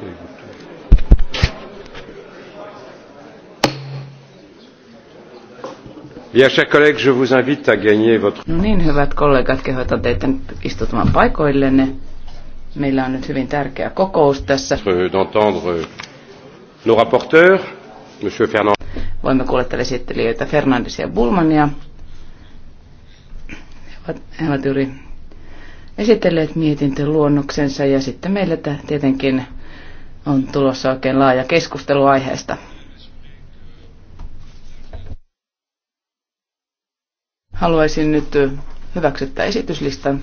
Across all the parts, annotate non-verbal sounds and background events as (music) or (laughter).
No Niin, hyvät kollegat, kehotan teitä nyt istutumaan paikoillenne. Meillä on nyt hyvin tärkeä kokous tässä. Nos rapporteurs, Monsieur Fernand. Voimme kuulla täällä esittelijöitä Fernandes ja Bulmania. He ovat, He ovat juuri esitelleet mietintöluonnoksensa ja sitten meillä tietenkin on tulossa oikein laaja keskustelu aiheesta. Haluaisin nyt hyväksyttää esityslistan.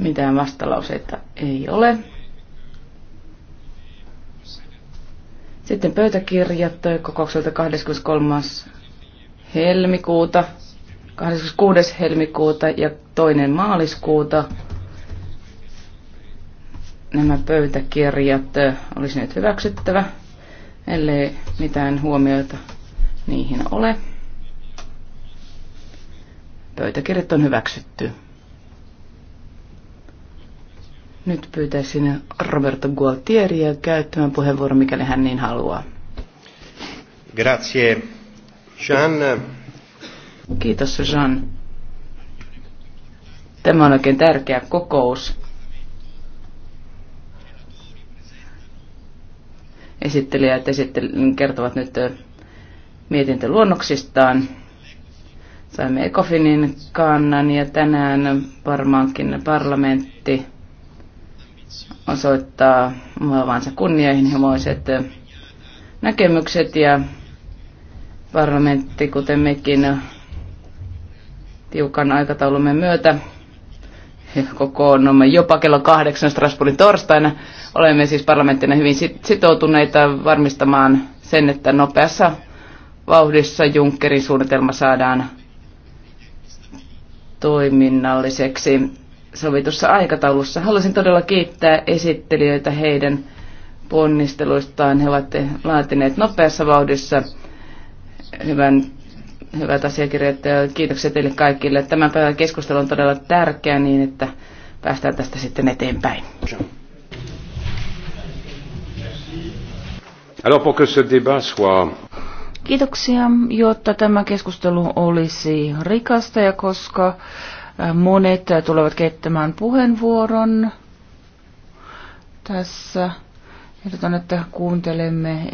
Mitään vastalauseita ei ole. Sitten pöytäkirjat kokoukselta 23. helmikuuta, 26. helmikuuta ja toinen maaliskuuta nämä pöytäkirjat olisi nyt hyväksyttävä, ellei mitään huomioita niihin ole. Pöytäkirjat on hyväksytty. Nyt pyytäisin Roberto Gualtieriä käyttämään puheenvuoron, mikäli hän niin haluaa. Grazie. Jean. Kiitos Jean. Tämä on oikein tärkeä kokous esittelijät esittel, kertovat nyt mietintöluonnoksistaan. Saimme Ecofinin kannan ja tänään varmaankin parlamentti osoittaa vaavansa kunnianhimoiset näkemykset ja parlamentti, kuten mekin tiukan aikataulumme myötä, kokoonnumme jopa kello kahdeksan Strasbourgin torstaina. Olemme siis parlamenttina hyvin sitoutuneita varmistamaan sen, että nopeassa vauhdissa Junckerin suunnitelma saadaan toiminnalliseksi sovitussa aikataulussa. Haluaisin todella kiittää esittelijöitä heidän ponnisteluistaan. He ovat laatineet nopeassa vauhdissa hyvän hyvät asiakirjat. Kiitoksia teille kaikille. Tämän päivän keskustelu on todella tärkeä niin, että päästään tästä sitten eteenpäin. Alors pour que ce débat soit... Kiitoksia, jotta tämä keskustelu olisi rikasta ja koska äh, monet tulevat keittämään puheenvuoron tässä. Ehdotan, että kuuntelemme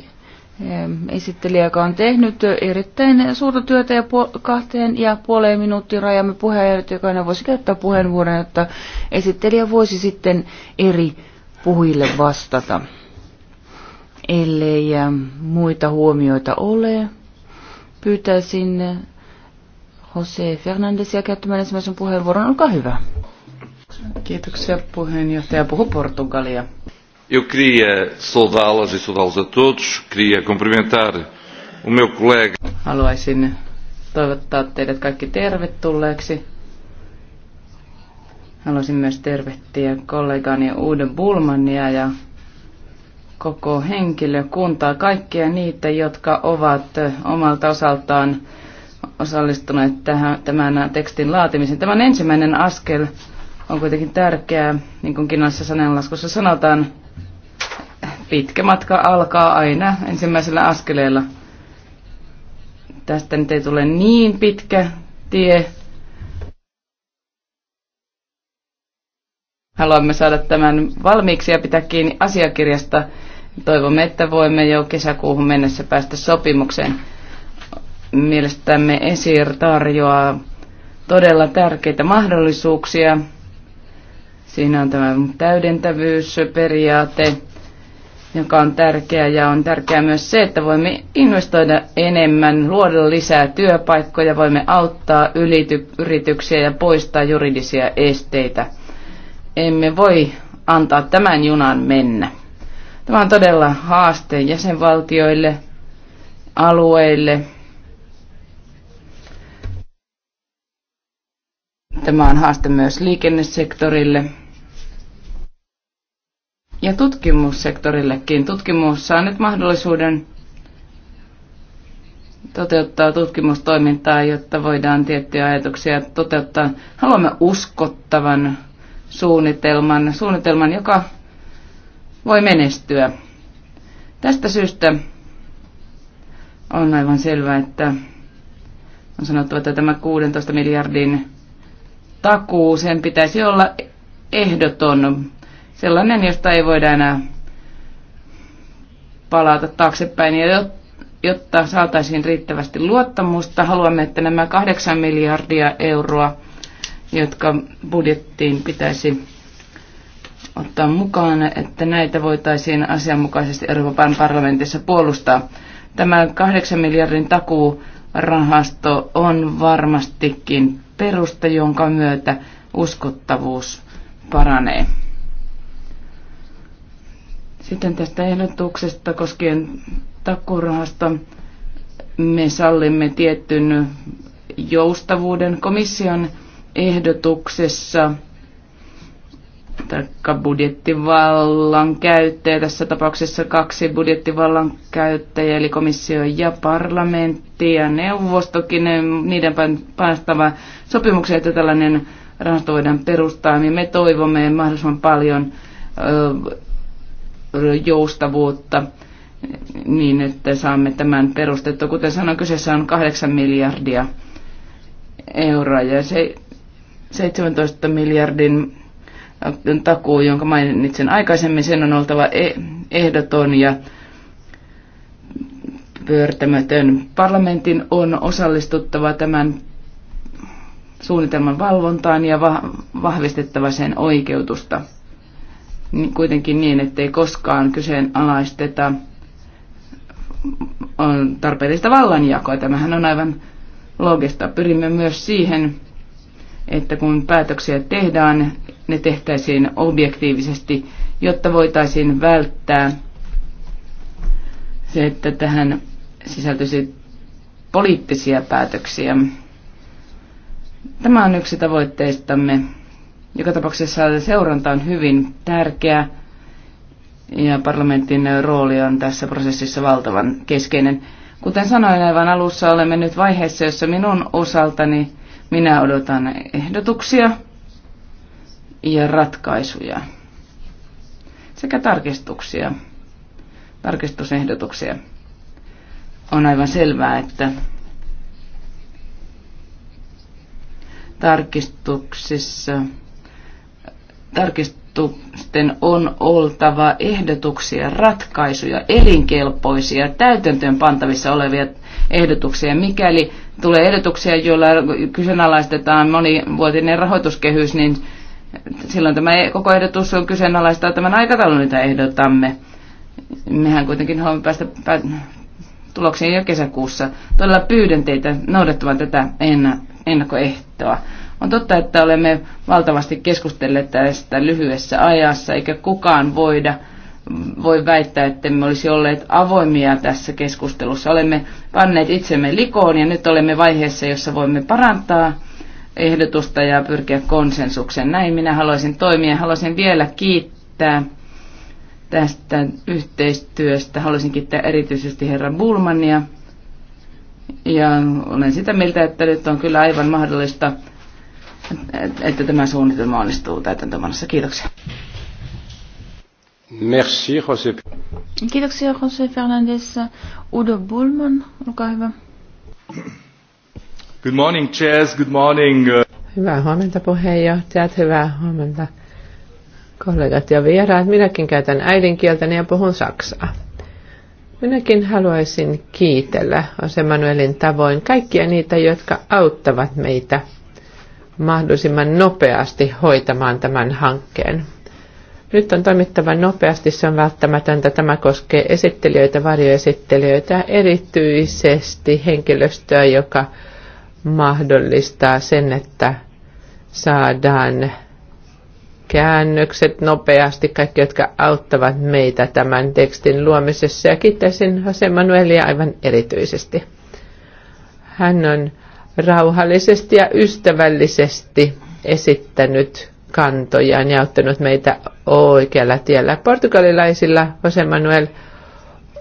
esittelijä, joka on tehnyt erittäin suurta työtä ja kahteen ja puoleen minuuttiin rajamme puheenjohtaja, aina voisi käyttää puheenvuoron, jotta esittelijä voisi sitten eri puhujille vastata. Ellei muita huomioita ole, pyytäisin Jose Fernandesia käyttämään ensimmäisen puheenvuoron. Olkaa hyvä. Kiitoksia puheenjohtaja. Puhu Portugalia. Eu queria saudá-las e saudá-los a todos. Queria cumprimentar o meu colega. Haluaisin toivottaa teidät kaikki tervetulleeksi. Haluaisin myös tervehtiä kollegani Uuden Bulmania ja koko henkilökuntaa, kaikkia niitä, jotka ovat omalta osaltaan osallistuneet tähän, tämän tekstin laatimiseen. Tämä on ensimmäinen askel, on kuitenkin tärkeää, niin kuin Kinnallisessa sanelaskussa sanotaan, pitkä matka alkaa aina ensimmäisellä askeleella. Tästä nyt ei tule niin pitkä tie. Haluamme saada tämän valmiiksi ja pitää kiinni asiakirjasta. Toivomme, että voimme jo kesäkuuhun mennessä päästä sopimukseen. Mielestämme ESIR tarjoaa todella tärkeitä mahdollisuuksia. Siinä on tämä täydentävyysperiaate joka on tärkeä ja on tärkeää myös se, että voimme investoida enemmän, luoda lisää työpaikkoja, voimme auttaa ylity- yrityksiä ja poistaa juridisia esteitä. Emme voi antaa tämän junan mennä. Tämä on todella haaste jäsenvaltioille, alueille. Tämä on haaste myös liikennesektorille ja tutkimussektorillekin. Tutkimus saa nyt mahdollisuuden toteuttaa tutkimustoimintaa, jotta voidaan tiettyjä ajatuksia toteuttaa. Haluamme uskottavan suunnitelman, suunnitelman, joka voi menestyä. Tästä syystä on aivan selvää, että on sanottava, että tämä 16 miljardin takuu, sen pitäisi olla ehdoton sellainen, josta ei voida enää palata taaksepäin. Ja jotta saataisiin riittävästi luottamusta, haluamme, että nämä 8 miljardia euroa, jotka budjettiin pitäisi ottaa mukaan, että näitä voitaisiin asianmukaisesti Euroopan parlamentissa puolustaa. Tämä 8 miljardin takuurahasto on varmastikin perusta, jonka myötä uskottavuus paranee. Sitten tästä ehdotuksesta koskien takurahasta me sallimme tietyn joustavuuden komission ehdotuksessa taikka budjettivallan käyttäjä, tässä tapauksessa kaksi budjettivallan käyttäjä, eli komissio ja parlamentti ja neuvostokin, niiden päästävä sopimuksia, että tällainen rahasto voidaan perustaa, niin me toivomme mahdollisimman paljon joustavuutta niin, että saamme tämän perustettua. Kuten sanoin, kyseessä on 8 miljardia euroa ja se 17 miljardin takuu, jonka mainitsin aikaisemmin, sen on oltava e- ehdoton ja pyörtämätön. Parlamentin on osallistuttava tämän suunnitelman valvontaan ja vahvistettava sen oikeutusta kuitenkin niin, ettei koskaan kyseenalaisteta on tarpeellista vallanjakoa. Tämähän on aivan logista. Pyrimme myös siihen, että kun päätöksiä tehdään, ne tehtäisiin objektiivisesti, jotta voitaisiin välttää se, että tähän sisältyisi poliittisia päätöksiä. Tämä on yksi tavoitteistamme. Joka tapauksessa seuranta on hyvin tärkeä ja parlamentin rooli on tässä prosessissa valtavan keskeinen. Kuten sanoin aivan alussa, olemme nyt vaiheessa, jossa minun osaltani minä odotan ehdotuksia ja ratkaisuja sekä tarkistuksia, tarkistusehdotuksia. On aivan selvää, että tarkistuksissa tarkistusten on oltava ehdotuksia, ratkaisuja, elinkelpoisia, täytäntöön pantavissa olevia ehdotuksia. Mikäli tulee ehdotuksia, joilla kyseenalaistetaan monivuotinen rahoituskehys, niin silloin tämä koko ehdotus on kyseenalaistaa tämän aikataulun, mitä ehdotamme. Mehän kuitenkin haluamme päästä tuloksiin jo kesäkuussa. Todella pyydän teitä noudattamaan tätä ennakkoehtoa. On totta, että olemme valtavasti keskustelleet tästä lyhyessä ajassa, eikä kukaan voida voi väittää, että me olisi olleet avoimia tässä keskustelussa. Olemme panneet itsemme likoon ja nyt olemme vaiheessa, jossa voimme parantaa ehdotusta ja pyrkiä konsensukseen. Näin minä haluaisin toimia. Haluaisin vielä kiittää tästä yhteistyöstä. Haluaisin kiittää erityisesti herra Bulmania. Ja olen sitä mieltä, että nyt on kyllä aivan mahdollista että tämä suunnitelma onnistuu täytäntömanossa. Kiitoksia. Merci, José. Kiitoksia, José Fernandez. Udo Bullman, olkaa hyvä. Good morning, Chairs. Good morning. Uh, Hyvää huomenta, puheenjohtajat. Hyvää huomenta, kollegat ja vieraat. Minäkin käytän äidinkieltäni ja puhun saksaa. Minäkin haluaisin kiitellä Jose Manuelin tavoin kaikkia niitä, jotka auttavat meitä – mahdollisimman nopeasti hoitamaan tämän hankkeen. Nyt on toimittava nopeasti, se on välttämätöntä. Tämä koskee esittelijöitä, varjoesittelijöitä, erityisesti henkilöstöä, joka mahdollistaa sen, että saadaan käännökset nopeasti, kaikki, jotka auttavat meitä tämän tekstin luomisessa. Ja kiittäisin Jose Manuelia aivan erityisesti. Hän on rauhallisesti ja ystävällisesti esittänyt kantojaan ja auttanut meitä oikealla tiellä. Portugalilaisilla Jose Manuel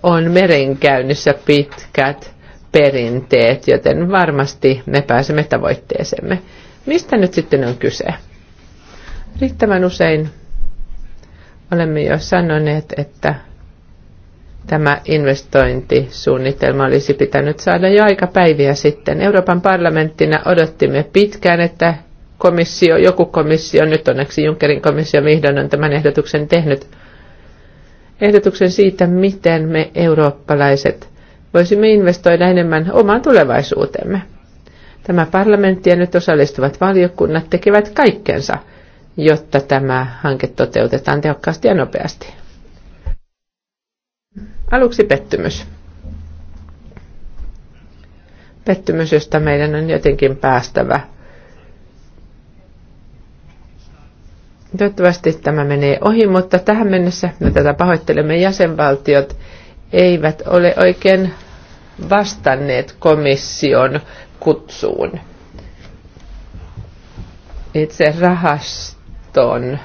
on merenkäynnissä pitkät perinteet, joten varmasti me pääsemme tavoitteeseemme. Mistä nyt sitten on kyse? Riittävän usein olemme jo sanoneet, että Tämä investointisuunnitelma olisi pitänyt saada jo aika päiviä sitten. Euroopan parlamenttina odottimme pitkään, että komissio, joku komissio, nyt onneksi Junckerin komissio vihdoin on tämän ehdotuksen tehnyt, ehdotuksen siitä, miten me eurooppalaiset voisimme investoida enemmän omaan tulevaisuutemme. Tämä parlamentti ja nyt osallistuvat valiokunnat tekevät kaikkensa, jotta tämä hanke toteutetaan tehokkaasti ja nopeasti. Aluksi pettymys. Pettymys, josta meidän on jotenkin päästävä. Toivottavasti tämä menee ohi, mutta tähän mennessä me tätä pahoittelemme jäsenvaltiot eivät ole oikein vastanneet komission kutsuun. Itse rahaston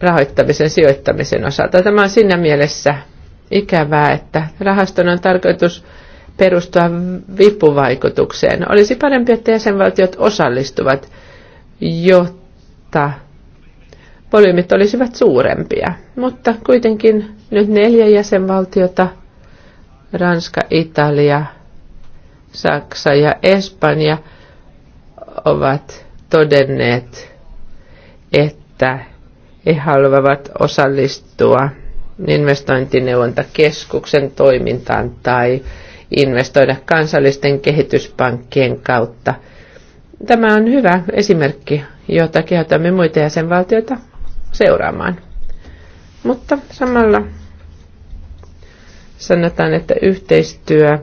rahoittamisen sijoittamisen osalta. Tämä on siinä mielessä ikävää, että rahaston on tarkoitus perustua vipuvaikutukseen. Olisi parempi, että jäsenvaltiot osallistuvat, jotta volyymit olisivat suurempia. Mutta kuitenkin nyt neljä jäsenvaltiota, Ranska, Italia, Saksa ja Espanja, ovat todenneet, että he haluavat osallistua investointineuvontakeskuksen toimintaan tai investoida kansallisten kehityspankkien kautta. Tämä on hyvä esimerkki, jota kehotamme muita jäsenvaltioita seuraamaan. Mutta samalla sanotaan, että yhteistyö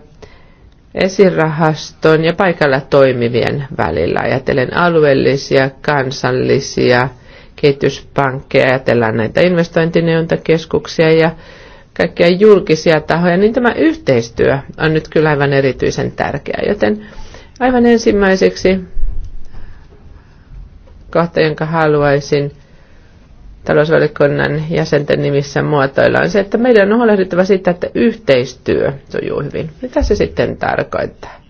esirahaston ja paikalla toimivien välillä, ajatellen alueellisia, kansallisia – kehityspankkeja, ajatellaan näitä investointineuvontakeskuksia ja kaikkia julkisia tahoja, niin tämä yhteistyö on nyt kyllä aivan erityisen tärkeää. Joten aivan ensimmäiseksi kohta, jonka haluaisin talousvalikunnan jäsenten nimissä muotoilla, on se, että meidän on huolehdittava siitä, että yhteistyö sujuu hyvin. Mitä se sitten tarkoittaa?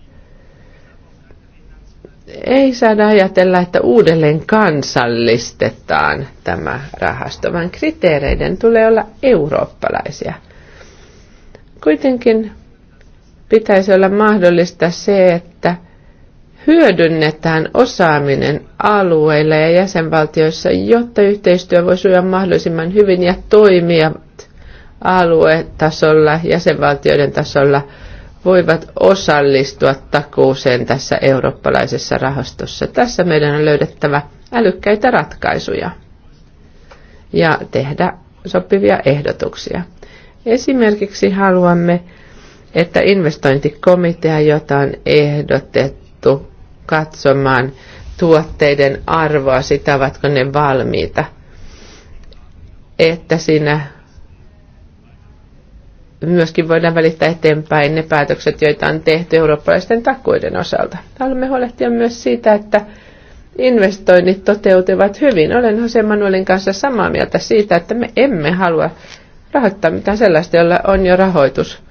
ei saada ajatella, että uudelleen kansallistetaan tämä rahasto, vaan kriteereiden tulee olla eurooppalaisia. Kuitenkin pitäisi olla mahdollista se, että hyödynnetään osaaminen alueilla ja jäsenvaltioissa, jotta yhteistyö voi sujua mahdollisimman hyvin ja toimia aluetasolla, jäsenvaltioiden tasolla – voivat osallistua takuuseen tässä eurooppalaisessa rahastossa. Tässä meidän on löydettävä älykkäitä ratkaisuja ja tehdä sopivia ehdotuksia. Esimerkiksi haluamme, että investointikomitea, jota on ehdotettu katsomaan tuotteiden arvoa, sitä ovatko ne valmiita, että siinä myöskin voidaan välittää eteenpäin ne päätökset, joita on tehty eurooppalaisten takuiden osalta. Haluamme huolehtia myös siitä, että investoinnit toteutuvat hyvin. Olen Jose Manuelin kanssa samaa mieltä siitä, että me emme halua rahoittaa mitään sellaista, jolla on jo rahoitus.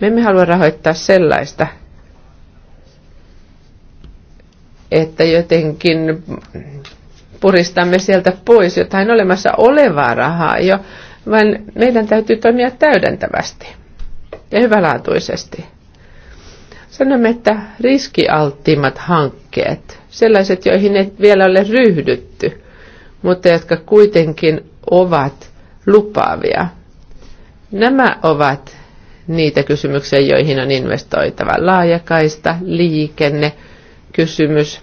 Me emme halua rahoittaa sellaista, että jotenkin puristamme sieltä pois jotain olemassa olevaa rahaa jo vaan meidän täytyy toimia täydentävästi ja hyvälaatuisesti. Sanomme, että riskialttiimmat hankkeet, sellaiset, joihin ei vielä ole ryhdytty, mutta jotka kuitenkin ovat lupaavia. Nämä ovat niitä kysymyksiä, joihin on investoitava. Laajakaista, liikenne, kysymys,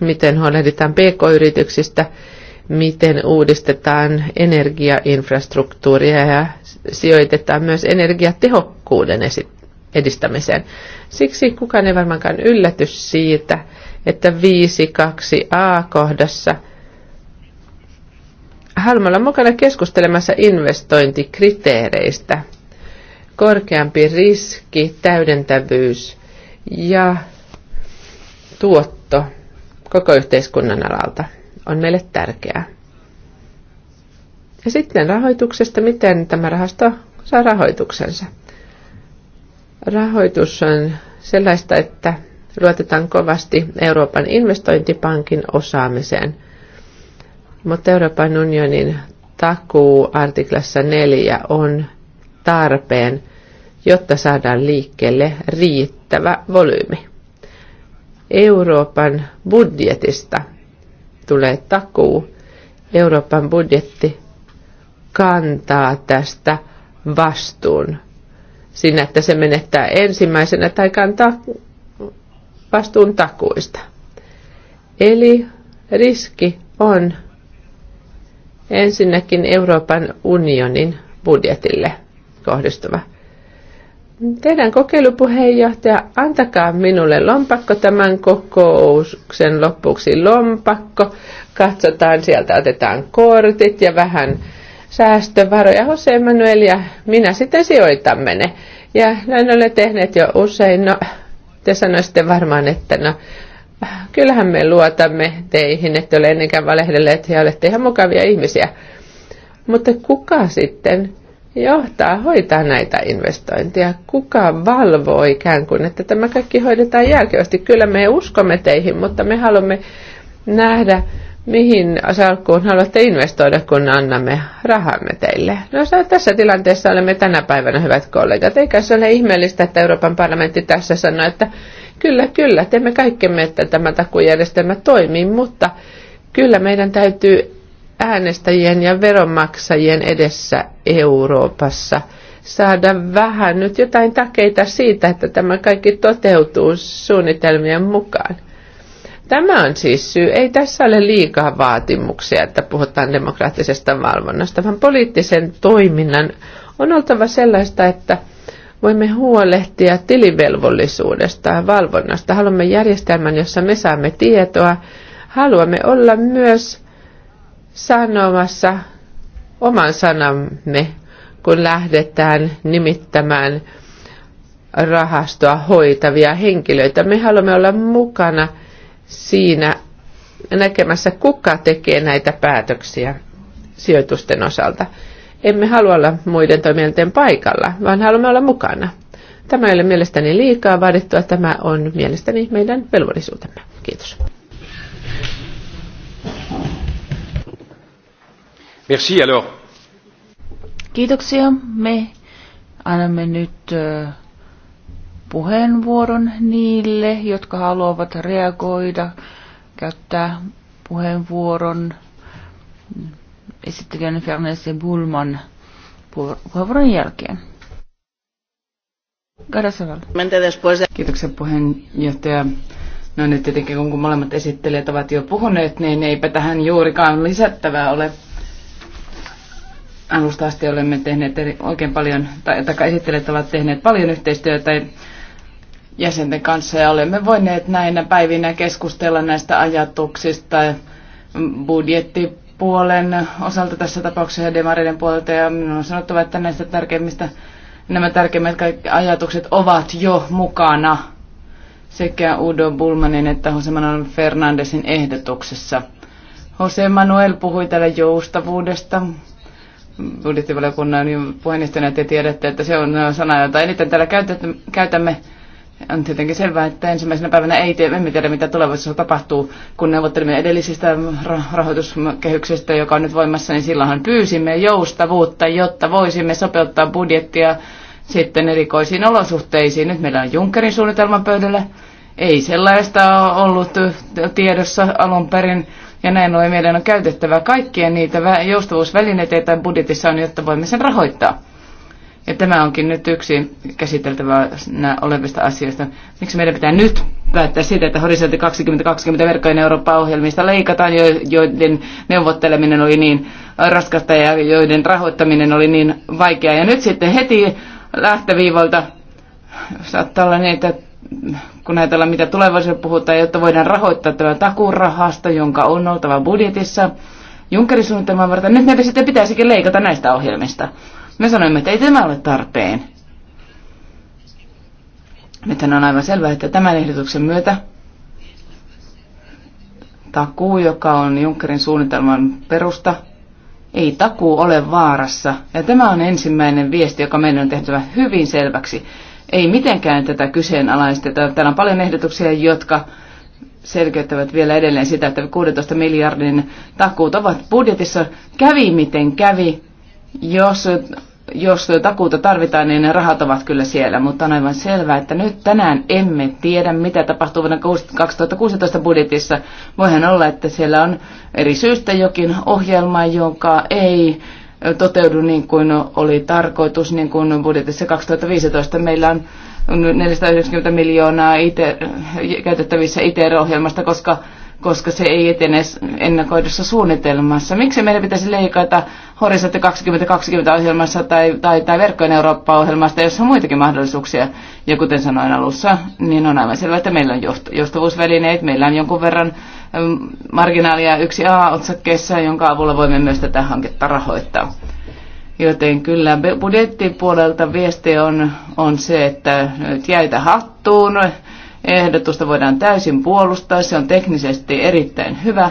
miten huolehditaan pk-yrityksistä – miten uudistetaan energiainfrastruktuuria ja sijoitetaan myös energiatehokkuuden edistämiseen. Siksi kukaan ei varmaankaan yllätys siitä, että 5.2a kohdassa Halmalla mukana keskustelemassa investointikriteereistä. Korkeampi riski, täydentävyys ja tuotto koko yhteiskunnan alalta on meille tärkeää. Ja sitten rahoituksesta, miten tämä rahasto saa rahoituksensa. Rahoitus on sellaista, että luotetaan kovasti Euroopan investointipankin osaamiseen. Mutta Euroopan unionin takuu artiklassa 4 on tarpeen, jotta saadaan liikkeelle riittävä volyymi. Euroopan budjetista tulee takuu. Euroopan budjetti kantaa tästä vastuun siinä, että se menettää ensimmäisenä tai kantaa vastuun takuista. Eli riski on ensinnäkin Euroopan unionin budjetille kohdistuva teidän kokeilupuheenjohtaja, antakaa minulle lompakko tämän kokouksen lopuksi lompakko. Katsotaan, sieltä otetaan kortit ja vähän säästövaroja. Jose Manuel ja minä sitten sijoitamme ne. Ja näin olen tehneet jo usein. No, te sanoisitte varmaan, että no, kyllähän me luotamme teihin, että ole ennenkään valehdelleet ja olette ihan mukavia ihmisiä. Mutta kuka sitten johtaa, hoitaa näitä investointeja? Kuka valvoo ikään kuin, että tämä kaikki hoidetaan järkevästi? Kyllä me uskomme teihin, mutta me haluamme nähdä, mihin salkkuun haluatte investoida, kun annamme rahamme teille. No tässä tilanteessa olemme tänä päivänä, hyvät kollegat. Eikä se ole ihmeellistä, että Euroopan parlamentti tässä sanoi, että kyllä, kyllä, teemme kaikkemme, että tämä takujärjestelmä toimii, mutta kyllä meidän täytyy äänestäjien ja veronmaksajien edessä Euroopassa saada vähän nyt jotain takeita siitä, että tämä kaikki toteutuu suunnitelmien mukaan. Tämä on siis syy. Ei tässä ole liikaa vaatimuksia, että puhutaan demokraattisesta valvonnasta, vaan poliittisen toiminnan on oltava sellaista, että voimme huolehtia tilivelvollisuudesta ja valvonnasta. Haluamme järjestelmän, jossa me saamme tietoa. Haluamme olla myös sanomassa oman sanamme, kun lähdetään nimittämään rahastoa hoitavia henkilöitä. Me haluamme olla mukana siinä näkemässä, kuka tekee näitä päätöksiä sijoitusten osalta. Emme halua olla muiden toimijoiden paikalla, vaan haluamme olla mukana. Tämä ei ole mielestäni liikaa vaadittua, tämä on mielestäni meidän velvollisuutemme. Kiitos. Merci alors. Kiitoksia. Me annamme nyt puheenvuoron niille, jotka haluavat reagoida, käyttää puheenvuoron esittelijän Fernese Bulman puheenvuoron jälkeen. Kiitoksia puheenjohtaja. No nyt tietenkin kun molemmat esittelijät ovat jo puhuneet, niin eipä tähän juurikaan lisättävää ole alusta asti olemme tehneet oikein paljon, tai, tai esittelijät ovat tehneet paljon yhteistyötä jäsenten kanssa ja olemme voineet näinä päivinä keskustella näistä ajatuksista budjettipuolen osalta tässä tapauksessa ja demareiden puolelta ja minun on sanottava, että näistä tärkeimmistä nämä tärkeimmät ajatukset ovat jo mukana sekä Udo Bulmanin että Jose Manuel Fernandesin ehdotuksessa. Jose Manuel puhui täällä joustavuudesta, budjettivaliokunnan puheenjohtajana te tiedätte, että se on äh, sana, jota eniten täällä käytämme. On tietenkin selvää, että ensimmäisenä päivänä ei tiedä, emme tiedä, mitä tulevaisuudessa tapahtuu. Kun neuvottelimme edellisistä rahoituskehyksistä, joka on nyt voimassa, niin silloinhan pyysimme joustavuutta, jotta voisimme sopeuttaa budjettia sitten erikoisiin olosuhteisiin. Nyt meillä on Junckerin suunnitelma pöydällä. Ei sellaista ollut tiedossa alun perin ja näin ollen meidän on käytettävä kaikkia niitä joustavuusvälineitä, joita budjetissa on, jotta voimme sen rahoittaa. Ja tämä onkin nyt yksi käsiteltävänä olevista asioista. Miksi meidän pitää nyt päättää siitä, että Horisontti 2020 verkkojen Eurooppa-ohjelmista leikataan, joiden neuvotteleminen oli niin raskasta ja joiden rahoittaminen oli niin vaikeaa. Ja nyt sitten heti lähtöviivalta saattaa olla niin, että kun ajatellaan, mitä tulevaisuudessa puhutaan, jotta voidaan rahoittaa tämä takurahasto, jonka on oltava budjetissa Junckerin suunnitelman varten. Nyt näitä sitten pitäisikin leikata näistä ohjelmista. Me sanoimme, että ei tämä ole tarpeen. Nythän on aivan selvää, että tämän ehdotuksen myötä takuu, joka on Junckerin suunnitelman perusta, ei takuu ole vaarassa. Ja tämä on ensimmäinen viesti, joka meidän on tehtävä hyvin selväksi ei mitenkään tätä kyseenalaisteta. Täällä on paljon ehdotuksia, jotka selkeyttävät vielä edelleen sitä, että 16 miljardin takuut ovat budjetissa. Kävi miten kävi. Jos, jos takuuta tarvitaan, niin ne rahat ovat kyllä siellä, mutta on aivan selvää, että nyt tänään emme tiedä, mitä tapahtuu vuonna 2016 budjetissa. Voihan olla, että siellä on eri syystä jokin ohjelma, joka ei toteudu niin kuin oli tarkoitus, niin kuin budjetissa 2015 meillä on 490 miljoonaa käytettävissä ITER-ohjelmasta, koska koska se ei etene ennakoidussa suunnitelmassa. Miksi meidän pitäisi leikata Horisontti 2020-ohjelmassa tai, tai, tai Verkkojen Eurooppa-ohjelmasta, jossa on muitakin mahdollisuuksia? Ja kuten sanoin alussa, niin on aivan selvää, että meillä on johtavuusvälineet, meillä on jonkun verran marginaalia yksi a otsakkeessa jonka avulla voimme myös tätä hanketta rahoittaa. Joten kyllä budjettipuolelta viesti on, on se, että nyt jäitä hattuun, ehdotusta voidaan täysin puolustaa. Se on teknisesti erittäin hyvä,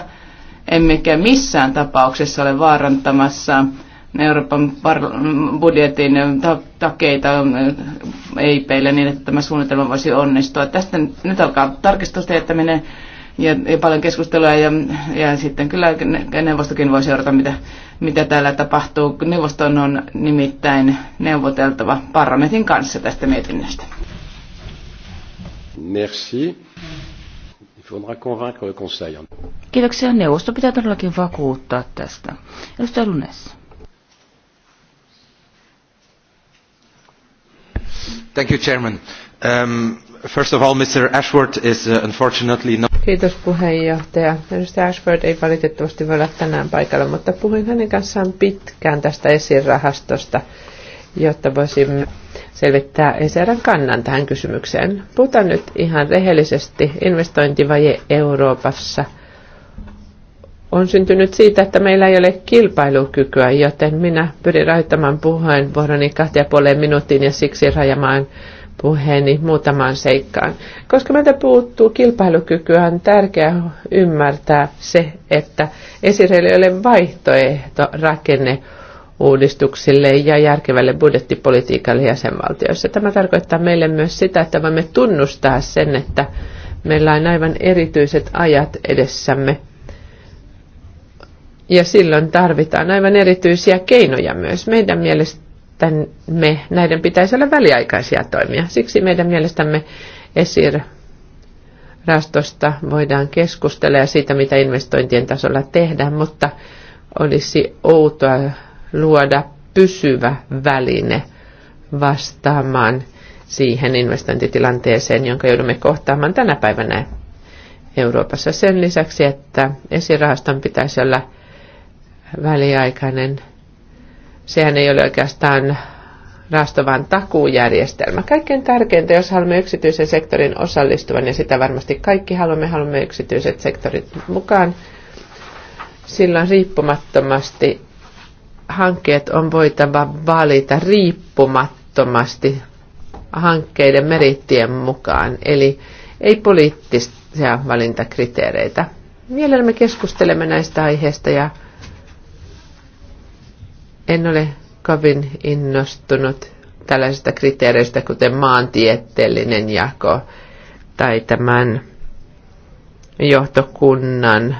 emmekä missään tapauksessa ole vaarantamassa Euroopan budjetin takeita mm, ei peille niin, että tämä suunnitelma voisi onnistua. Tästä nyt alkaa tarkistusteettäminen ja, ja paljon keskustelua ja, ja sitten kyllä neuvostokin voi seurata, mitä, mitä täällä tapahtuu. Neuvoston on nimittäin neuvoteltava parlamentin kanssa tästä mietinnöstä. Merci. Kiitoksia. Neuvosto pitää todellakin vakuuttaa tästä. Edustaja Lunes. Thank you, Chairman. Um, first of all, Mr. Ashworth is uh, unfortunately not... Kiitos puheenjohtaja. Edustaja Ashford ei valitettavasti voi olla tänään paikalla, mutta puhuin hänen kanssaan pitkään tästä esirahastosta, jotta voisimme selvittää ECRn kannan tähän kysymykseen. Puhutaan nyt ihan rehellisesti. Investointivaje Euroopassa on syntynyt siitä, että meillä ei ole kilpailukykyä, joten minä pyrin rajoittamaan puheenvuoroni kahteen puoleen minuuttiin ja siksi rajamaan puheeni muutamaan seikkaan. Koska meiltä puuttuu kilpailukykyä, on tärkeää ymmärtää se, että esireille ei ole vaihtoehto rakenne uudistuksille ja järkevälle budjettipolitiikalle jäsenvaltioissa. Tämä tarkoittaa meille myös sitä, että voimme tunnustaa sen, että meillä on aivan erityiset ajat edessämme. Ja silloin tarvitaan aivan erityisiä keinoja myös. Meidän mielestämme näiden pitäisi olla väliaikaisia toimia. Siksi meidän mielestämme esir rastosta voidaan keskustella ja siitä, mitä investointien tasolla tehdään, mutta olisi outoa luoda pysyvä väline vastaamaan siihen investointitilanteeseen, jonka joudumme kohtaamaan tänä päivänä Euroopassa. Sen lisäksi, että esirahaston pitäisi olla väliaikainen. Sehän ei ole oikeastaan rahasto, vaan takuujärjestelmä. Kaikkein tärkeintä, jos haluamme yksityisen sektorin osallistuvan, ja sitä varmasti kaikki haluamme, haluamme yksityiset sektorit mukaan, silloin riippumattomasti hankkeet on voitava valita riippumattomasti hankkeiden merittien mukaan, eli ei poliittisia valintakriteereitä. Mielellämme keskustelemme näistä aiheista ja en ole kovin innostunut tällaisista kriteereistä, kuten maantieteellinen jako tai tämän johtokunnan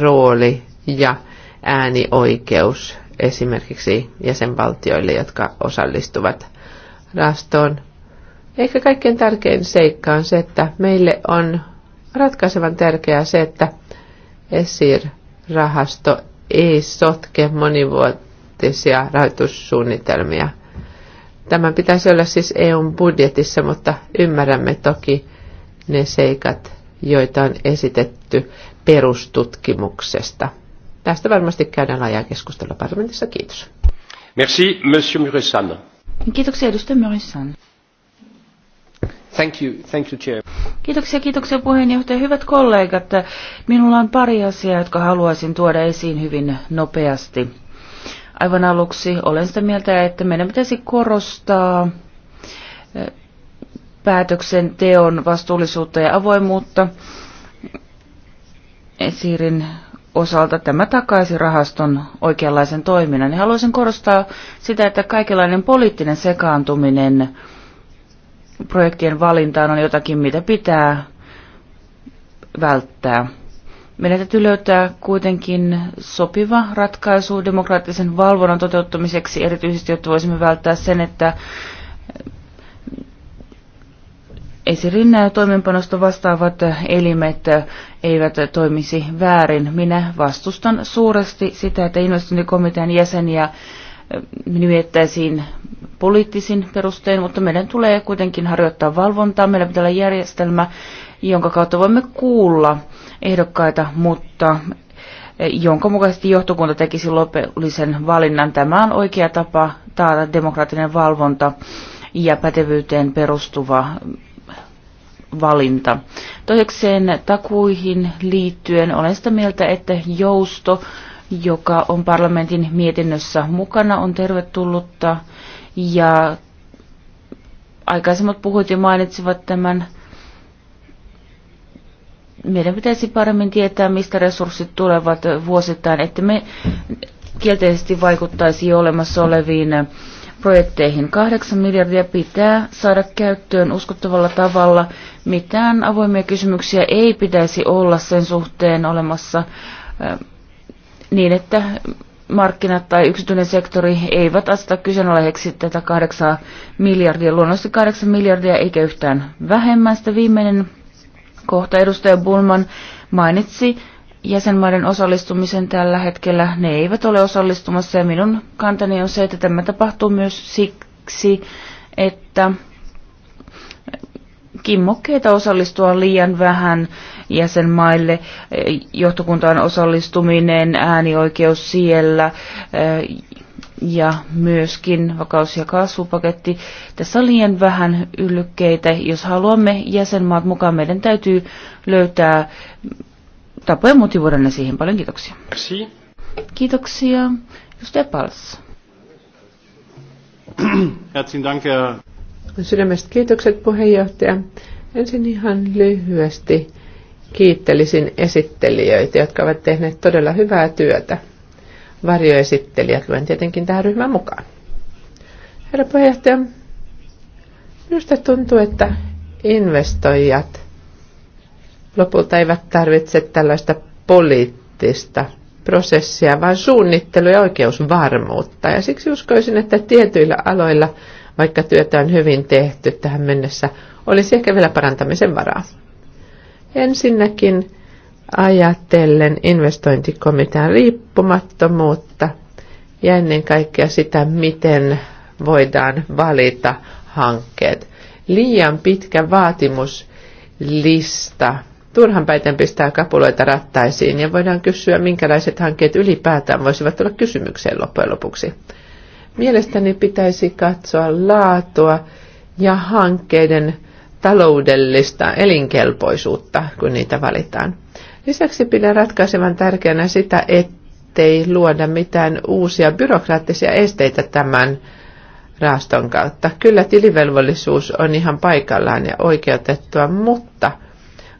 rooli ja äänioikeus esimerkiksi jäsenvaltioille, jotka osallistuvat rastoon, Ehkä kaikkein tärkein seikka on se, että meille on ratkaisevan tärkeää se, että ESIR-rahasto ei sotke monivuotisia rahoitussuunnitelmia. Tämän pitäisi olla siis EUn budjetissa, mutta ymmärrämme toki ne seikat, joita on esitetty perustutkimuksesta – Tästä varmasti käydään laajaa keskustelua parlamentissa. Kiitos. Merci, Monsieur Murissan. Kiitoksia, edustaja Murissan. Thank you, thank you, chair. Kiitoksia, kiitoksia puheenjohtaja. Hyvät kollegat, minulla on pari asiaa, jotka haluaisin tuoda esiin hyvin nopeasti. Aivan aluksi olen sitä mieltä, että meidän pitäisi korostaa eh, päätöksenteon vastuullisuutta ja avoimuutta. Esirin osalta tämä takaisi rahaston oikeanlaisen toiminnan. Ja haluaisin korostaa sitä, että kaikenlainen poliittinen sekaantuminen projektien valintaan on jotakin, mitä pitää välttää. Meidän täytyy löytää kuitenkin sopiva ratkaisu demokraattisen valvonnan toteuttamiseksi, erityisesti jotta voisimme välttää sen, että Esirin toimenpanosta vastaavat elimet eivät toimisi väärin. Minä vastustan suuresti sitä, että investointikomitean jäseniä äh, nimettäisiin poliittisin perustein, mutta meidän tulee kuitenkin harjoittaa valvontaa. Meillä pitää olla järjestelmä, jonka kautta voimme kuulla ehdokkaita, mutta äh, jonka mukaisesti johtokunta tekisi lopullisen valinnan. Tämä on oikea tapa taata demokraattinen valvonta ja pätevyyteen perustuva valinta. Toisekseen takuihin liittyen olen sitä mieltä, että jousto, joka on parlamentin mietinnössä mukana, on tervetullutta. Ja aikaisemmat puhujat jo mainitsivat tämän. Meidän pitäisi paremmin tietää, mistä resurssit tulevat vuosittain, että me kielteisesti vaikuttaisi olemassa oleviin projekteihin. Kahdeksan miljardia pitää saada käyttöön uskottavalla tavalla. Mitään avoimia kysymyksiä ei pitäisi olla sen suhteen olemassa ähm, niin, että markkinat tai yksityinen sektori eivät aseta kyseenalaiseksi tätä kahdeksaa miljardia. Luonnollisesti kahdeksan miljardia eikä yhtään vähemmän. Sitä viimeinen kohta edustaja Bulman mainitsi jäsenmaiden osallistumisen tällä hetkellä. Ne eivät ole osallistumassa ja minun kantani on se, että tämä tapahtuu myös siksi, että kimmokkeita osallistua liian vähän jäsenmaille, johtokuntaan osallistuminen, äänioikeus siellä eh, ja myöskin vakaus- ja kasvupaketti. Tässä on liian vähän yllykkeitä. Jos haluamme jäsenmaat mukaan, meidän täytyy löytää tapoja motivoida siihen. Paljon kiitoksia. Merci. Kiitoksia. Edustaja Pals. Herzlichen Dank, Sydämestä kiitokset puheenjohtaja. Ensin ihan lyhyesti kiittelisin esittelijöitä, jotka ovat tehneet todella hyvää työtä. Varjoesittelijät luen tietenkin tähän ryhmään mukaan. Herra puheenjohtaja, minusta tuntuu, että investoijat – lopulta eivät tarvitse tällaista poliittista prosessia, vaan suunnittelu- ja oikeusvarmuutta. Ja siksi uskoisin, että tietyillä aloilla, vaikka työtä on hyvin tehty tähän mennessä, olisi ehkä vielä parantamisen varaa. Ensinnäkin ajatellen investointikomitean riippumattomuutta ja ennen kaikkea sitä, miten voidaan valita hankkeet. Liian pitkä vaatimuslista päiten pistää kapuloita rattaisiin ja voidaan kysyä, minkälaiset hankkeet ylipäätään voisivat tulla kysymykseen loppujen lopuksi. Mielestäni pitäisi katsoa laatua ja hankkeiden taloudellista elinkelpoisuutta, kun niitä valitaan. Lisäksi pidän ratkaisevan tärkeänä sitä, ettei luoda mitään uusia byrokraattisia esteitä tämän raaston kautta. Kyllä tilivelvollisuus on ihan paikallaan ja oikeutettua, mutta –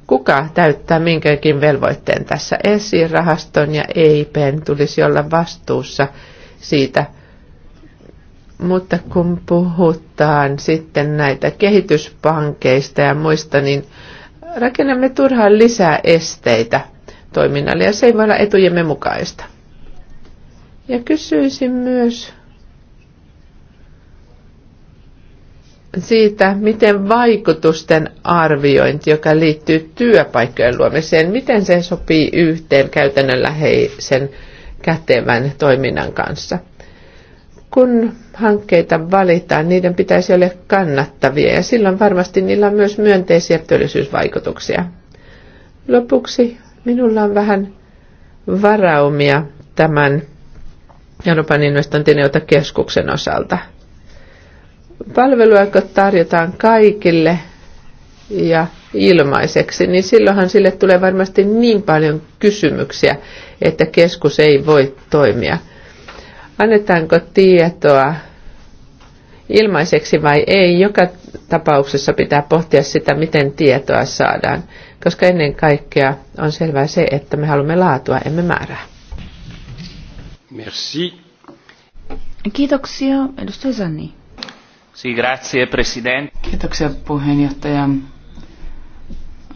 kuka täyttää minkäkin velvoitteen tässä. Esirahaston ja EIPn tulisi olla vastuussa siitä. Mutta kun puhutaan sitten näitä kehityspankeista ja muista, niin rakennamme turhaan lisää esteitä toiminnalle ja se ei voi olla etujemme mukaista. Ja kysyisin myös siitä, miten vaikutusten arviointi, joka liittyy työpaikkojen luomiseen, miten se sopii yhteen käytännönläheisen kätevän toiminnan kanssa. Kun hankkeita valitaan, niiden pitäisi olla kannattavia ja silloin varmasti niillä on myös myönteisiä työllisyysvaikutuksia. Lopuksi minulla on vähän varaumia tämän Euroopan investointineuvontokeskuksen osalta – palvelua, joka tarjotaan kaikille ja ilmaiseksi, niin silloinhan sille tulee varmasti niin paljon kysymyksiä, että keskus ei voi toimia. Annetaanko tietoa ilmaiseksi vai ei, joka tapauksessa pitää pohtia sitä, miten tietoa saadaan, koska ennen kaikkea on selvää se, että me haluamme laatua, emme määrää. Merci. Kiitoksia, edustaja Zanni. Kiitoksia puheenjohtaja.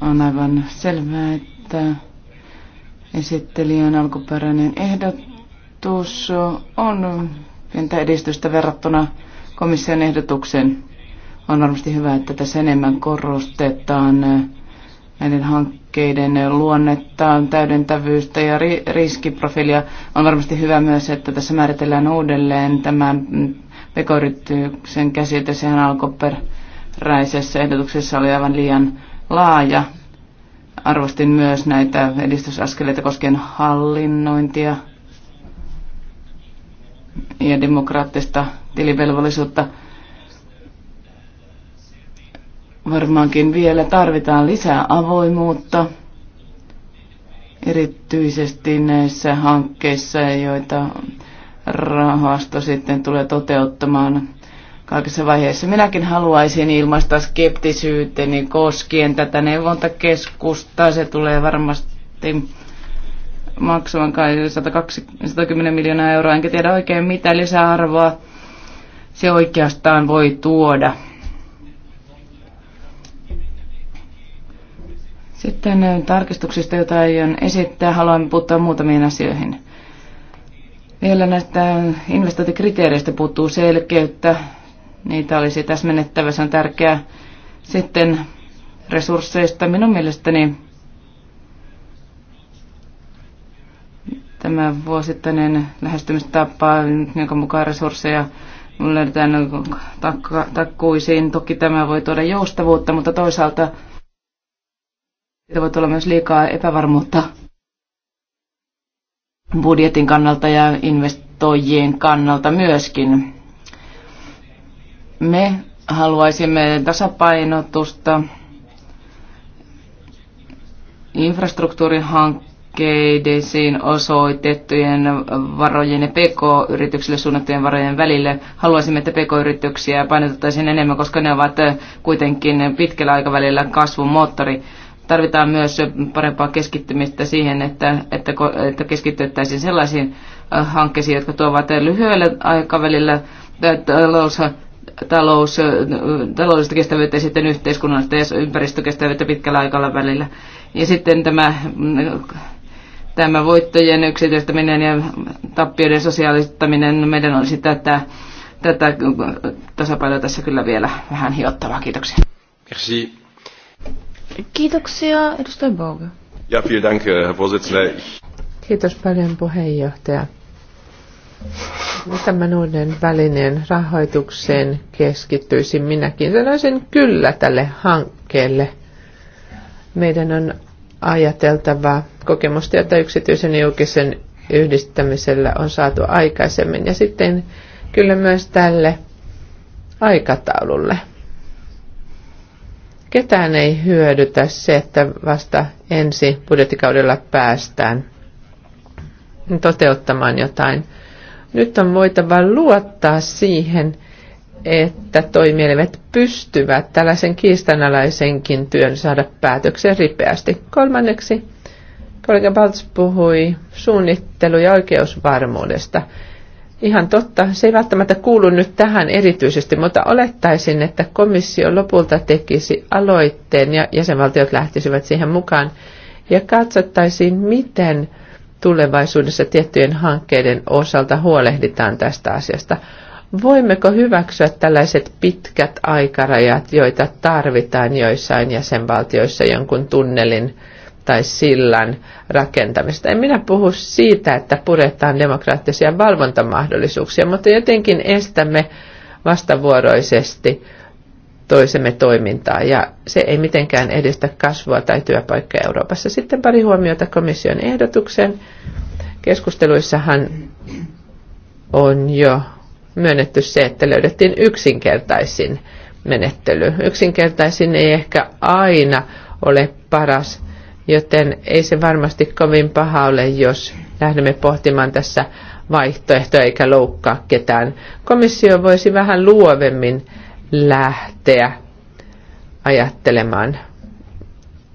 On aivan selvää, että esittelijän alkuperäinen ehdotus on pientä edistystä verrattuna komission ehdotukseen. On varmasti hyvä, että tässä enemmän korostetaan näiden hankkeiden luonnetta, täydentävyystä ja riskiprofiilia. On varmasti hyvä myös, että tässä määritellään uudelleen tämä pekoyrityksen käsite. Sehän alkuperäisessä ehdotuksessa oli aivan liian laaja. Arvostin myös näitä edistysaskeleita koskien hallinnointia ja demokraattista tilivelvollisuutta. Varmaankin vielä tarvitaan lisää avoimuutta, erityisesti näissä hankkeissa, joita rahasto sitten tulee toteuttamaan kaikissa vaiheissa. Minäkin haluaisin ilmaista skeptisyyteni koskien tätä neuvontakeskusta. Se tulee varmasti maksamaan kai 120 miljoonaa euroa, enkä tiedä oikein mitä lisäarvoa se oikeastaan voi tuoda. Sitten tarkistuksista, joita aion esittää, haluan puuttua muutamiin asioihin. Vielä näistä investointikriteereistä puuttuu selkeyttä. Niitä olisi täsmennettävä, se on tärkeää. Sitten resursseista minun mielestäni tämä vuosittainen lähestymistapa, jonka mukaan resursseja löydetään takkuisiin. Toki tämä voi tuoda joustavuutta, mutta toisaalta siitä voi tulla myös liikaa epävarmuutta budjetin kannalta ja investoijien kannalta myöskin. Me haluaisimme tasapainotusta infrastruktuurihankkeisiin osoitettujen varojen ja pk-yrityksille suunnattujen varojen välille. Haluaisimme, että pk-yrityksiä painotettaisiin enemmän, koska ne ovat kuitenkin pitkällä aikavälillä kasvun moottori. Tarvitaan myös parempaa keskittymistä siihen, että, että, että keskityttäisiin sellaisiin hankkeisiin, jotka tuovat lyhyellä aikavälillä talous, talous, taloudellista kestävyyttä ja sitten yhteiskunnallista ja ympäristökestävyyttä pitkällä aikavälillä. Ja sitten tämä tämä voittojen yksityistäminen ja tappioiden sosiaalistaminen, meidän olisi tätä, tätä tasapainoa tässä kyllä vielä vähän hiottavaa. Kiitoksia. Merci. Kiitoksia, edustaja Boga. Ja, vielen Dank, äh, Herr Vorsitzender. Kiitos paljon puheenjohtaja. Tämän uuden välineen rahoitukseen keskittyisin minäkin. Sanoisin kyllä tälle hankkeelle. Meidän on ajateltava kokemusta, jota yksityisen ja julkisen yhdistämisellä on saatu aikaisemmin. Ja sitten kyllä myös tälle aikataululle ketään ei hyödytä se, että vasta ensi budjettikaudella päästään toteuttamaan jotain. Nyt on voitava luottaa siihen, että toimielimet pystyvät tällaisen kiistanalaisenkin työn saada päätöksen ripeästi. Kolmanneksi kollega Baltz puhui suunnittelu- ja oikeusvarmuudesta ihan totta. Se ei välttämättä kuulu nyt tähän erityisesti, mutta olettaisin, että komissio lopulta tekisi aloitteen ja jäsenvaltiot lähtisivät siihen mukaan ja katsottaisiin, miten tulevaisuudessa tiettyjen hankkeiden osalta huolehditaan tästä asiasta. Voimmeko hyväksyä tällaiset pitkät aikarajat, joita tarvitaan joissain jäsenvaltioissa jonkun tunnelin tai sillan rakentamista. En minä puhu siitä, että puretaan demokraattisia valvontamahdollisuuksia, mutta jotenkin estämme vastavuoroisesti toisemme toimintaa ja se ei mitenkään edistä kasvua tai työpaikkaa Euroopassa. Sitten pari huomiota komission ehdotuksen. Keskusteluissahan on jo myönnetty se, että löydettiin yksinkertaisin menettely. Yksinkertaisin ei ehkä aina ole paras joten ei se varmasti kovin paha ole, jos lähdemme pohtimaan tässä vaihtoehtoja eikä loukkaa ketään. Komissio voisi vähän luovemmin lähteä ajattelemaan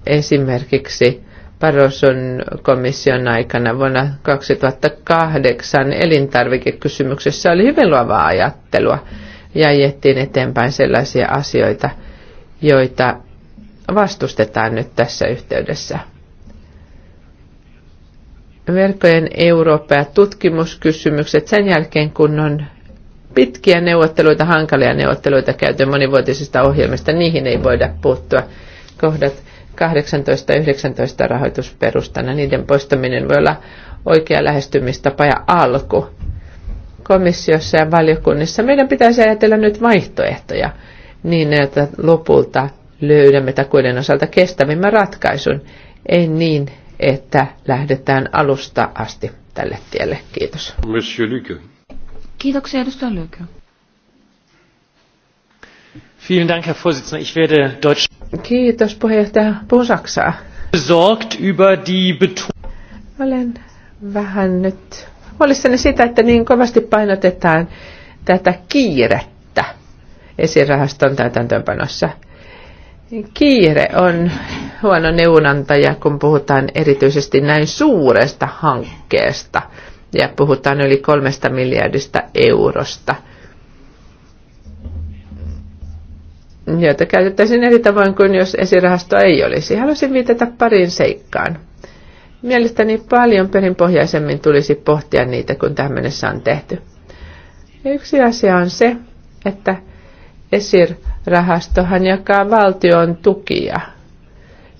esimerkiksi Paroson komission aikana vuonna 2008 elintarvikekysymyksessä oli hyvin luovaa ajattelua ja ajettiin eteenpäin sellaisia asioita, joita vastustetaan nyt tässä yhteydessä. Verkkojen Eurooppa ja tutkimuskysymykset sen jälkeen, kun on pitkiä neuvotteluita, hankalia neuvotteluita käyty monivuotisista ohjelmista, niihin ei voida puuttua. Kohdat 18 ja 19 rahoitusperustana, niiden poistaminen voi olla oikea lähestymistapa ja alku. Komissiossa ja valiokunnissa meidän pitäisi ajatella nyt vaihtoehtoja niin, että lopulta löydämme takuiden osalta kestävimmän ratkaisun. Ei niin, että lähdetään alusta asti tälle tielle. Kiitos. Monsieur Lyke. Kiitoksia, edustaja Lyke. Vielen Dank, Herr Vorsitzender. Ich werde Deutsch. Kiitos, puheenjohtaja. Puhun Saksaa. Besorgt über die Beton Olen vähän nyt huolissani sitä, että niin kovasti painotetaan tätä kiirettä esirahaston täytäntöönpanossa. Niin kiire on huono neuvonantaja, kun puhutaan erityisesti näin suuresta hankkeesta ja puhutaan yli kolmesta miljardista eurosta, joita käytettäisiin eri tavoin kuin jos esirahasto ei olisi. Haluaisin viitata pariin seikkaan. Mielestäni paljon perinpohjaisemmin tulisi pohtia niitä, kun tähän mennessä on tehty. Yksi asia on se, että ESIR-rahastohan jakaa valtion tukia.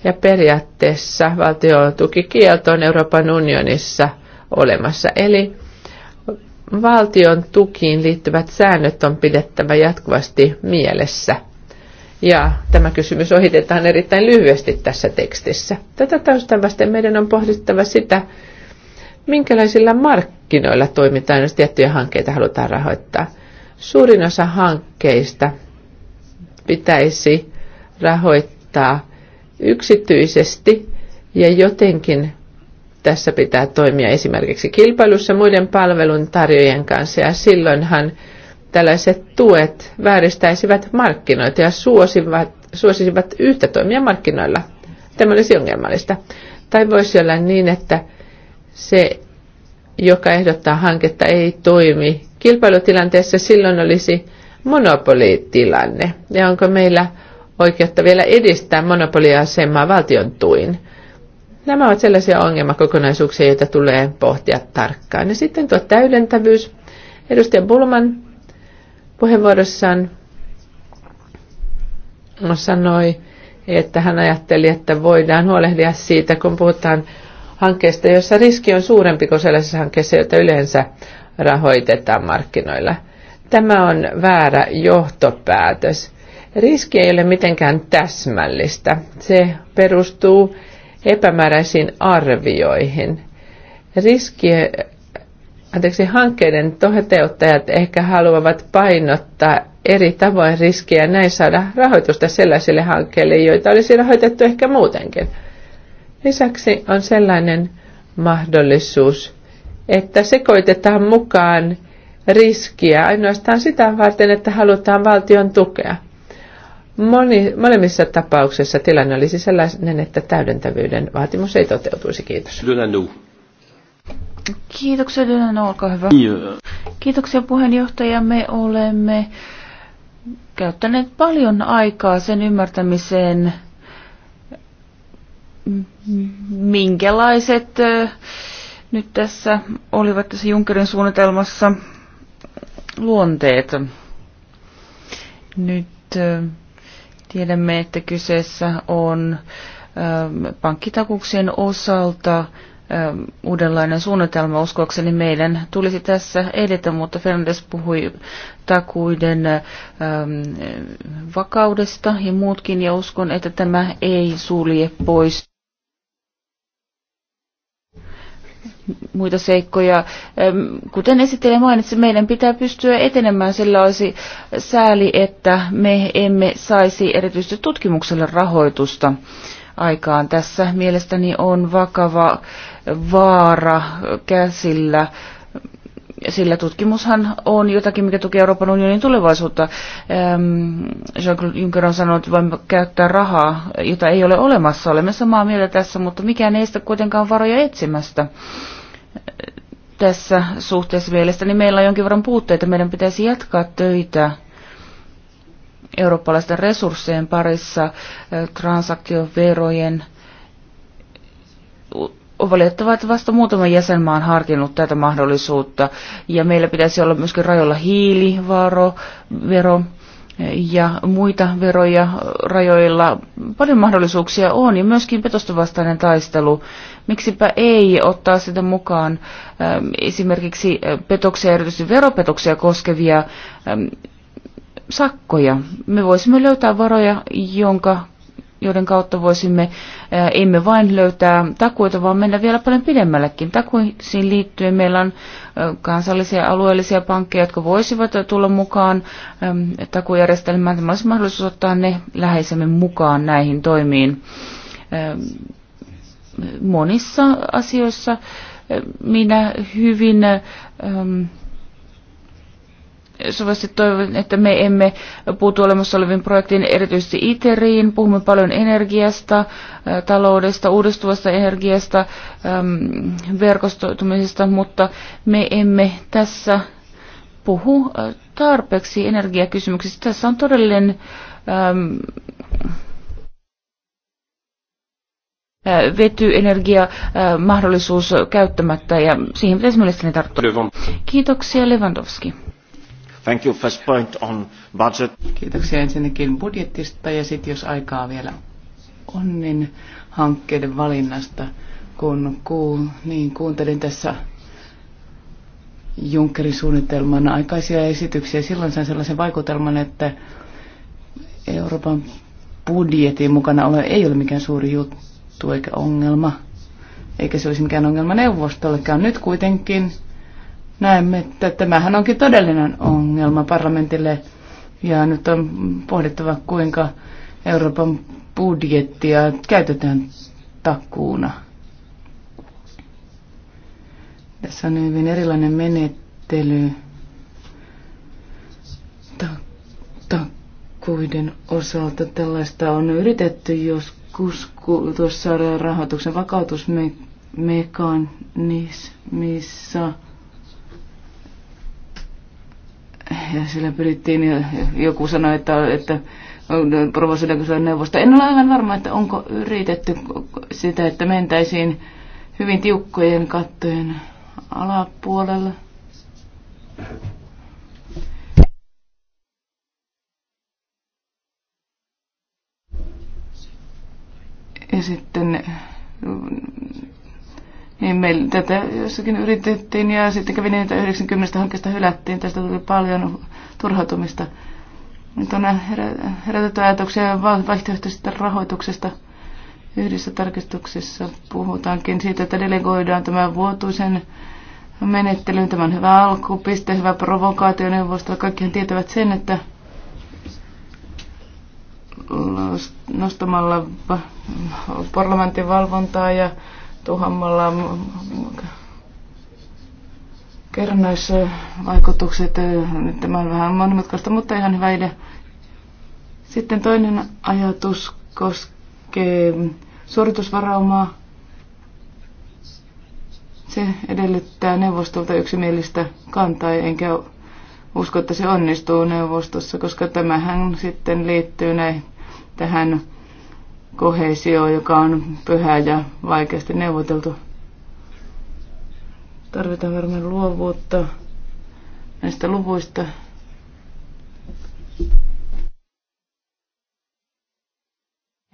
Ja periaatteessa valtion tukikielto on Euroopan unionissa olemassa. Eli valtion tukiin liittyvät säännöt on pidettävä jatkuvasti mielessä. Ja tämä kysymys ohitetaan erittäin lyhyesti tässä tekstissä. Tätä taustan vasten meidän on pohdittava sitä, minkälaisilla markkinoilla toimitaan, jos tiettyjä hankkeita halutaan rahoittaa – Suurin osa hankkeista pitäisi rahoittaa yksityisesti ja jotenkin tässä pitää toimia esimerkiksi kilpailussa muiden palveluntarjoajien kanssa ja silloinhan tällaiset tuet vääristäisivät markkinoita ja suosivat, suosisivat yhtä toimia markkinoilla. Tämä olisi ongelmallista. Tai voisi olla niin, että se, joka ehdottaa hanketta, ei toimi kilpailutilanteessa silloin olisi monopolitilanne? Ja onko meillä oikeutta vielä edistää monopoliasemaa valtion tuin? Nämä ovat sellaisia ongelmakokonaisuuksia, joita tulee pohtia tarkkaan. Ja sitten tuo täydentävyys. Edustaja Bulman puheenvuorossaan sanoi, että hän ajatteli, että voidaan huolehtia siitä, kun puhutaan hankkeesta, jossa riski on suurempi kuin sellaisessa hankkeessa, jota yleensä rahoitetaan markkinoilla. Tämä on väärä johtopäätös. Riski ei ole mitenkään täsmällistä. Se perustuu epämääräisiin arvioihin. Riski, anteeksi, hankkeiden toteuttajat ehkä haluavat painottaa eri tavoin riskiä näin saada rahoitusta sellaisille hankkeille, joita olisi rahoitettu ehkä muutenkin. Lisäksi on sellainen mahdollisuus, että sekoitetaan mukaan riskiä ainoastaan sitä varten, että halutaan valtion tukea. Moni, molemmissa tapauksissa tilanne olisi sellainen, että täydentävyyden vaatimus ei toteutuisi. Kiitos. Kiitoksia Lynänu, olkaa hyvä. Niin. Kiitoksia puheenjohtaja. Me olemme käyttäneet paljon aikaa sen ymmärtämiseen, minkälaiset nyt tässä olivat tässä Junckerin suunnitelmassa luonteet. Nyt tiedämme, että kyseessä on pankkitakuuksien osalta uudenlainen suunnitelma. Uskoakseni meidän tulisi tässä edetä, mutta Fernandes puhui takuiden vakaudesta ja muutkin, ja uskon, että tämä ei sulje pois muita seikkoja. Kuten esittelijä mainitsi, meidän pitää pystyä etenemään, sillä olisi sääli, että me emme saisi erityisesti tutkimukselle rahoitusta aikaan. Tässä mielestäni on vakava vaara käsillä, sillä tutkimushan on jotakin, mikä tukee Euroopan unionin tulevaisuutta. Jean-Claude Juncker on sanonut, että voimme käyttää rahaa, jota ei ole olemassa. Olemme samaa mieltä tässä, mutta mikään ei sitä kuitenkaan varoja etsimästä tässä suhteessa mielestäni niin meillä on jonkin verran puutteita. Meidän pitäisi jatkaa töitä eurooppalaisten resurssien parissa, transaktioverojen että vasta muutama jäsenmaa on harkinnut tätä mahdollisuutta. Ja meillä pitäisi olla myöskin rajoilla hiilivaro, vero ja muita veroja rajoilla. Paljon mahdollisuuksia on ja myöskin petostovastainen taistelu. Miksipä ei ottaa sitä mukaan ähm, esimerkiksi äh, petoksia, erityisesti veropetoksia koskevia ähm, sakkoja. Me voisimme löytää varoja, jonka joiden kautta voisimme, äh, emme vain löytää takuita, vaan mennä vielä paljon pidemmällekin. Takuisiin liittyen meillä on äh, kansallisia ja alueellisia pankkeja, jotka voisivat tulla mukaan ähm, takujärjestelmään. Tämä olisi mahdollisuus ottaa ne läheisemmin mukaan näihin toimiin monissa asioissa minä hyvin ähm, sovasti toivon, että me emme puutu olemassa oleviin projektiin, erityisesti ITERiin. Puhumme paljon energiasta, äh, taloudesta, uudistuvasta energiasta, ähm, verkostoitumisesta, mutta me emme tässä puhu äh, tarpeeksi energiakysymyksistä. Tässä on todellinen ähm, vetyenergia mahdollisuus käyttämättä ja siihen pitäisi mielestäni tarttua. Kiitoksia Lewandowski. Thank you. First point on budget. Kiitoksia ensinnäkin budjettista ja sitten jos aikaa vielä on, niin hankkeiden valinnasta, kun kuul, niin kuuntelin tässä Junckerin suunnitelman aikaisia esityksiä. Silloin sain sellaisen vaikutelman, että Euroopan budjetin mukana ole ei ole mikään suuri juttu juttu eikä ongelma, eikä se olisi mikään ongelma neuvostollekaan. Nyt kuitenkin näemme, että tämähän onkin todellinen ongelma parlamentille ja nyt on pohdittava, kuinka Euroopan budjettia käytetään takuuna. Tässä on hyvin erilainen menettely takuiden osalta. Tällaista on yritetty jos keskustus rahoituksen vakautusmekanismissa. Ja sillä pyrittiin, joku sanoi, että, että provosoidaanko neuvosta. En ole aivan varma, että onko yritetty sitä, että mentäisiin hyvin tiukkojen kattojen alapuolella. Ja sitten mm, niin meillä tätä jossakin yritettiin ja sitten kävi niin, että 90 hankkeesta hylättiin. Tästä tuli paljon turhautumista. Nyt on herätetty ajatuksia vaihtoehtoisesta rahoituksesta. Yhdessä tarkistuksessa puhutaankin siitä, että delegoidaan tämän vuotuisen menettelyn. Tämä hyvä alku, piste, hyvä provokaatio neuvostolla. Kaikkihan tietävät sen, että nostamalla parlamentin valvontaa ja tuhammalla kerrannaisvaikutukset. Tämä on vähän monimutkaista, mutta ihan hyvä idea. Sitten toinen ajatus koskee suoritusvaraumaa. Se edellyttää neuvostolta yksimielistä kantaa, enkä usko, että se onnistuu neuvostossa, koska tämähän sitten liittyy näin, tähän kohesioon, joka on pyhä ja vaikeasti neuvoteltu. Tarvitaan varmaan luovuutta näistä luvuista.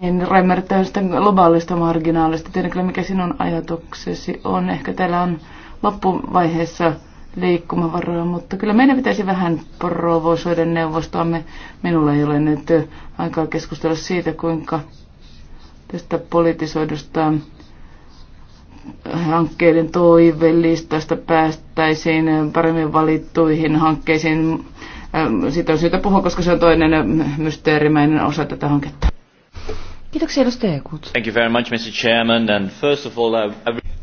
En ymmärtää tästä globaalista marginaalista. Tiedän kyllä, mikä sinun ajatuksesi on. Ehkä täällä on loppuvaiheessa liikkumavaraa, mutta kyllä meidän pitäisi vähän provosoida neuvostoamme. Minulla ei ole nyt aikaa keskustella siitä, kuinka tästä politisoidusta äh, hankkeiden toivellistasta päästäisiin paremmin valittuihin hankkeisiin. Siitä on syytä puhua, koska se on toinen mysteerimäinen osa tätä hanketta. Kiitoksia edustaja Kut. Thank you very much, Mr. Chairman. And first of all, I...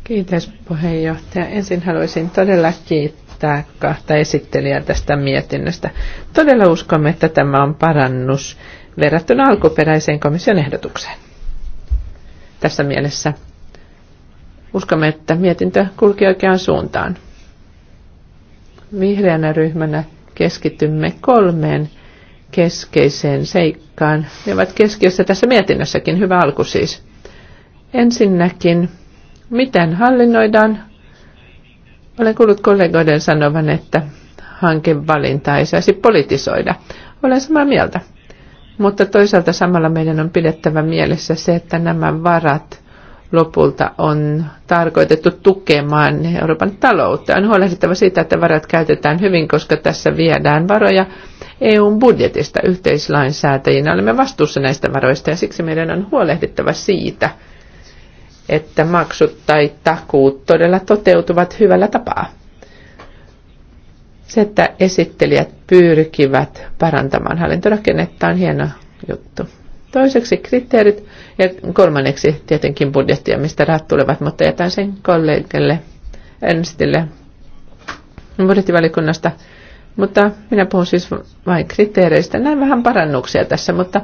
Kiitos puheenjohtaja. Ensin haluaisin todella kiittää kiittää kahta esittelijää tästä mietinnöstä. Todella uskomme, että tämä on parannus verrattuna alkuperäiseen komission ehdotukseen. Tässä mielessä uskomme, että mietintö kulki oikeaan suuntaan. Vihreänä ryhmänä keskitymme kolmeen keskeiseen seikkaan. Ne ovat keskiössä tässä mietinnössäkin. Hyvä alku siis. Ensinnäkin, miten hallinnoidaan olen kuullut kollegoiden sanovan, että hankevalinta ei saisi politisoida. Olen samaa mieltä. Mutta toisaalta samalla meidän on pidettävä mielessä se, että nämä varat lopulta on tarkoitettu tukemaan Euroopan taloutta. On huolehdittava siitä, että varat käytetään hyvin, koska tässä viedään varoja EUn budjetista yhteislainsäätäjinä. Olemme vastuussa näistä varoista ja siksi meidän on huolehdittava siitä, että maksut tai takuut todella toteutuvat hyvällä tapaa. Se, että esittelijät pyrkivät parantamaan hallintorakennetta on hieno juttu. Toiseksi kriteerit ja kolmanneksi tietenkin budjettia, mistä rahat tulevat, mutta jätän sen kollegelle Ernstille budjettivalikunnasta. Mutta minä puhun siis vain kriteereistä. Näin vähän parannuksia tässä, mutta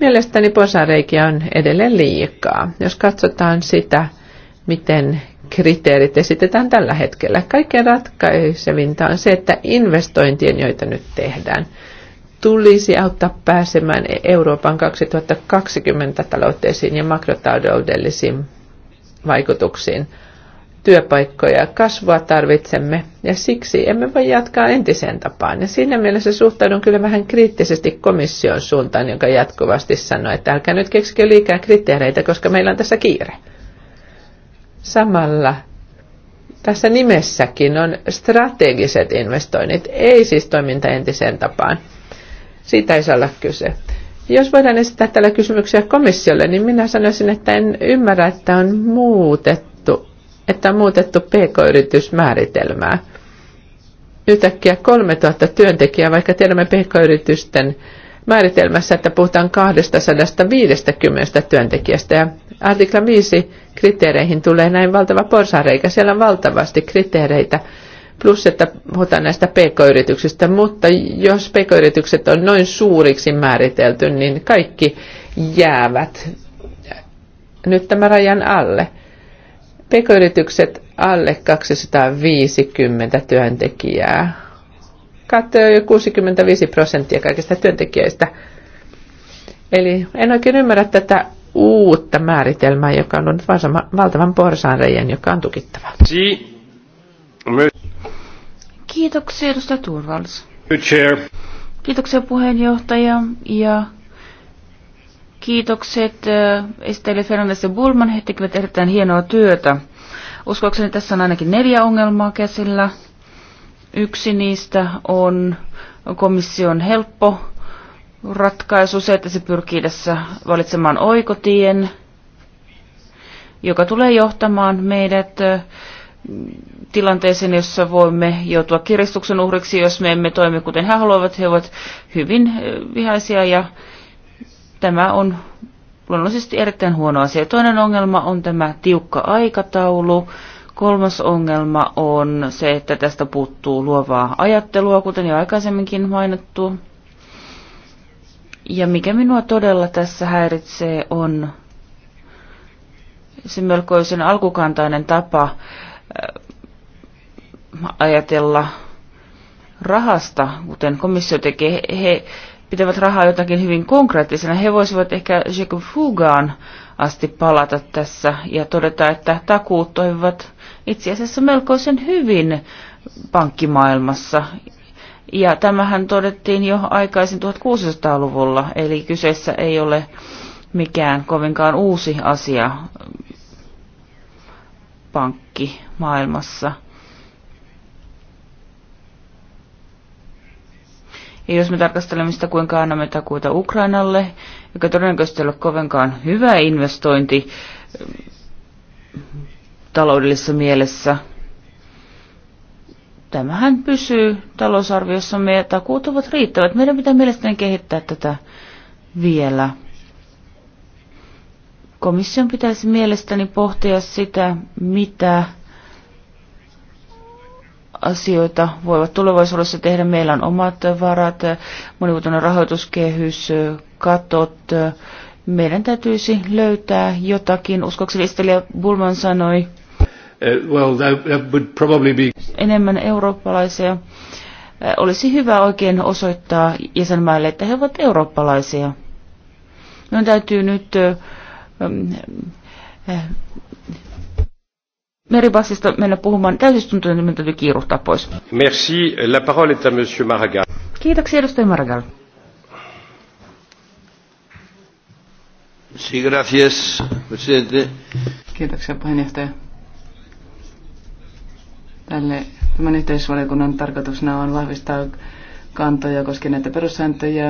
Mielestäni posareikiä on edelleen liikaa. Jos katsotaan sitä, miten kriteerit esitetään tällä hetkellä, kaikkein ratkaisevinta on se, että investointien, joita nyt tehdään, tulisi auttaa pääsemään Euroopan 2020 talouteisiin ja makrotaloudellisiin vaikutuksiin – työpaikkoja ja kasvua tarvitsemme, ja siksi emme voi jatkaa entiseen tapaan. Ja siinä mielessä suhtaudun kyllä vähän kriittisesti komission suuntaan, joka jatkuvasti sanoo, että älkää nyt keksikö liikaa kriteereitä, koska meillä on tässä kiire. Samalla tässä nimessäkin on strategiset investoinnit, ei siis toiminta entiseen tapaan. Siitä ei saa olla kyse. Jos voidaan esittää tällä kysymyksiä komissiolle, niin minä sanoisin, että en ymmärrä, että on muutettu että on muutettu pk-yritysmääritelmää. Yhtäkkiä 3000 työntekijää, vaikka tiedämme pk-yritysten määritelmässä, että puhutaan 250 työntekijästä. Ja artikla 5 kriteereihin tulee näin valtava porsareikä. Siellä on valtavasti kriteereitä, plus että puhutaan näistä pk-yrityksistä. Mutta jos pk-yritykset on noin suuriksi määritelty, niin kaikki jäävät nyt tämän rajan alle. Pekoyritykset alle 250 työntekijää. Katsoo jo 65 prosenttia kaikista työntekijöistä. Eli en oikein ymmärrä tätä uutta määritelmää, joka on ollut valtavan porsaanreijän, joka on tukittava. Kiitoksia edustaja Turvals. Kiitoksia puheenjohtaja ja Kiitokset esittäjille Fernandes ja Bulman. He tekevät erittäin hienoa työtä. Uskoakseni tässä on ainakin neljä ongelmaa käsillä. Yksi niistä on komission helppo ratkaisu, se, että se pyrkii tässä valitsemaan oikotien, joka tulee johtamaan meidät tilanteeseen, jossa voimme joutua kiristuksen uhriksi, jos me emme toimi kuten he haluavat. He ovat hyvin vihaisia ja Tämä on luonnollisesti erittäin huono asia. Toinen ongelma on tämä tiukka aikataulu. Kolmas ongelma on se, että tästä puuttuu luovaa ajattelua, kuten jo aikaisemminkin mainittu. Ja mikä minua todella tässä häiritsee on se melkoisen alkukantainen tapa äh, ajatella rahasta, kuten komissio tekee. He pitävät rahaa jotakin hyvin konkreettisena. He voisivat ehkä Jacob Fugaan asti palata tässä ja todeta, että takuut toimivat itse asiassa melkoisen hyvin pankkimaailmassa. Ja tämähän todettiin jo aikaisin 1600-luvulla, eli kyseessä ei ole mikään kovinkaan uusi asia pankkimaailmassa. maailmassa. Ja jos me tarkastelemme sitä, kuinka annamme takuuta Ukrainalle, joka todennäköisesti ei ole kovinkaan hyvä investointi mm, taloudellisessa mielessä, tämähän pysyy talousarviossa ja takuut ovat riittävät. Meidän pitää mielestäni kehittää tätä vielä. Komission pitäisi mielestäni pohtia sitä, mitä asioita voivat tulevaisuudessa tehdä. Meillä on omat varat, monivuotinen rahoituskehys, katot. Meidän täytyisi löytää jotakin, uskokseni Bulman sanoi. Uh, well, that, that would probably be... Enemmän eurooppalaisia. Uh, olisi hyvä oikein osoittaa jäsenmaille, että he ovat eurooppalaisia. Meidän täytyy nyt uh, um, uh, meribassista mennä puhumaan täysistuntoon, niin täytyy kiiruhtaa pois. Merci. La parole est à monsieur Maragall. Kiitoksia, edustaja Maragall. Si, gracias, presidente. Kiitoksia, puheenjohtaja. Tälle, tämän yhteisvaliokunnan tarkoituksena on vahvistaa kantoja koskien näitä perussääntöjä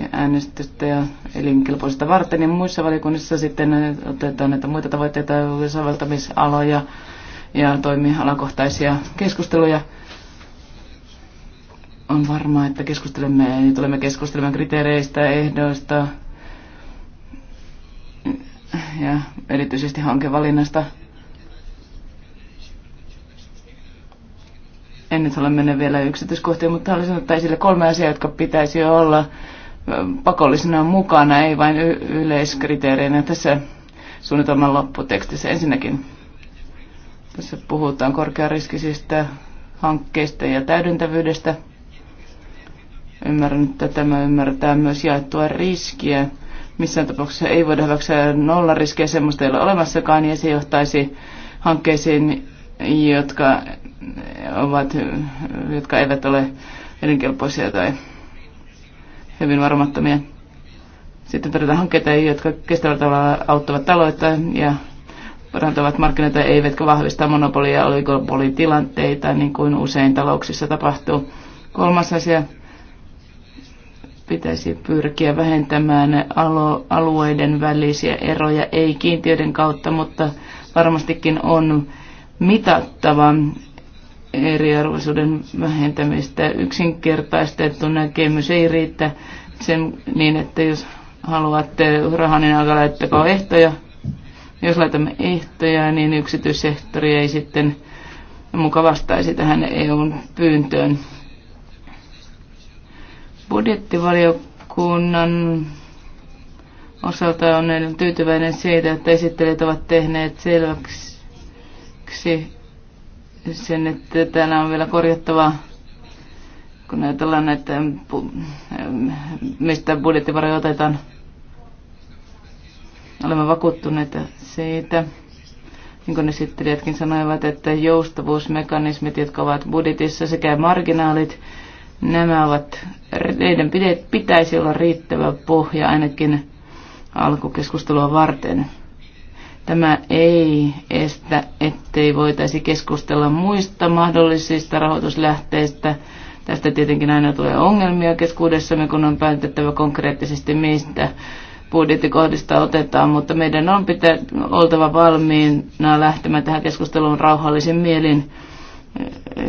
ja äänestystä ja elinkelpoisista varten. Ja muissa valiokunnissa sitten otetaan näitä muita tavoitteita, soveltamisaloja ja toimialakohtaisia keskusteluja. On varmaa, että keskustelemme ja tulemme keskustelemaan kriteereistä, ehdoista ja erityisesti hankevalinnasta. En nyt ole mennyt vielä yksityiskohtiin, mutta haluaisin ottaa esille kolme asiaa, jotka pitäisi olla pakollisena mukana, ei vain y- yleiskriteereinä tässä suunnitelman lopputekstissä. Ensinnäkin tässä puhutaan korkeariskisistä hankkeista ja täydentävyydestä. Ymmärrän, että tämä ymmärtää myös jaettua riskiä. Missään tapauksessa ei voida hyväksyä nollariskiä, sellaista, ei ole olemassakaan, ja se johtaisi hankkeisiin, jotka ovat, jotka eivät ole elinkelpoisia tai hyvin varmattomia. Sitten tarvitaan hankkeita, jotka kestävällä tavalla auttavat taloutta ja parantavat markkinoita, eivätkä vahvista monopoli- ja oligopolitilanteita, niin kuin usein talouksissa tapahtuu. Kolmas asia, pitäisi pyrkiä vähentämään alueiden välisiä eroja, ei kiintiöiden kautta, mutta varmastikin on mitattava eriarvoisuuden vähentämistä. Yksinkertaistettu näkemys ei riitä sen niin, että jos haluatte rahaa, niin alkaa laittakaa ehtoja. Jos laitamme ehtoja, niin yksityissektori ei sitten muka vastaisi tähän EUn pyyntöön. Budjettivaliokunnan osalta on tyytyväinen siitä, että esittelijät ovat tehneet selväksi sen, että täällä on vielä korjattavaa, kun ajatellaan, näitä, ähm, ähm, mistä budjettivaroja otetaan. Olemme vakuuttuneita siitä, niin kuin esittelijätkin sanoivat, että joustavuusmekanismit, jotka ovat budjetissa sekä marginaalit, nämä ovat, niiden pitäisi olla riittävä pohja ainakin alkukeskustelua varten. Tämä ei estä, ettei voitaisi keskustella muista mahdollisista rahoituslähteistä. Tästä tietenkin aina tulee ongelmia keskuudessamme, kun on päätettävä konkreettisesti, mistä budjettikohdista otetaan, mutta meidän on pitää oltava valmiina lähtemään tähän keskusteluun rauhallisin mielin.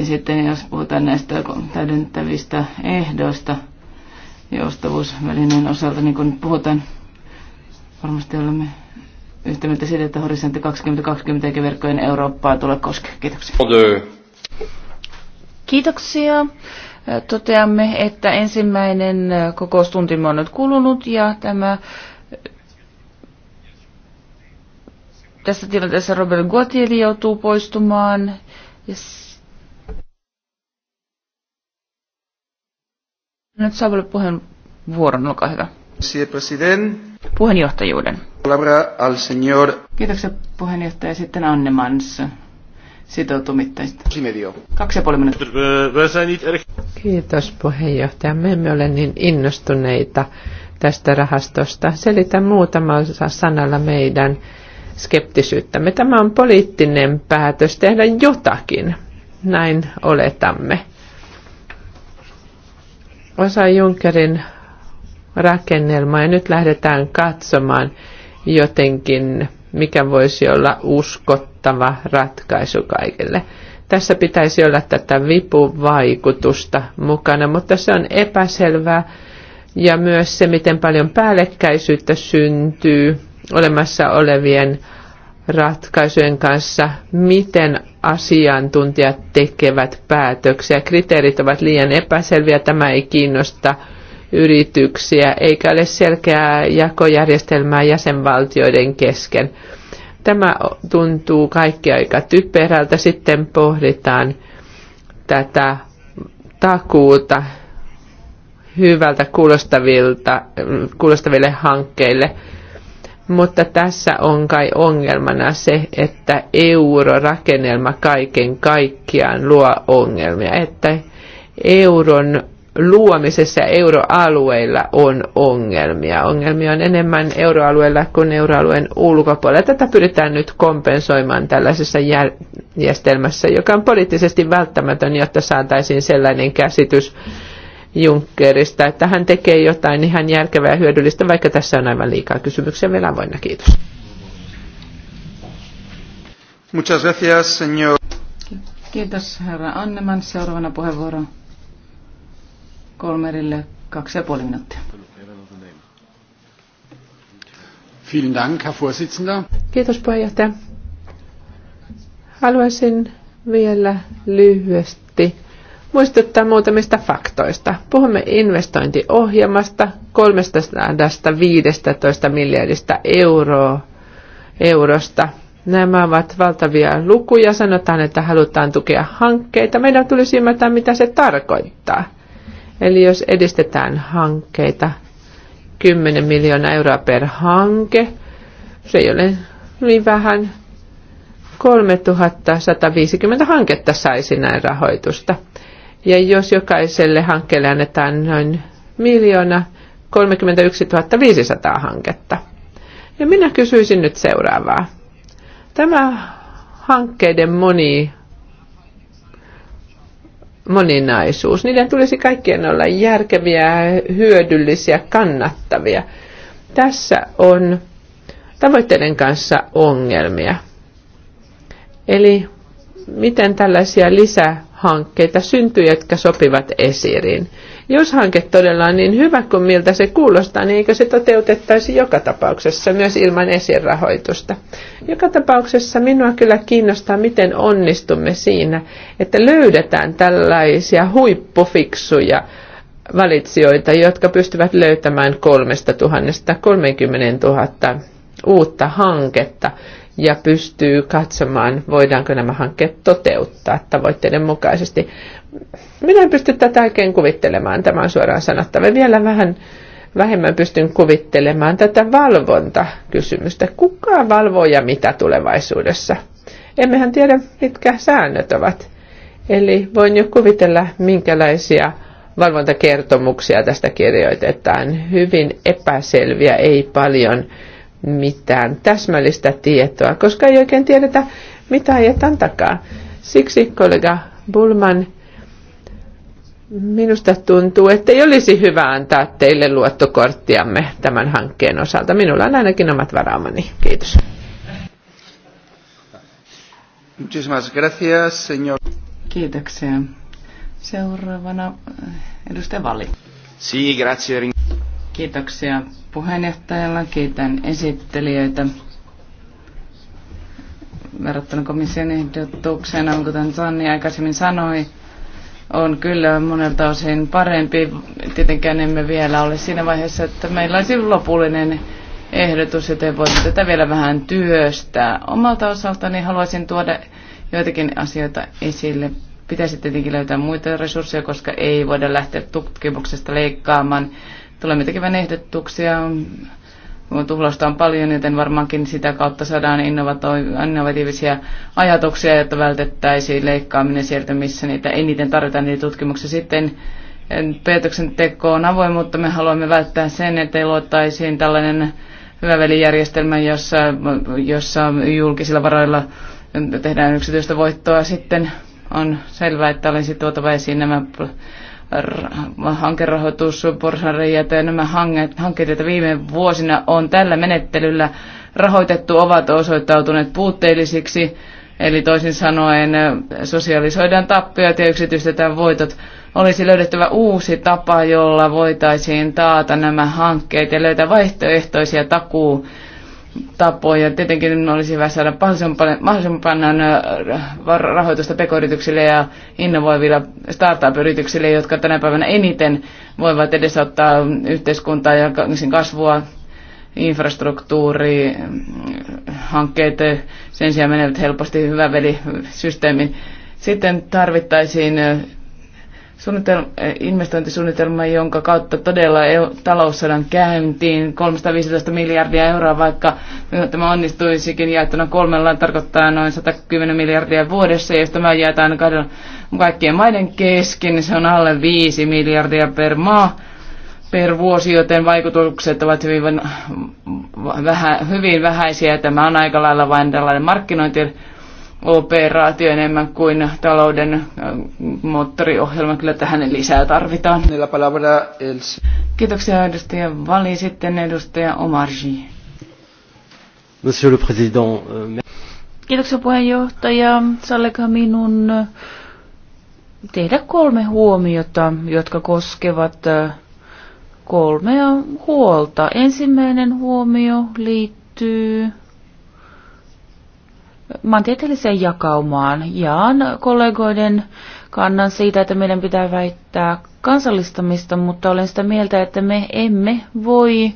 Sitten jos puhutaan näistä täydentävistä ehdoista joustavuusvälineen osalta, niin kun puhutaan, varmasti olemme yhtä mieltä siitä, että horisontti 2020 eikä verkkojen Eurooppaa tule koskea. Kiitoksia. Kiitoksia. Toteamme, että ensimmäinen kokoustuntimme on nyt kulunut ja tämä tässä tilanteessa Robert Guatieri joutuu poistumaan. Yes. Nyt saa puheenvuoron, olkaa hyvä. Puheenjohtajuuden. Al señor. Kiitoksia puheenjohtaja. Sitten Anne Mans sitoutumittaista. Kaksi ja puoli minuuttia. Kiitos puheenjohtaja. Me emme ole niin innostuneita tästä rahastosta. Selitän muutamalla sanalla meidän skeptisyyttämme. Tämä on poliittinen päätös tehdä jotakin, näin oletamme. Osa Junckerin rakennelmaa ja nyt lähdetään katsomaan, jotenkin, mikä voisi olla uskottava ratkaisu kaikille. Tässä pitäisi olla tätä vipuvaikutusta mukana, mutta se on epäselvää. Ja myös se, miten paljon päällekkäisyyttä syntyy olemassa olevien ratkaisujen kanssa, miten asiantuntijat tekevät päätöksiä. Kriteerit ovat liian epäselviä, tämä ei kiinnosta yrityksiä, eikä ole selkeää jakojärjestelmää jäsenvaltioiden kesken. Tämä tuntuu kaikki aika typerältä. Sitten pohditaan tätä takuuta hyvältä kuulostavilta, kuulostaville hankkeille. Mutta tässä on kai ongelmana se, että eurorakennelma kaiken kaikkiaan luo ongelmia, että euron luomisessa euroalueilla on ongelmia. Ongelmia on enemmän euroalueella kuin euroalueen ulkopuolella. Tätä pyritään nyt kompensoimaan tällaisessa järjestelmässä, joka on poliittisesti välttämätön, jotta saataisiin sellainen käsitys Junckerista, että hän tekee jotain ihan järkevää ja hyödyllistä, vaikka tässä on aivan liikaa kysymyksiä vielä avoinna. Kiitos. Muchas gracias, señor. Kiitos, herra Anneman. Seuraavana puheenvuoro Kolmerille kaksi ja puoli minuuttia. Vielen Dank, Herr Vorsitzender. Kiitos puheenjohtaja. Haluaisin vielä lyhyesti muistuttaa muutamista faktoista. Puhumme investointiohjelmasta 315 miljardista euroa, eurosta. Nämä ovat valtavia lukuja. Sanotaan, että halutaan tukea hankkeita. Meidän tulisi ymmärtää, mitä se tarkoittaa. Eli jos edistetään hankkeita, 10 miljoonaa euroa per hanke, se ei ole niin vähän, 3150 hanketta saisi näin rahoitusta. Ja jos jokaiselle hankkeelle annetaan noin miljoona, 31 500 hanketta. Ja minä kysyisin nyt seuraavaa. Tämä hankkeiden moni moninaisuus. Niiden tulisi kaikkien olla järkeviä, hyödyllisiä, kannattavia. Tässä on tavoitteiden kanssa ongelmia. Eli miten tällaisia lisähankkeita syntyy, jotka sopivat esiriin. Jos hanke todella on niin hyvä kuin miltä se kuulostaa, niin eikö se toteutettaisi joka tapauksessa myös ilman esirahoitusta? Joka tapauksessa minua kyllä kiinnostaa, miten onnistumme siinä, että löydetään tällaisia huippufiksuja valitsijoita, jotka pystyvät löytämään kolmesta tuhannesta 30 000 uutta hanketta, ja pystyy katsomaan, voidaanko nämä hankkeet toteuttaa tavoitteiden mukaisesti. Minä en pysty tätä oikein kuvittelemaan, tämä on suoraan sanottava. Vielä vähän vähemmän pystyn kuvittelemaan tätä valvontakysymystä. Kuka valvoo ja mitä tulevaisuudessa? Emmehän tiedä, mitkä säännöt ovat. Eli voin jo kuvitella, minkälaisia valvontakertomuksia tästä kirjoitetaan. Hyvin epäselviä, ei paljon mitään täsmällistä tietoa, koska ei oikein tiedetä, mitä ajetaan takaa. Siksi kollega Bulman, minusta tuntuu, että ei olisi hyvä antaa teille luottokorttiamme tämän hankkeen osalta. Minulla on ainakin omat varaamani. Kiitos. Muchísimas gracias, señor. Kiitoksia. Seuraavana eh, edustaja Valli. Kiitoksia puheenjohtajalla. Kiitän esittelijöitä. Verrattuna komission ehdotukseen, on kuten Sanni aikaisemmin sanoi, on kyllä monelta osin parempi. Tietenkään emme vielä ole siinä vaiheessa, että meillä olisi lopullinen ehdotus, joten voisi tätä vielä vähän työstää. Omalta osaltani haluaisin tuoda joitakin asioita esille. Pitäisi tietenkin löytää muita resursseja, koska ei voida lähteä tutkimuksesta leikkaamaan tulemme tekemään ehdotuksia. Tuhlausta on paljon, joten varmaankin sitä kautta saadaan innovatiivisia ajatuksia, että vältettäisiin leikkaaminen sieltä, missä niitä eniten tarvitaan niitä tutkimuksia. Sitten eh, avoin, mutta Me haluamme välttää sen, että luottaisiin tällainen hyvä velijärjestelmä, jossa, jossa julkisilla varoilla tehdään yksityistä voittoa. Sitten on selvää, että olisi tuotava esiin nämä hankerahoitus, porsanreijät ja nämä hankkeet, joita viime vuosina on tällä menettelyllä rahoitettu, ovat osoittautuneet puutteellisiksi. Eli toisin sanoen sosiaalisoidaan tappiot ja yksityistetään voitot. Olisi löydettävä uusi tapa, jolla voitaisiin taata nämä hankkeet ja löytää vaihtoehtoisia takuu tapoja. Tietenkin olisi hyvä saada mahdollisimman paljon rahoitusta pekoyrityksille ja innovoiville startup-yrityksille, jotka tänä päivänä eniten voivat edesauttaa yhteiskuntaa ja kasvua, infrastruktuuri, hankkeet sen sijaan menevät helposti hyvä veli systeemin. Sitten tarvittaisiin Eh, investointisuunnitelma, jonka kautta todella talous e taloussodan käyntiin 315 miljardia euroa, vaikka tämä onnistuisikin jaettuna kolmella tarkoittaa noin 110 miljardia vuodessa, ja jos tämä jaetaan kaikkien maiden kesken, niin se on alle 5 miljardia per maa per vuosi, joten vaikutukset ovat hyvin, vähä, hyvin vähäisiä. Tämä on aika lailla vain tällainen markkinointi operaatio enemmän kuin talouden moottoriohjelma. Kyllä tähän lisää tarvitaan. Kiitoksia edustaja Vali. Sitten edustaja Omarji. Monsieur le Président. Euh, Kiitoksia puheenjohtaja. Sallikaa minun tehdä kolme huomiota, jotka koskevat kolmea huolta. Ensimmäinen huomio liittyy maantieteelliseen jakaumaan. Jaan kollegoiden kannan siitä, että meidän pitää väittää kansallistamista, mutta olen sitä mieltä, että me emme voi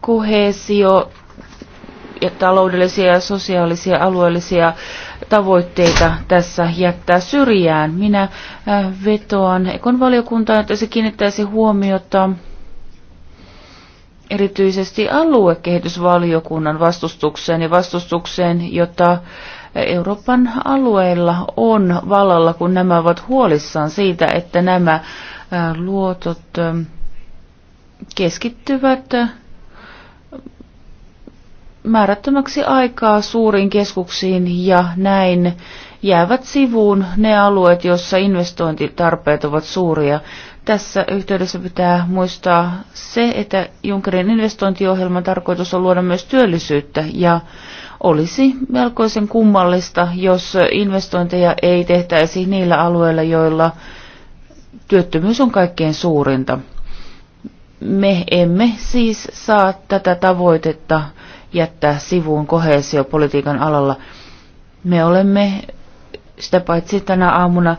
kohesio ja taloudellisia ja sosiaalisia alueellisia tavoitteita tässä jättää syrjään. Minä vetoan ekon valiokuntaan, että se kiinnittäisi huomiota erityisesti aluekehitysvaliokunnan vastustukseen ja vastustukseen, jota Euroopan alueilla on vallalla, kun nämä ovat huolissaan siitä, että nämä luotot keskittyvät määrättömäksi aikaa suuriin keskuksiin ja näin jäävät sivuun ne alueet, joissa investointitarpeet ovat suuria. Tässä yhteydessä pitää muistaa se, että Junckerin investointiohjelman tarkoitus on luoda myös työllisyyttä ja olisi melkoisen kummallista, jos investointeja ei tehtäisi niillä alueilla, joilla työttömyys on kaikkein suurinta. Me emme siis saa tätä tavoitetta jättää sivuun kohesiopolitiikan alalla. Me olemme sitä paitsi tänä aamuna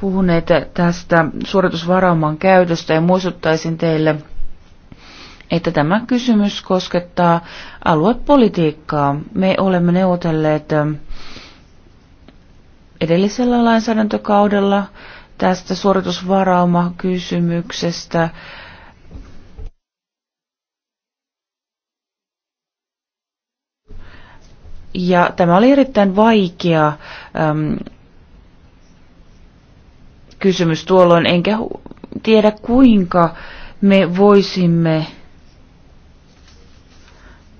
puhuneet tästä suoritusvarauman käytöstä ja muistuttaisin teille, että tämä kysymys koskettaa aluepolitiikkaa. Me olemme neuvotelleet edellisellä lainsäädäntökaudella tästä kysymyksestä Ja tämä oli erittäin vaikea ähm, kysymys tuolloin, enkä tiedä kuinka me voisimme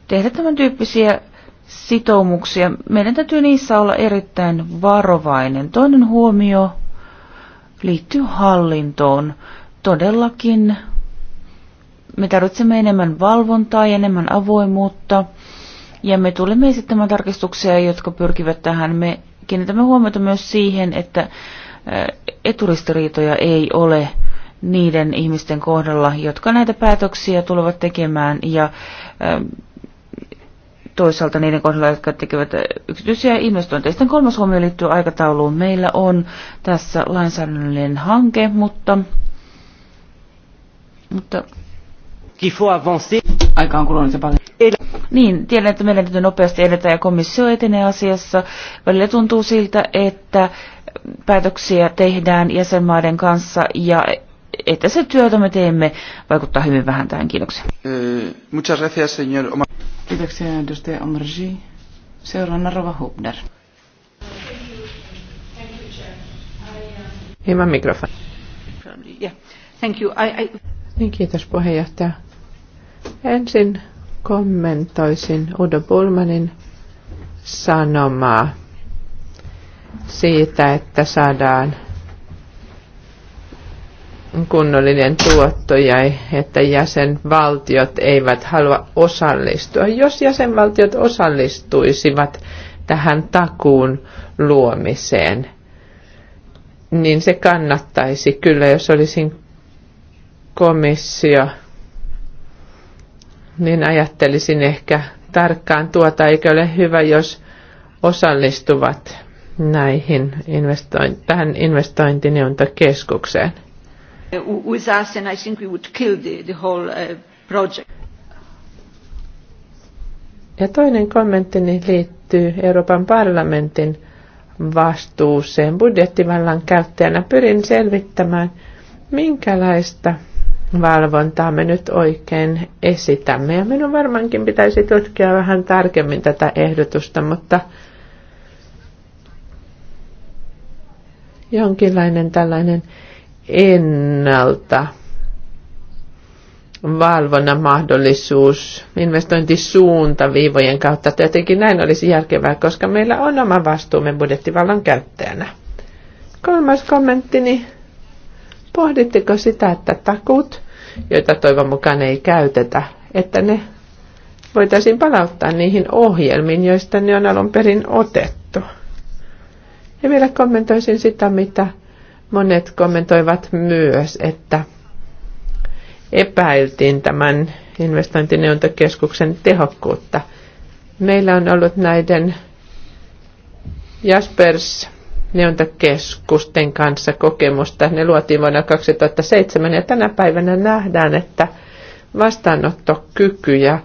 tehdä tämän tyyppisiä sitoumuksia. Meidän täytyy niissä olla erittäin varovainen. Toinen huomio liittyy hallintoon. Todellakin me tarvitsemme enemmän valvontaa ja enemmän avoimuutta. Ja me tulemme esittämään tarkistuksia, jotka pyrkivät tähän. Me kiinnitämme huomiota myös siihen, että eturistiriitoja ei ole niiden ihmisten kohdalla, jotka näitä päätöksiä tulevat tekemään ja ähm, toisaalta niiden kohdalla, jotka tekevät äh, yksityisiä investointeja. Sitten kolmas huomio liittyy aikatauluun. Meillä on tässä lainsäädännöllinen hanke, mutta, mutta Aika on kulunut se paljon. Niin, tiedän, että meidän täytyy nopeasti edetä ja komissio etenee asiassa. Välillä tuntuu siltä, että päätöksiä tehdään jäsenmaiden kanssa ja että se työ, jota me teemme, vaikuttaa hyvin vähän tähän. Kiitoksia. Eh, muchas gracias, señor Omar. Kiitoksia, edustaja Omarji. Seuraavana Rova Hubner. Hieman mikrofoni. Yeah. Thank you. I, I... Niin, kiitos puheenjohtaja. Ensin kommentoisin Udo Bulmanin sanomaa siitä, että saadaan kunnollinen tuotto ja että jäsenvaltiot eivät halua osallistua. Jos jäsenvaltiot osallistuisivat tähän takuun luomiseen, niin se kannattaisi kyllä, jos olisin komissio, niin ajattelisin ehkä tarkkaan tuota, eikö ole hyvä, jos osallistuvat näihin investoin, tähän investointineuvontakeskukseen. With us and I think we would kill the, the whole uh, project. Ja toinen kommenttini liittyy Euroopan parlamentin vastuuseen budjettivallan käyttäjänä. Pyrin selvittämään, minkälaista valvontaa me nyt oikein esitämme. Ja minun varmaankin pitäisi tutkia vähän tarkemmin tätä ehdotusta, mutta jonkinlainen tällainen ennalta valvonnan mahdollisuus investointisuuntaviivojen kautta. Tietenkin näin olisi järkevää, koska meillä on oma vastuumme budjettivallan käyttäjänä. Kolmas kommenttini. Pohditteko sitä, että takut, joita toivon mukaan ei käytetä, että ne voitaisiin palauttaa niihin ohjelmiin, joista ne on alun perin otettu? Ja vielä kommentoisin sitä, mitä monet kommentoivat myös, että epäiltiin tämän investointineuntokeskuksen tehokkuutta. Meillä on ollut näiden Jaspers neontakeskusten kanssa kokemusta. Ne luotiin vuonna 2007 ja tänä päivänä nähdään, että vastaanottokyky ja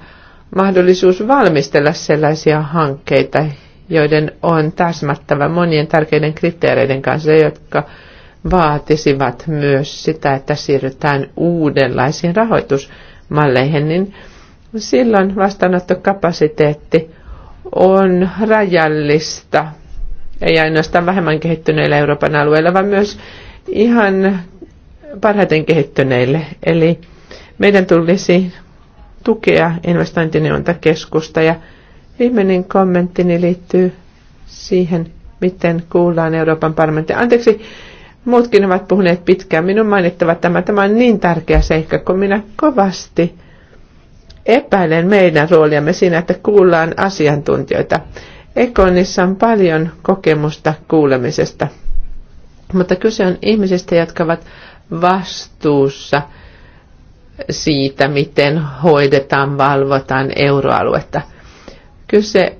mahdollisuus valmistella sellaisia hankkeita, joiden on täsmättävä monien tärkeiden kriteereiden kanssa, jotka vaatisivat myös sitä, että siirrytään uudenlaisiin rahoitusmalleihin, niin silloin vastaanottokapasiteetti on rajallista, ei ainoastaan vähemmän kehittyneillä Euroopan alueilla, vaan myös ihan parhaiten kehittyneille. Eli meidän tulisi tukea investointineuvontakeskusta ja Viimeinen kommenttini liittyy siihen, miten kuullaan Euroopan parlamentti. Anteeksi, muutkin ovat puhuneet pitkään. Minun mainittava tämä. Tämä on niin tärkeä seikka, kun minä kovasti epäilen meidän rooliamme siinä, että kuullaan asiantuntijoita. Ekonissa on paljon kokemusta kuulemisesta, mutta kyse on ihmisistä, jotka ovat vastuussa siitä, miten hoidetaan, valvotaan euroaluetta – Kyse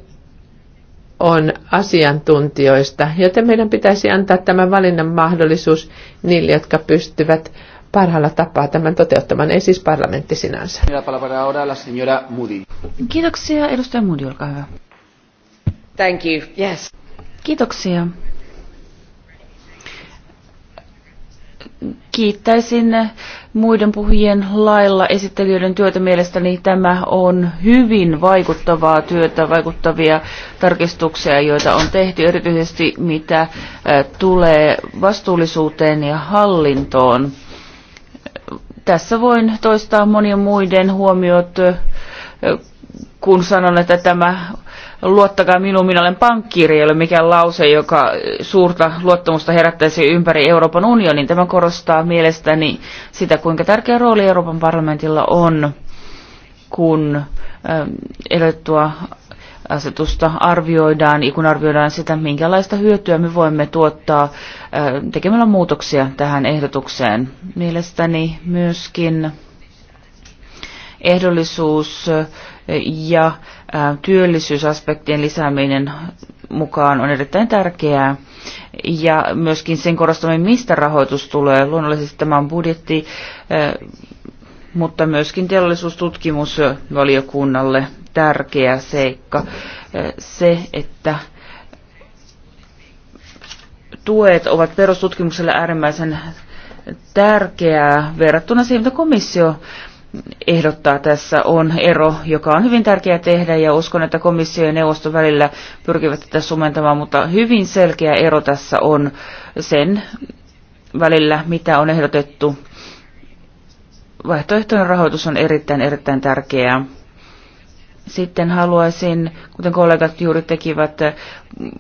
on asiantuntijoista, joten meidän pitäisi antaa tämä valinnan mahdollisuus niille, jotka pystyvät parhaalla tapaa tämän toteuttamaan, ei siis parlamentti sinänsä. Kiitoksia, edustaja Moody, olkaa hyvä. Thank you, yes. Kiitoksia. kiittäisin muiden puhujien lailla esittelijöiden työtä. Mielestäni tämä on hyvin vaikuttavaa työtä, vaikuttavia tarkistuksia, joita on tehty, erityisesti mitä äh, tulee vastuullisuuteen ja hallintoon. Tässä voin toistaa monien muiden huomiot, äh, kun sanon, että tämä luottakaa minuun, minä olen pankkiiri, ei ole mikään lause, joka suurta luottamusta herättäisi ympäri Euroopan unionin. Tämä korostaa mielestäni sitä, kuinka tärkeä rooli Euroopan parlamentilla on, kun ähm, elettua asetusta arvioidaan ja kun arvioidaan sitä, minkälaista hyötyä me voimme tuottaa äh, tekemällä muutoksia tähän ehdotukseen. Mielestäni myöskin ehdollisuus ja työllisyysaspektien lisääminen mukaan on erittäin tärkeää. Ja myöskin sen korostaminen, mistä rahoitus tulee. Luonnollisesti tämä on budjetti, mutta myöskin teollisuustutkimusvaliokunnalle tärkeä seikka. Se, että tuet ovat perustutkimukselle äärimmäisen tärkeää verrattuna siihen, mitä komissio ehdottaa tässä on ero, joka on hyvin tärkeä tehdä ja uskon, että komissio ja neuvosto välillä pyrkivät tätä sumentamaan, mutta hyvin selkeä ero tässä on sen välillä, mitä on ehdotettu. Vaihtoehtoinen rahoitus on erittäin, erittäin tärkeää. Sitten haluaisin, kuten kollegat juuri tekivät,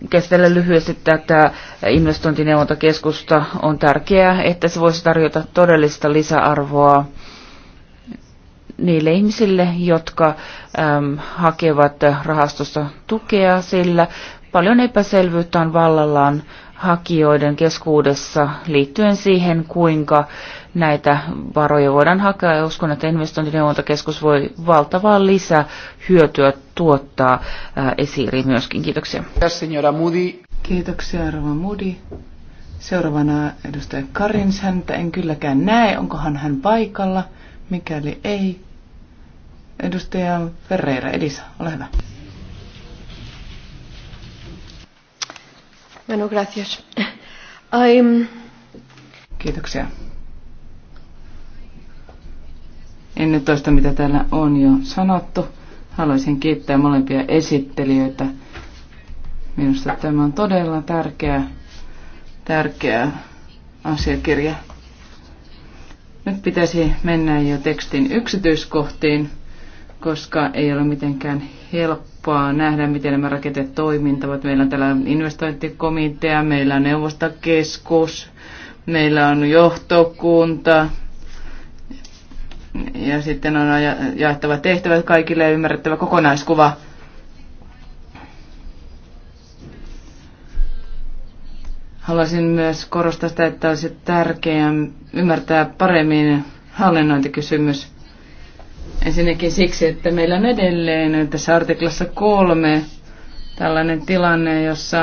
käsitellä lyhyesti tätä investointineuvontakeskusta. On tärkeää, että se voisi tarjota todellista lisäarvoa niille ihmisille, jotka äm, hakevat rahastosta tukea, sillä paljon epäselvyyttä on vallallaan hakijoiden keskuudessa liittyen siihen, kuinka näitä varoja voidaan hakea. Ja uskon, että investointineuvontakeskus voi valtavaa hyötyä tuottaa ää, esiiriin myöskin. Kiitoksia. Kiitoksia, Arva Moody. Seuraavana edustaja Karins. Häntä en kylläkään näe. Onkohan hän paikalla? Mikäli ei, Edustaja Ferreira, Elisa, ole hyvä. Bueno, gracias. I'm... Kiitoksia. En nyt toista, mitä täällä on jo sanottu. Haluaisin kiittää molempia esittelijöitä. Minusta tämä on todella tärkeä, tärkeä asiakirja. Nyt pitäisi mennä jo tekstin yksityiskohtiin koska ei ole mitenkään helppoa nähdä, miten nämä rakenteet toimintavat. Meillä on täällä investointikomitea, meillä on neuvostokeskus, meillä on johtokunta, ja sitten on jaettava tehtävät kaikille ja ymmärrettävä kokonaiskuva. Haluaisin myös korostaa sitä, että olisi tärkeää ymmärtää paremmin hallinnointikysymys. Ensinnäkin siksi, että meillä on edelleen tässä artiklassa kolme tällainen tilanne, jossa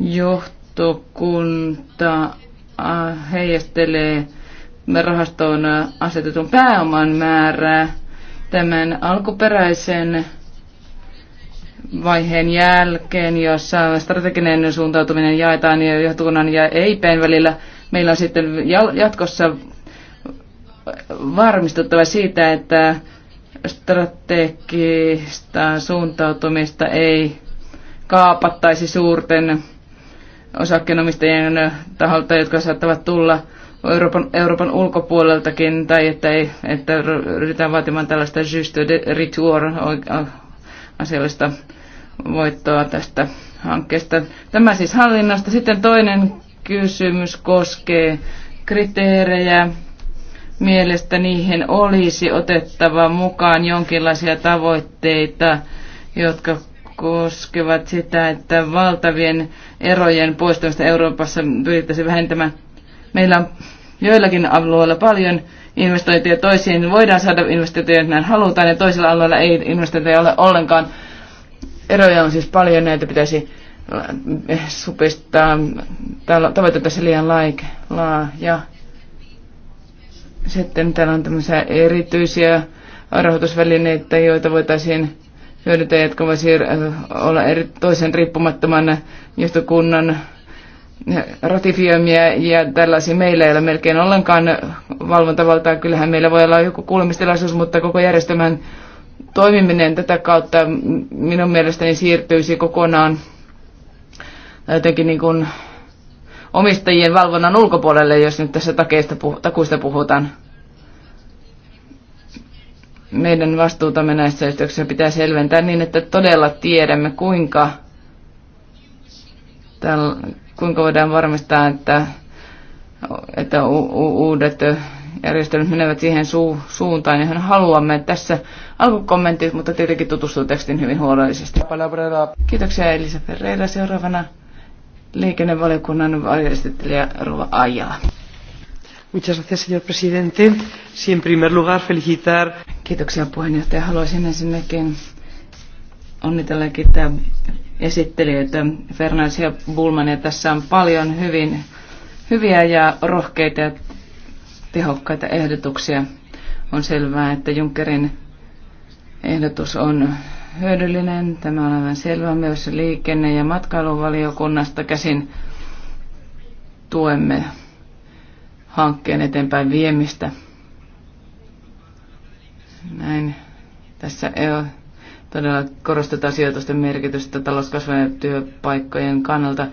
johtokunta äh, heijastelee rahastoon asetetun pääoman määrää tämän alkuperäisen vaiheen jälkeen, jossa strateginen suuntautuminen jaetaan johtokunnan ja EIPn välillä. Meillä on sitten jatkossa varmistuttava siitä, että strategista suuntautumista ei kaapattaisi suurten osakkeenomistajien taholta, jotka saattavat tulla Euroopan, Euroopan ulkopuoleltakin, tai että, ei, että ryhdytään vaatimaan tällaista juste de retour asiallista voittoa tästä hankkeesta. Tämä siis hallinnasta. Sitten toinen kysymys koskee kriteerejä mielestä niihin olisi otettava mukaan jonkinlaisia tavoitteita, jotka koskevat sitä, että valtavien erojen poistamista Euroopassa pyrittäisiin vähentämään. Meillä on joillakin alueilla paljon investointeja, toisiin voidaan saada investointeja, jos näin halutaan, ja toisilla alueilla ei investointeja ole ollenkaan. Eroja on siis paljon, näitä pitäisi äh, supistaa. Tavoite tässä liian laaja. Sitten täällä on tämmöisiä erityisiä rahoitusvälineitä, joita voitaisiin hyödyntää, jotka voisi äh, olla eri, toisen riippumattoman johtokunnan äh, ratifioimia ja tällaisia meillä ei ole melkein ollenkaan valvontavaltaa. Kyllähän meillä voi olla joku kuulemistilaisuus, mutta koko järjestelmän toimiminen tätä kautta minun mielestäni siirtyisi kokonaan jotenkin niin kuin omistajien valvonnan ulkopuolelle, jos nyt tässä takeista, takuista puhutaan. Meidän vastuutamme näissä yhteyksissä pitää selventää niin, että todella tiedämme, kuinka, täl, kuinka voidaan varmistaa, että, että u, u, uudet järjestelmät menevät siihen su- suuntaan, johon haluamme. Tässä alkukommentit, mutta tietenkin tutustuu tekstin hyvin huolellisesti. Kiitoksia Elisa Ferreira seuraavana liikennevaliokunnan varjoesittelijä Ruva Ajala. Muchas gracias, señor presidente. Si en primer lugar felicitar... Kiitoksia puheenjohtaja. Haluaisin ensinnäkin onnitella ja kiittää esittelijöitä Fernandes ja Bulmania. Tässä on paljon hyvin, hyviä ja rohkeita ja tehokkaita ehdotuksia. On selvää, että Junckerin ehdotus on hyödyllinen. Tämä on aivan selvä myös liikenne- ja matkailuvaliokunnasta käsin tuemme hankkeen eteenpäin viemistä. Näin tässä ei ole todella korostetaan sijoitusten merkitystä talouskasvun ja työpaikkojen kannalta.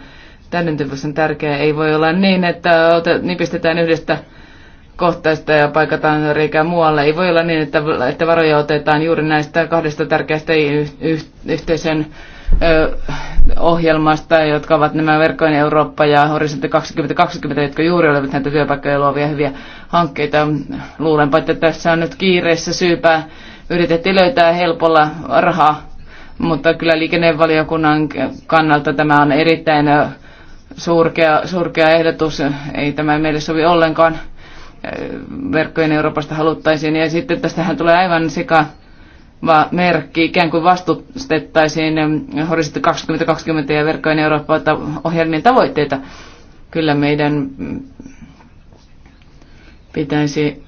Täydentyvyys on tärkeää. Ei voi olla niin, että nipistetään yhdestä kohteista ja paikataan reikää muualle. Ei voi olla niin, että, että varoja otetaan juuri näistä kahdesta tärkeästä yhteisön ohjelmasta, jotka ovat nämä Verkkojen Eurooppa ja Horisontti 2020, jotka juuri olivat näitä työpaikkoja luovia hyviä hankkeita. Luulenpa, että tässä on nyt kiireessä syypää. Yritettiin löytää helpolla rahaa, mutta kyllä liikennevaliokunnan kannalta tämä on erittäin surkea, surkea ehdotus. Ei tämä meille sovi ollenkaan verkkojen Euroopasta haluttaisiin. Ja sitten tästähän tulee aivan sika merkki, ikään kuin vastustettaisiin Horisontti 2020 ja verkkojen Eurooppaa ohjelmien tavoitteita. Kyllä meidän pitäisi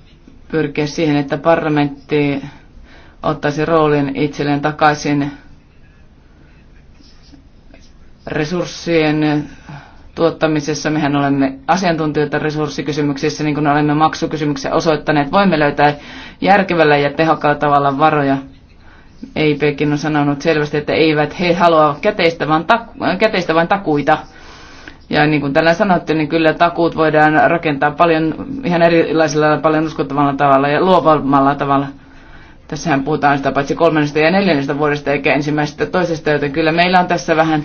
pyrkiä siihen, että parlamentti ottaisi roolin itselleen takaisin resurssien tuottamisessa. Mehän olemme asiantuntijoita resurssikysymyksissä, niin kuin olemme maksukysymyksiä osoittaneet. Voimme löytää järkevällä ja tehokkaalla tavalla varoja. EIPkin on sanonut selvästi, että eivät he halua käteistä, vaan taku- käteistä vain takuita. Ja niin kuin tällä sanottu, niin kyllä takuut voidaan rakentaa paljon ihan erilaisella, paljon uskottavalla tavalla ja luovammalla tavalla. Tässähän puhutaan sitä paitsi kolmannesta ja neljännestä vuodesta eikä ensimmäisestä toisesta, joten kyllä meillä on tässä vähän,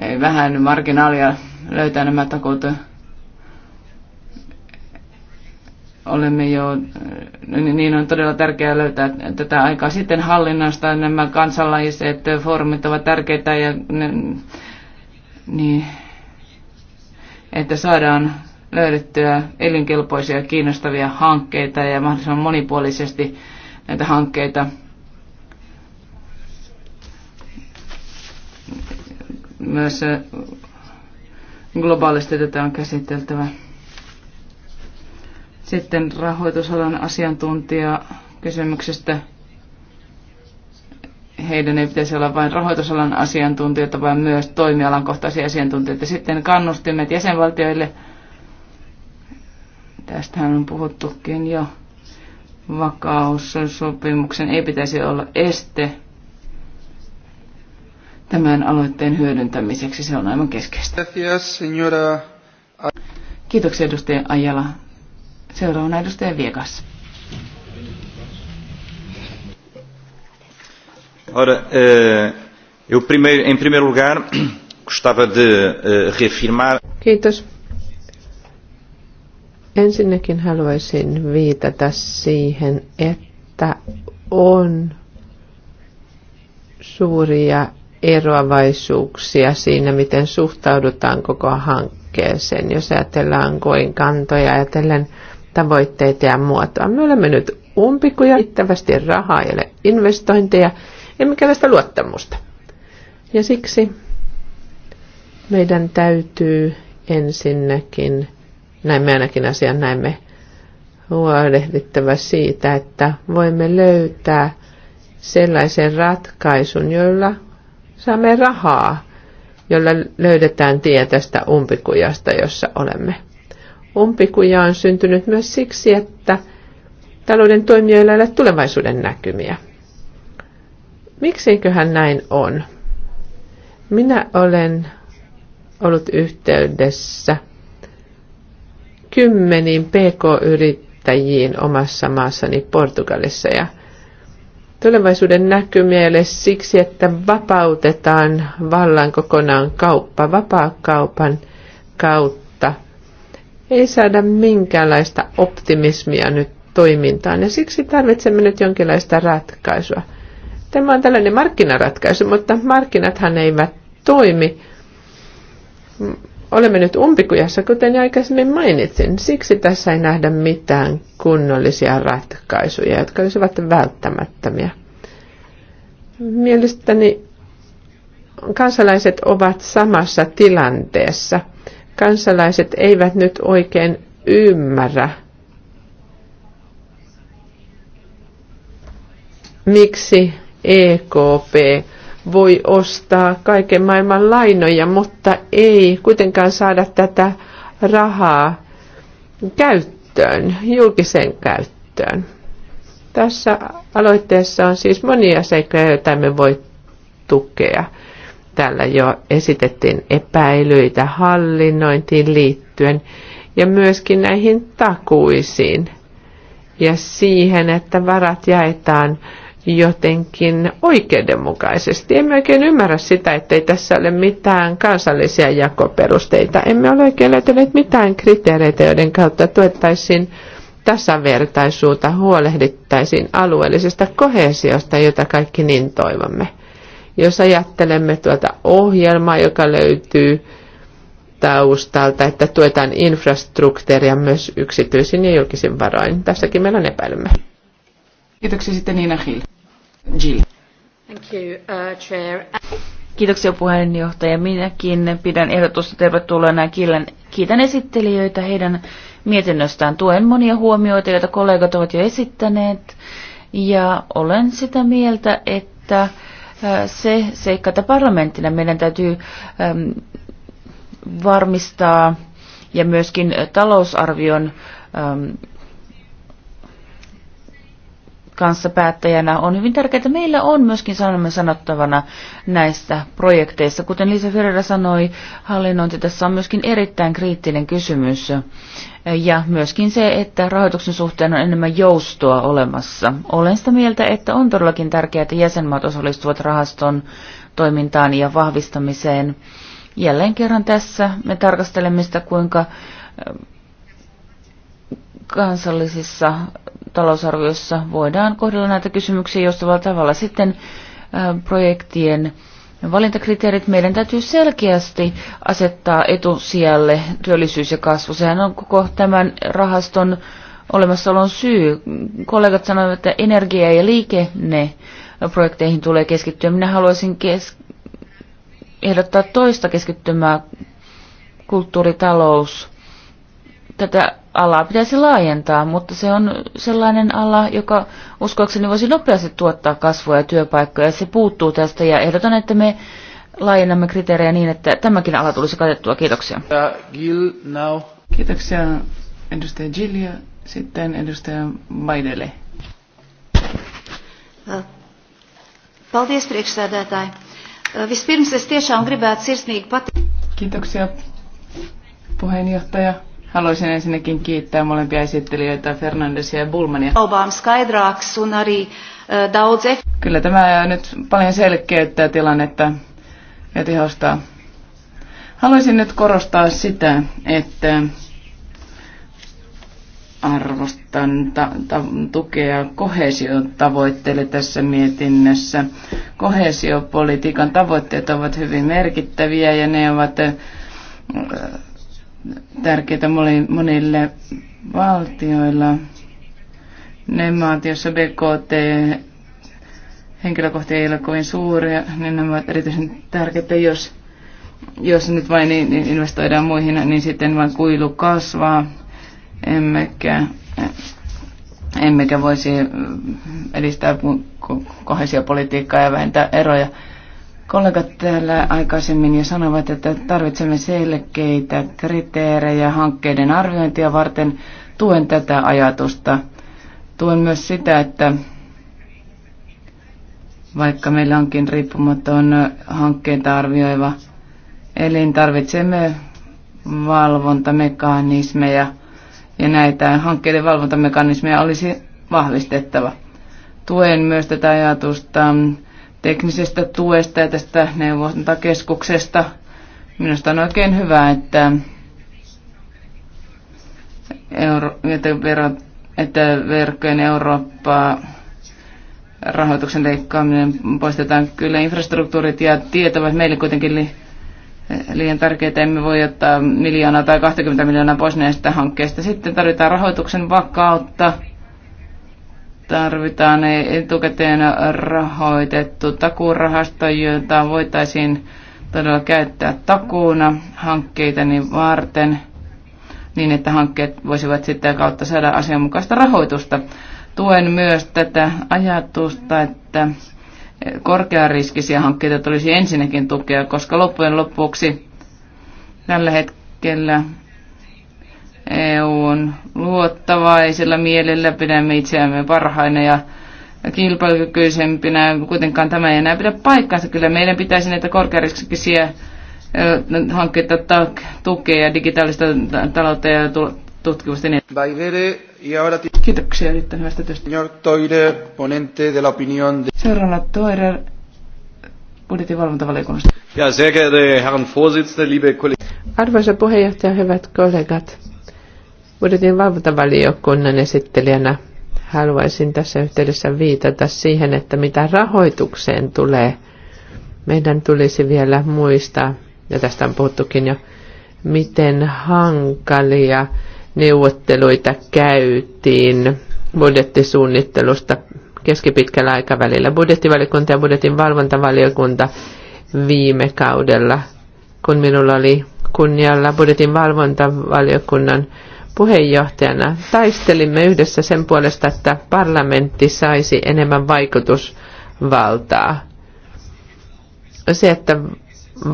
eh, vähän marginaalia löytää nämä takot. Olemme jo, niin on todella tärkeää löytää tätä aikaa. Sitten hallinnasta nämä kansalaiset foorumit ovat tärkeitä ja ne, niin, että saadaan löydettyä elinkelpoisia ja kiinnostavia hankkeita ja mahdollisimman monipuolisesti näitä hankkeita. Myös globaalisti tätä on käsiteltävä. Sitten rahoitusalan asiantuntija kysymyksestä. Heidän ei pitäisi olla vain rahoitusalan asiantuntijoita, vaan myös toimialan kohtaisia asiantuntijoita. Sitten kannustimet jäsenvaltioille. Tästähän on puhuttukin jo. Vakaussopimuksen ei pitäisi olla este tämän aloitteen hyödyntämiseksi. Se on aivan keskeistä. Kiitoksia edustaja Ajala. Seuraavana edustaja Viekas. Ora, eh, eu primeiro, em primeiro lugar (clears throat) gostava de eh, reafirmar. Kiitos. Ensinnäkin haluaisin viitata siihen, että on suuria eroavaisuuksia siinä, miten suhtaudutaan koko hankkeeseen, jos ajatellaan koin kantoja, ajatellen tavoitteita ja muotoa. Me olemme nyt umpikuja, riittävästi rahaa ei ole investointeja, emmekä tästä luottamusta. Ja siksi meidän täytyy ensinnäkin, näin me ainakin asian näemme, huolehdittava siitä, että voimme löytää sellaisen ratkaisun, jolla saamme rahaa, jolla löydetään tie tästä umpikujasta, jossa olemme. Umpikuja on syntynyt myös siksi, että talouden toimijoilla ei ole tulevaisuuden näkymiä. Mikseiköhän näin on? Minä olen ollut yhteydessä kymmeniin pk-yrittäjiin omassa maassani Portugalissa ja – Tulevaisuuden näkymiä ei ole siksi, että vapautetaan vallan kokonaan kauppa vapaakaupan kautta. Ei saada minkäänlaista optimismia nyt toimintaan ja siksi tarvitsemme nyt jonkinlaista ratkaisua. Tämä on tällainen markkinaratkaisu, mutta markkinathan eivät toimi olemme nyt umpikujassa, kuten aikaisemmin mainitsin. Siksi tässä ei nähdä mitään kunnollisia ratkaisuja, jotka olisivat välttämättömiä. Mielestäni kansalaiset ovat samassa tilanteessa. Kansalaiset eivät nyt oikein ymmärrä, miksi EKP voi ostaa kaiken maailman lainoja, mutta ei kuitenkaan saada tätä rahaa käyttöön, julkiseen käyttöön. Tässä aloitteessa on siis monia seikkoja, joita me voi tukea. Tällä jo esitettiin epäilyitä hallinnointiin liittyen ja myöskin näihin takuisiin ja siihen, että varat jaetaan jotenkin oikeudenmukaisesti. Emme oikein ymmärrä sitä, ei tässä ole mitään kansallisia jakoperusteita. Emme ole oikein löytäneet mitään kriteereitä, joiden kautta tuettaisiin tasavertaisuutta, huolehdittaisiin alueellisesta kohesiosta, jota kaikki niin toivomme. Jos ajattelemme tuota ohjelmaa, joka löytyy taustalta, että tuetaan infrastruktuuria myös yksityisin ja julkisin varoin. Tässäkin meillä on epäilymme. Kiitoksia sitten Niina Hill. Uh, Kiitoksia puheenjohtaja. Minäkin pidän ehdotusta tervetulleena ja kiitän esittelijöitä heidän mietinnöstään. Tuen monia huomioita, joita kollegat ovat jo esittäneet. Ja olen sitä mieltä, että äh, se seikka, että parlamenttina meidän täytyy ähm, varmistaa ja myöskin talousarvion ähm, kanssa päättäjänä on hyvin tärkeää, että meillä on myöskin sanomme sanottavana näistä projekteista. Kuten Liisa Ferreira sanoi, hallinnointi tässä on myöskin erittäin kriittinen kysymys. Ja myöskin se, että rahoituksen suhteen on enemmän joustoa olemassa. Olen sitä mieltä, että on todellakin tärkeää, että jäsenmaat osallistuvat rahaston toimintaan ja vahvistamiseen. Jälleen kerran tässä me tarkastelemme sitä, kuinka kansallisissa talousarviossa voidaan kohdella näitä kysymyksiä joustavalla tavalla. Sitten projektien valintakriteerit meidän täytyy selkeästi asettaa etusijalle työllisyys ja kasvu. Sehän on koko tämän rahaston olemassaolon syy. Kollegat sanoivat, että energia- ja liikenneprojekteihin tulee keskittyä. Minä haluaisin kes- ehdottaa toista keskittymää kulttuuritalous tätä alaa pitäisi laajentaa, mutta se on sellainen ala, joka uskoakseni voisi nopeasti tuottaa kasvua ja työpaikkoja. Se puuttuu tästä ja ehdotan, että me laajennamme kriteerejä niin, että tämäkin ala tulisi katettua. Kiitoksia. Gil, now. Kiitoksia edustaja Gil ja sitten edustaja Maidele. Kiitoksia, puheenjohtaja Haluaisin ensinnäkin kiittää molempia esittelijöitä, Fernandesia ja Bulmania. Eh, Kyllä tämä nyt paljon selkeyttää tilannetta ja tehostaa. Haluaisin nyt korostaa sitä, että arvostan ta- ta- tukea kohesion tavoitteille tässä mietinnössä. Kohesiopolitiikan tavoitteet ovat hyvin merkittäviä ja ne ovat eh, tärkeitä monille valtioilla. Ne maat, joissa BKT henkilökohtia ei ole kovin suuria, niin nämä ovat erityisen tärkeitä, jos, jos nyt vain niin investoidaan muihin, niin sitten vain kuilu kasvaa, emmekä, emmekä voisi edistää kohesiopolitiikkaa ja vähentää eroja. Kollegat täällä aikaisemmin jo sanovat, että tarvitsemme selkeitä kriteerejä hankkeiden arviointia varten. Tuen tätä ajatusta. Tuen myös sitä, että vaikka meillä onkin riippumaton hankkeita arvioiva elin, tarvitsemme valvontamekanismeja ja näitä hankkeiden valvontamekanismeja olisi vahvistettava. Tuen myös tätä ajatusta teknisestä tuesta ja tästä neuvontakeskuksesta. Minusta on oikein hyvä, että, euro, että, vero, että verkkojen Eurooppaa rahoituksen leikkaaminen poistetaan. Kyllä infrastruktuurit ja tieto ovat meille kuitenkin li, liian tärkeitä. Emme voi ottaa miljoonaa tai 20 miljoonaa pois näistä hankkeista. Sitten tarvitaan rahoituksen vakautta tarvitaan etukäteen rahoitettu takuurahasto, jota voitaisiin todella käyttää takuuna hankkeitani varten, niin että hankkeet voisivat sitten kautta saada asianmukaista rahoitusta. Tuen myös tätä ajatusta, että korkeariskisiä hankkeita tulisi ensinnäkin tukea, koska loppujen lopuksi tällä hetkellä on luottavaisella mielellä pidämme itseämme parhaina ja kilpailukykyisempinä. Kuitenkaan tämä ei enää pidä paikkaansa. Kyllä meidän pitäisi näitä korkeariskisiä hankkeita tukea, digitaalista taloutta ja tutkimusta. Niin Kiitoksia erittäin hyvästä työstä. Señor Toire, Seuraavana Toire, Ja, Arvoisa puheenjohtaja, hyvät kollegat budjetin valvontavaliokunnan esittelijänä haluaisin tässä yhteydessä viitata siihen, että mitä rahoitukseen tulee, meidän tulisi vielä muistaa, ja tästä on puhuttukin jo, miten hankalia neuvotteluita käytiin budjettisuunnittelusta keskipitkällä aikavälillä. Budjettivaliokunta ja budjetin valvontavaliokunta viime kaudella, kun minulla oli kunnialla budjetin valvontavaliokunnan puheenjohtajana taistelimme yhdessä sen puolesta, että parlamentti saisi enemmän vaikutusvaltaa. Se, että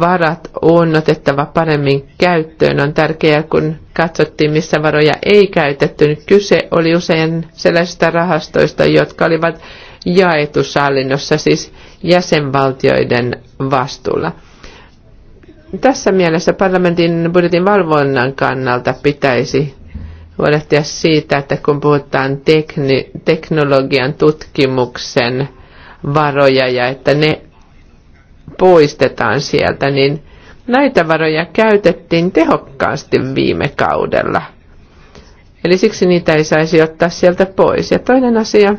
varat on otettava paremmin käyttöön on tärkeää, kun katsottiin, missä varoja ei käytetty. Nyt kyse oli usein sellaisista rahastoista, jotka olivat jaetussa siis jäsenvaltioiden vastuulla. Tässä mielessä parlamentin budjetin valvonnan kannalta pitäisi huolehtia siitä, että kun puhutaan tekni, teknologian tutkimuksen varoja ja että ne poistetaan sieltä, niin näitä varoja käytettiin tehokkaasti viime kaudella. Eli siksi niitä ei saisi ottaa sieltä pois. Ja toinen asia,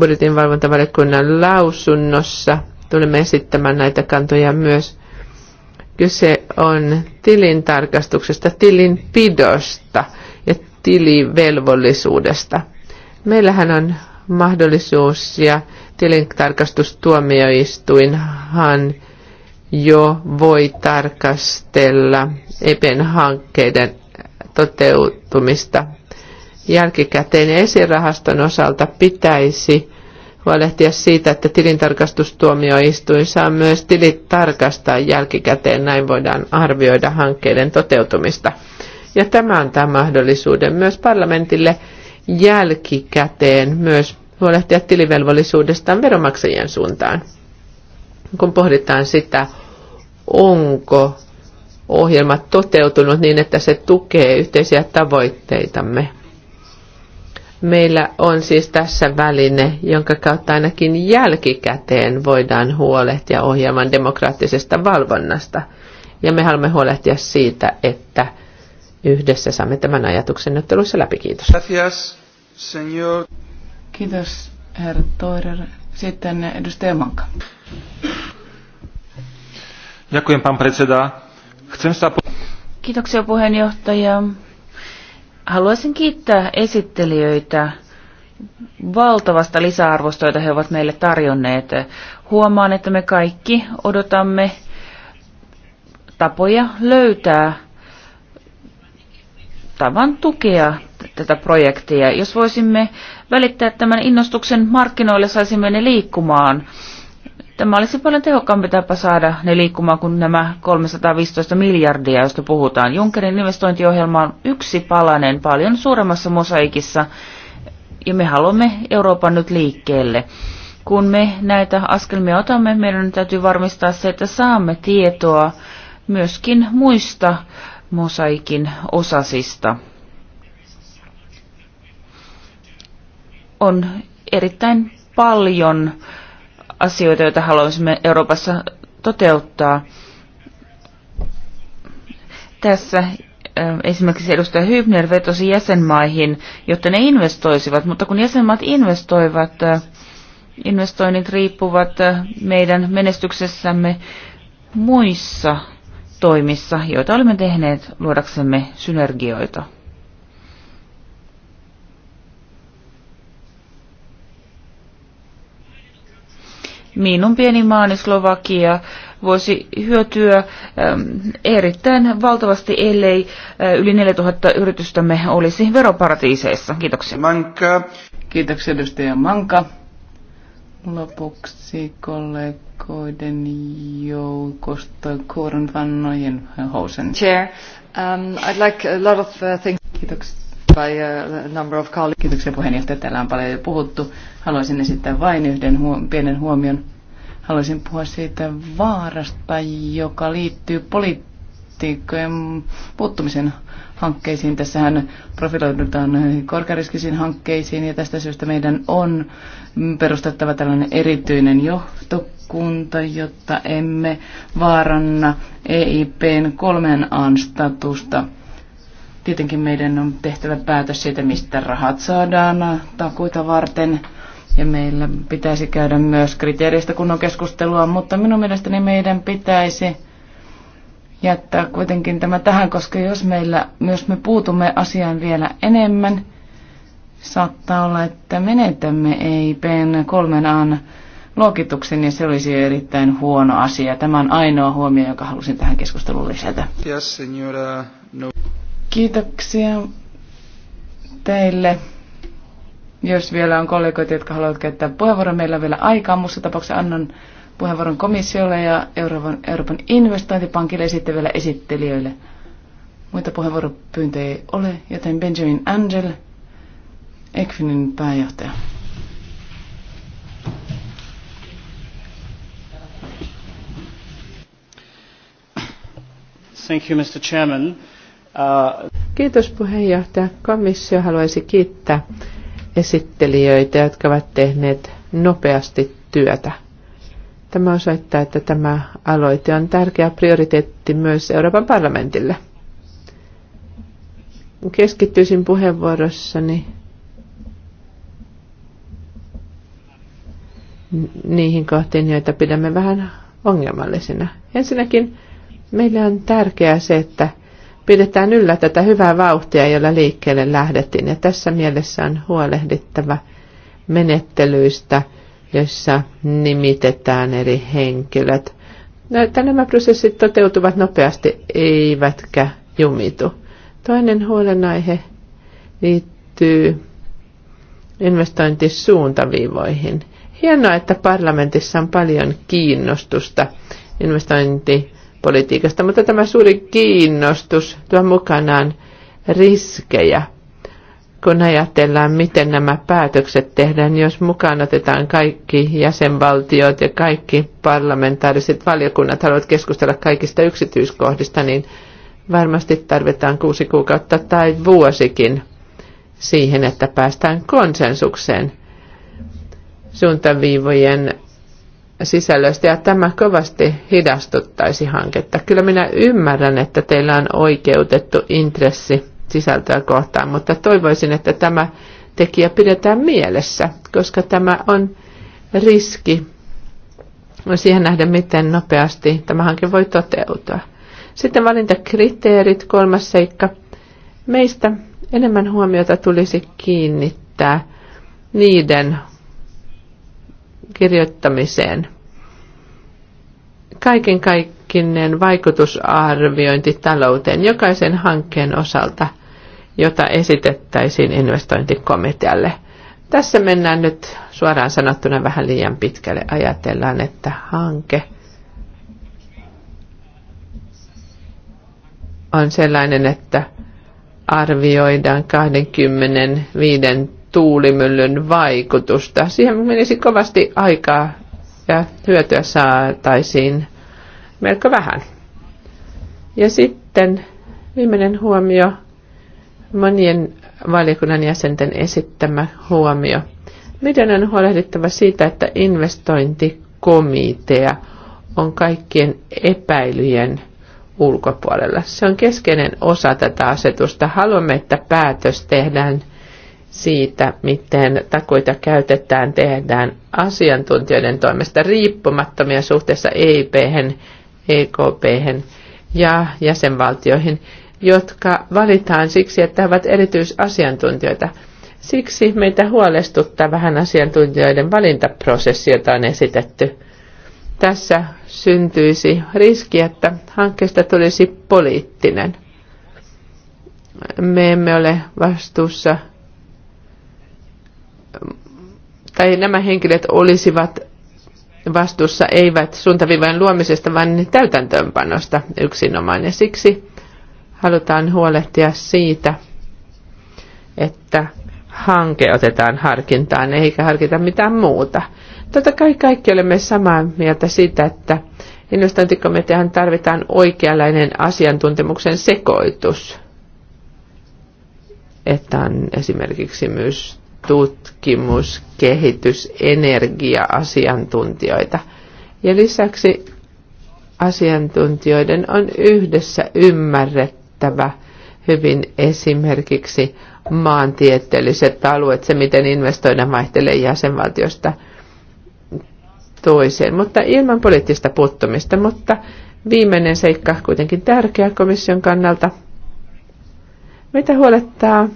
budjetin valvontavaliokunnan lausunnossa tulemme esittämään näitä kantoja myös Kyse on tilintarkastuksesta, tilinpidosta ja tilivelvollisuudesta. Meillähän on mahdollisuus ja tilintarkastustuomioistuinhan jo voi tarkastella EPEN hankkeiden toteutumista jälkikäteen esirahaston osalta pitäisi huolehtia siitä, että tilintarkastustuomioistuin saa myös tilit tarkastaa jälkikäteen, näin voidaan arvioida hankkeiden toteutumista. Ja tämä antaa mahdollisuuden myös parlamentille jälkikäteen myös huolehtia tilivelvollisuudestaan veromaksajien suuntaan. Kun pohditaan sitä, onko ohjelma toteutunut niin, että se tukee yhteisiä tavoitteitamme – Meillä on siis tässä väline, jonka kautta ainakin jälkikäteen voidaan huolehtia ohjelman demokraattisesta valvonnasta. Ja me haluamme huolehtia siitä, että yhdessä saamme tämän ajatuksen neuvotteluissa läpi. Kiitos. Gracias, señor. Kiitos, herra Toirer. Sitten edustaja Manka. Ďakujem, Kiitoksia puheenjohtaja. Haluaisin kiittää esittelijöitä valtavasta lisäarvosta, jota he ovat meille tarjonneet. Huomaan, että me kaikki odotamme tapoja löytää tavan tukea tätä projektia. Jos voisimme välittää tämän innostuksen markkinoille, saisimme ne liikkumaan. Tämä olisi paljon tehokkaampi tapa saada ne liikkumaan kuin nämä 315 miljardia, josta puhutaan. Junckerin investointiohjelma on yksi palanen paljon suuremmassa mosaikissa, ja me haluamme Euroopan nyt liikkeelle. Kun me näitä askelmia otamme, meidän täytyy varmistaa se, että saamme tietoa myöskin muista mosaikin osasista. On erittäin paljon asioita, joita haluaisimme Euroopassa toteuttaa. Tässä ähm, esimerkiksi edustaja Hybner vetosi jäsenmaihin, jotta ne investoisivat, mutta kun jäsenmaat investoivat, äh, investoinnit riippuvat äh, meidän menestyksessämme muissa toimissa, joita olemme tehneet luodaksemme synergioita. minun pieni maani Slovakia voisi hyötyä ähm, erittäin valtavasti, ellei äh, yli 4000 yritystämme olisi veroparatiiseissa. Kiitoksia. Manka. Kiitoksia edustaja Manka. Lopuksi kollegoiden joukosta Koren vannojen Housen. Chair, um, I'd like a lot of uh, things. Kiitoksia by a uh, number of colleagues. Kiitoksia puheenjohtaja. Täällä on paljon jo puhuttu. Haluaisin esittää vain yhden huo- pienen huomion. Haluaisin puhua siitä vaarasta, joka liittyy poliittikkojen puuttumisen hankkeisiin. Tässähän profiloidutaan korkeariskisiin hankkeisiin ja tästä syystä meidän on perustettava tällainen erityinen johtokunta, jotta emme vaaranna EIPn kolmen a statusta Tietenkin meidän on tehtävä päätös siitä, mistä rahat saadaan takuita varten. Ja meillä pitäisi käydä myös kriteeristä kunnon keskustelua, mutta minun mielestäni meidän pitäisi jättää kuitenkin tämä tähän, koska jos meillä myös me puutumme asiaan vielä enemmän, saattaa olla, että menetämme EIPn kolmen aan luokituksen, ja se olisi erittäin huono asia. Tämä on ainoa huomio, jonka halusin tähän keskusteluun lisätä. Kiitoksia teille. Jos vielä on kollegoita, jotka haluavat käyttää puheenvuoron, meillä on vielä aikaa. Muussa tapauksessa annan puheenvuoron komissiolle ja Euroopan, Euroopan investointipankille ja sitten vielä esittelijöille. Muita puheenvuoropyyntöjä ei ole, joten Benjamin Angel, Ekfinin pääjohtaja. Thank you, Mr. Chairman. Kiitos puheenjohtaja. Komissio haluaisi kiittää esittelijöitä, jotka ovat tehneet nopeasti työtä. Tämä osoittaa, että tämä aloite on tärkeä prioriteetti myös Euroopan parlamentille. Keskittyisin puheenvuorossani niihin kohtiin, joita pidämme vähän ongelmallisina. Ensinnäkin meille on tärkeää se, että pidetään yllä tätä hyvää vauhtia, jolla liikkeelle lähdettiin. Ja tässä mielessä on huolehdittava menettelyistä, jossa nimitetään eri henkilöt. No, että nämä prosessit toteutuvat nopeasti, eivätkä jumitu. Toinen huolenaihe liittyy investointisuuntaviivoihin. Hienoa, että parlamentissa on paljon kiinnostusta investointi politiikasta, mutta tämä suuri kiinnostus tuo mukanaan riskejä, kun ajatellaan, miten nämä päätökset tehdään, jos mukaan otetaan kaikki jäsenvaltiot ja kaikki parlamentaariset valiokunnat haluavat keskustella kaikista yksityiskohdista, niin varmasti tarvitaan kuusi kuukautta tai vuosikin siihen, että päästään konsensukseen suuntaviivojen sisällöstä ja tämä kovasti hidastuttaisi hanketta. Kyllä minä ymmärrän, että teillä on oikeutettu intressi sisältöä kohtaan, mutta toivoisin, että tämä tekijä pidetään mielessä, koska tämä on riski siihen nähden, miten nopeasti tämä hanke voi toteutua. Sitten valintakriteerit, kolmas seikka. Meistä enemmän huomiota tulisi kiinnittää niiden kirjoittamiseen. Kaiken kaikkinen vaikutusarviointi talouteen jokaisen hankkeen osalta, jota esitettäisiin investointikomitealle. Tässä mennään nyt suoraan sanottuna vähän liian pitkälle. Ajatellaan, että hanke on sellainen, että arvioidaan 25 tuulimyllyn vaikutusta. Siihen menisi kovasti aikaa ja hyötyä saataisiin melko vähän. Ja sitten viimeinen huomio, monien valiokunnan jäsenten esittämä huomio. Meidän on huolehdittava siitä, että investointikomitea on kaikkien epäilyjen ulkopuolella. Se on keskeinen osa tätä asetusta. Haluamme, että päätös tehdään – siitä, miten takuita käytetään, tehdään asiantuntijoiden toimesta riippumattomia suhteessa eip ekp ja jäsenvaltioihin, jotka valitaan siksi, että he ovat erityisasiantuntijoita. Siksi meitä huolestuttaa vähän asiantuntijoiden valintaprosessi, jota on esitetty. Tässä syntyisi riski, että hankkeesta tulisi poliittinen. Me emme ole vastuussa tai nämä henkilöt olisivat vastuussa eivät suuntaviivojen luomisesta, vaan täytäntöönpanosta yksinomaan. Ja siksi halutaan huolehtia siitä, että hanke otetaan harkintaan eikä harkita mitään muuta. Totta kai kaikki olemme samaa mieltä siitä, että investointikomiteahan tarvitaan oikeanlainen asiantuntemuksen sekoitus. Että on esimerkiksi myös tutkimus, kehitys, energia-asiantuntijoita. Ja lisäksi asiantuntijoiden on yhdessä ymmärrettävä hyvin esimerkiksi maantieteelliset alueet, se miten investoida vaihtelee jäsenvaltiosta toiseen, mutta ilman poliittista puuttumista. Mutta viimeinen seikka kuitenkin tärkeä komission kannalta. Mitä huolettaa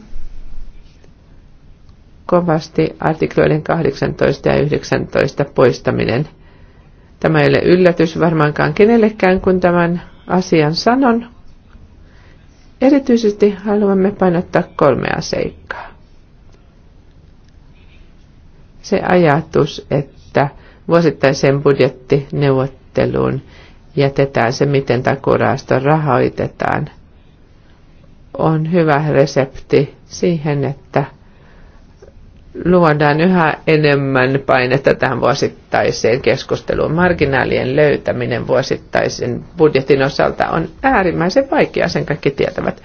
kovasti artikloiden 18 ja 19 poistaminen. Tämä ei ole yllätys varmaankaan kenellekään, kun tämän asian sanon. Erityisesti haluamme painottaa kolmea seikkaa. Se ajatus, että vuosittaiseen budjettineuvotteluun jätetään se, miten takuraasta rahoitetaan, on hyvä resepti siihen, että – luodaan yhä enemmän painetta tähän vuosittaiseen keskusteluun. Marginaalien löytäminen vuosittaisen budjetin osalta on äärimmäisen vaikeaa, sen kaikki tietävät.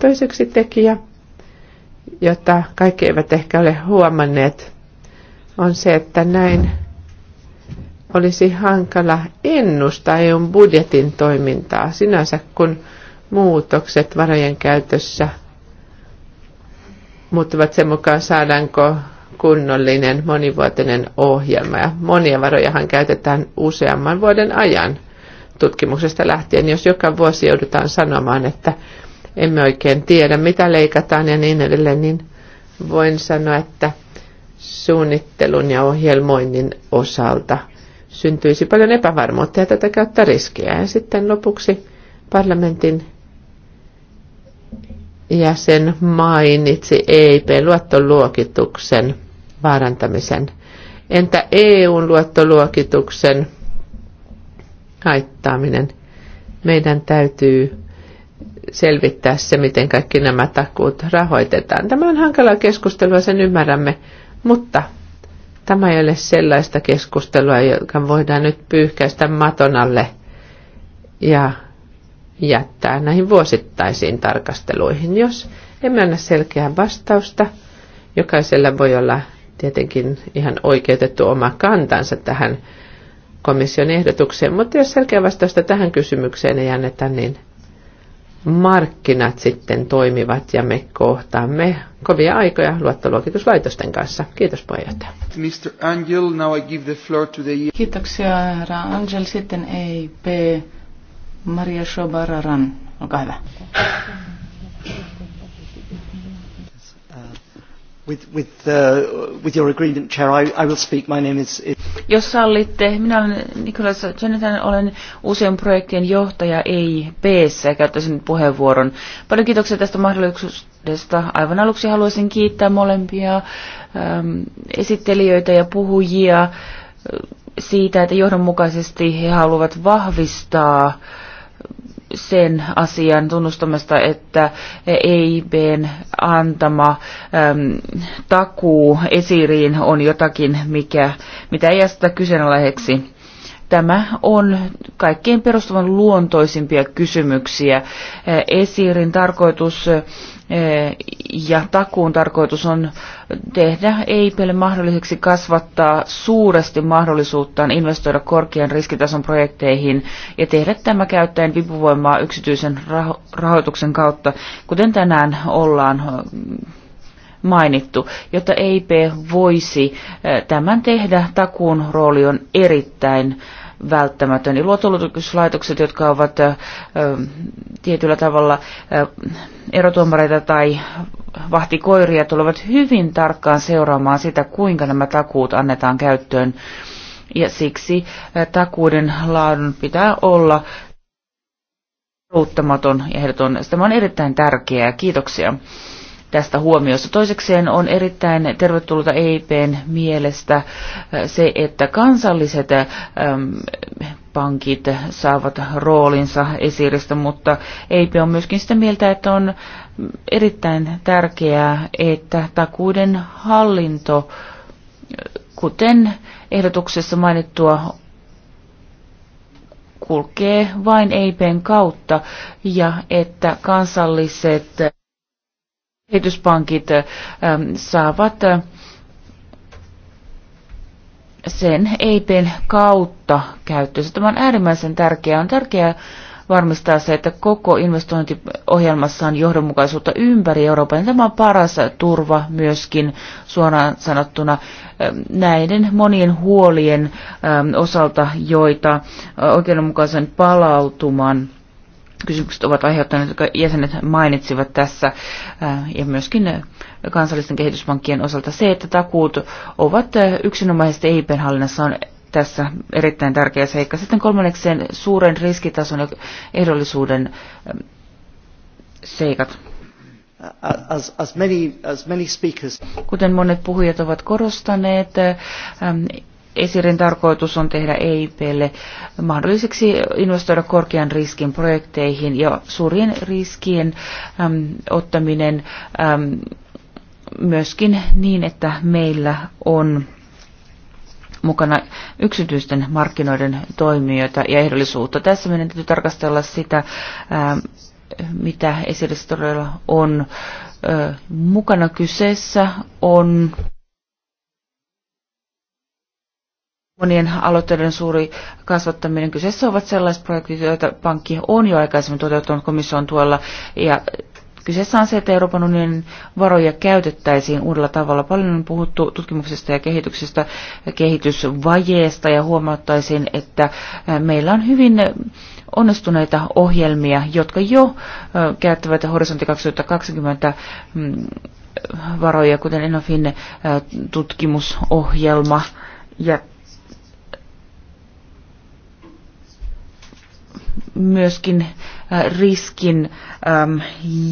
Toiseksi tekijä, jota kaikki eivät ehkä ole huomanneet, on se, että näin olisi hankala ennustaa EUn budjetin toimintaa sinänsä, kun muutokset varojen käytössä muuttuvat sen mukaan, saadaanko kunnollinen monivuotinen ohjelma ja monia varojahan käytetään useamman vuoden ajan tutkimuksesta lähtien, jos joka vuosi joudutaan sanomaan, että emme oikein tiedä, mitä leikataan ja niin edelleen, niin voin sanoa, että suunnittelun ja ohjelmoinnin osalta syntyisi paljon epävarmuutta ja tätä käyttää riskiä. Ja sitten lopuksi parlamentin jäsen mainitsi EIP-luottoluokituksen vaarantamisen? Entä EUn luottoluokituksen haittaaminen? Meidän täytyy selvittää se, miten kaikki nämä takuut rahoitetaan. Tämä on hankalaa keskustelua, sen ymmärrämme, mutta tämä ei ole sellaista keskustelua, joka voidaan nyt pyyhkäistä maton alle ja jättää näihin vuosittaisiin tarkasteluihin. Jos emme anna selkeää vastausta, jokaisella voi olla tietenkin ihan oikeutettu oma kantansa tähän komission ehdotukseen, mutta jos selkeä vastausta tähän kysymykseen ei anneta, niin markkinat sitten toimivat ja me kohtaamme kovia aikoja luottoluokituslaitosten kanssa. Kiitos puheenjohtaja. Mr. Angel, now I give the floor to the... E Kiitoksia herra Angel. Sitten EIP Maria Shobararan. Olkaa hyvä. With, with, uh, with your agreement, Chair, I, I will speak. My name is... Jos sallitte, minä olen Nicholas Jonathan, olen usean projektien johtaja EIPssä ja käyttäisin puheenvuoron. Paljon kiitoksia tästä mahdollisuudesta. Aivan aluksi haluaisin kiittää molempia ähm, esittelijöitä ja puhujia äh, siitä, että johdonmukaisesti he haluavat vahvistaa sen asian tunnustamasta, että EIBn antama äm, takuu esiriin on jotakin, mikä, mitä ei jästä kyseenalaiseksi. Tämä on kaikkein perustuvan luontoisimpia kysymyksiä. Esirin tarkoitus ja takuun tarkoitus on tehdä EIPille mahdolliseksi kasvattaa suuresti mahdollisuuttaan investoida korkean riskitason projekteihin ja tehdä tämä käyttäen vipuvoimaa yksityisen raho- rahoituksen kautta, kuten tänään ollaan mainittu, jotta EIP voisi tämän tehdä, takuun rooli on erittäin välttämätön. Ja luottoluokituslaitokset, jotka ovat tietyllä tavalla erotuomareita tai vahtikoiria, tulevat hyvin tarkkaan seuraamaan sitä, kuinka nämä takuut annetaan käyttöön. Ja siksi takuuden laadun pitää olla ruuttamaton ja ehdoton. Tämä on erittäin tärkeää. Kiitoksia tästä huomiosta. Toisekseen on erittäin tervetullutta EIPn mielestä äh, se, että kansalliset äm, pankit saavat roolinsa esiristä, mutta EIP on myöskin sitä mieltä, että on erittäin tärkeää, että takuuden hallinto, kuten ehdotuksessa mainittua kulkee vain EIPn kautta ja että kansalliset kehityspankit saavat sen EIPen kautta käyttöönsä. Tämä on äärimmäisen tärkeää. On tärkeää varmistaa se, että koko investointiohjelmassa on johdonmukaisuutta ympäri Euroopan. Tämä on paras turva myöskin suoraan sanottuna näiden monien huolien osalta, joita oikeudenmukaisen palautuman kysymykset ovat aiheuttaneet, jotka jäsenet mainitsivat tässä, äh, ja myöskin kansallisten kehityspankkien osalta se, että takuut ovat äh, yksinomaisesti EIPn hallinnassa on tässä erittäin tärkeä seikka. Sitten kolmannekseen suuren riskitason ja ehdollisuuden äh, seikat. As, as many, as many speakers. Kuten monet puhujat ovat korostaneet, Esirin tarkoitus on tehdä EIPlle mahdolliseksi investoida korkean riskin projekteihin ja suurien riskien äm, ottaminen äm, myöskin niin, että meillä on mukana yksityisten markkinoiden toimijoita ja ehdollisuutta. Tässä meidän täytyy tarkastella sitä, ää, mitä esirissä todella on ää, mukana. Kyseessä on Monien aloitteiden suuri kasvattaminen kyseessä ovat sellaiset projektit, joita pankki on jo aikaisemmin toteuttanut komission tuolla. ja Kyseessä on se, että Euroopan unionin varoja käytettäisiin uudella tavalla. Paljon on puhuttu tutkimuksesta ja kehityksestä, kehitysvajeesta ja huomauttaisin, että meillä on hyvin onnistuneita ohjelmia, jotka jo käyttävät horisontti 2020 mm, varoja, kuten Enofin tutkimusohjelma ja myöskin äh, riskin ähm,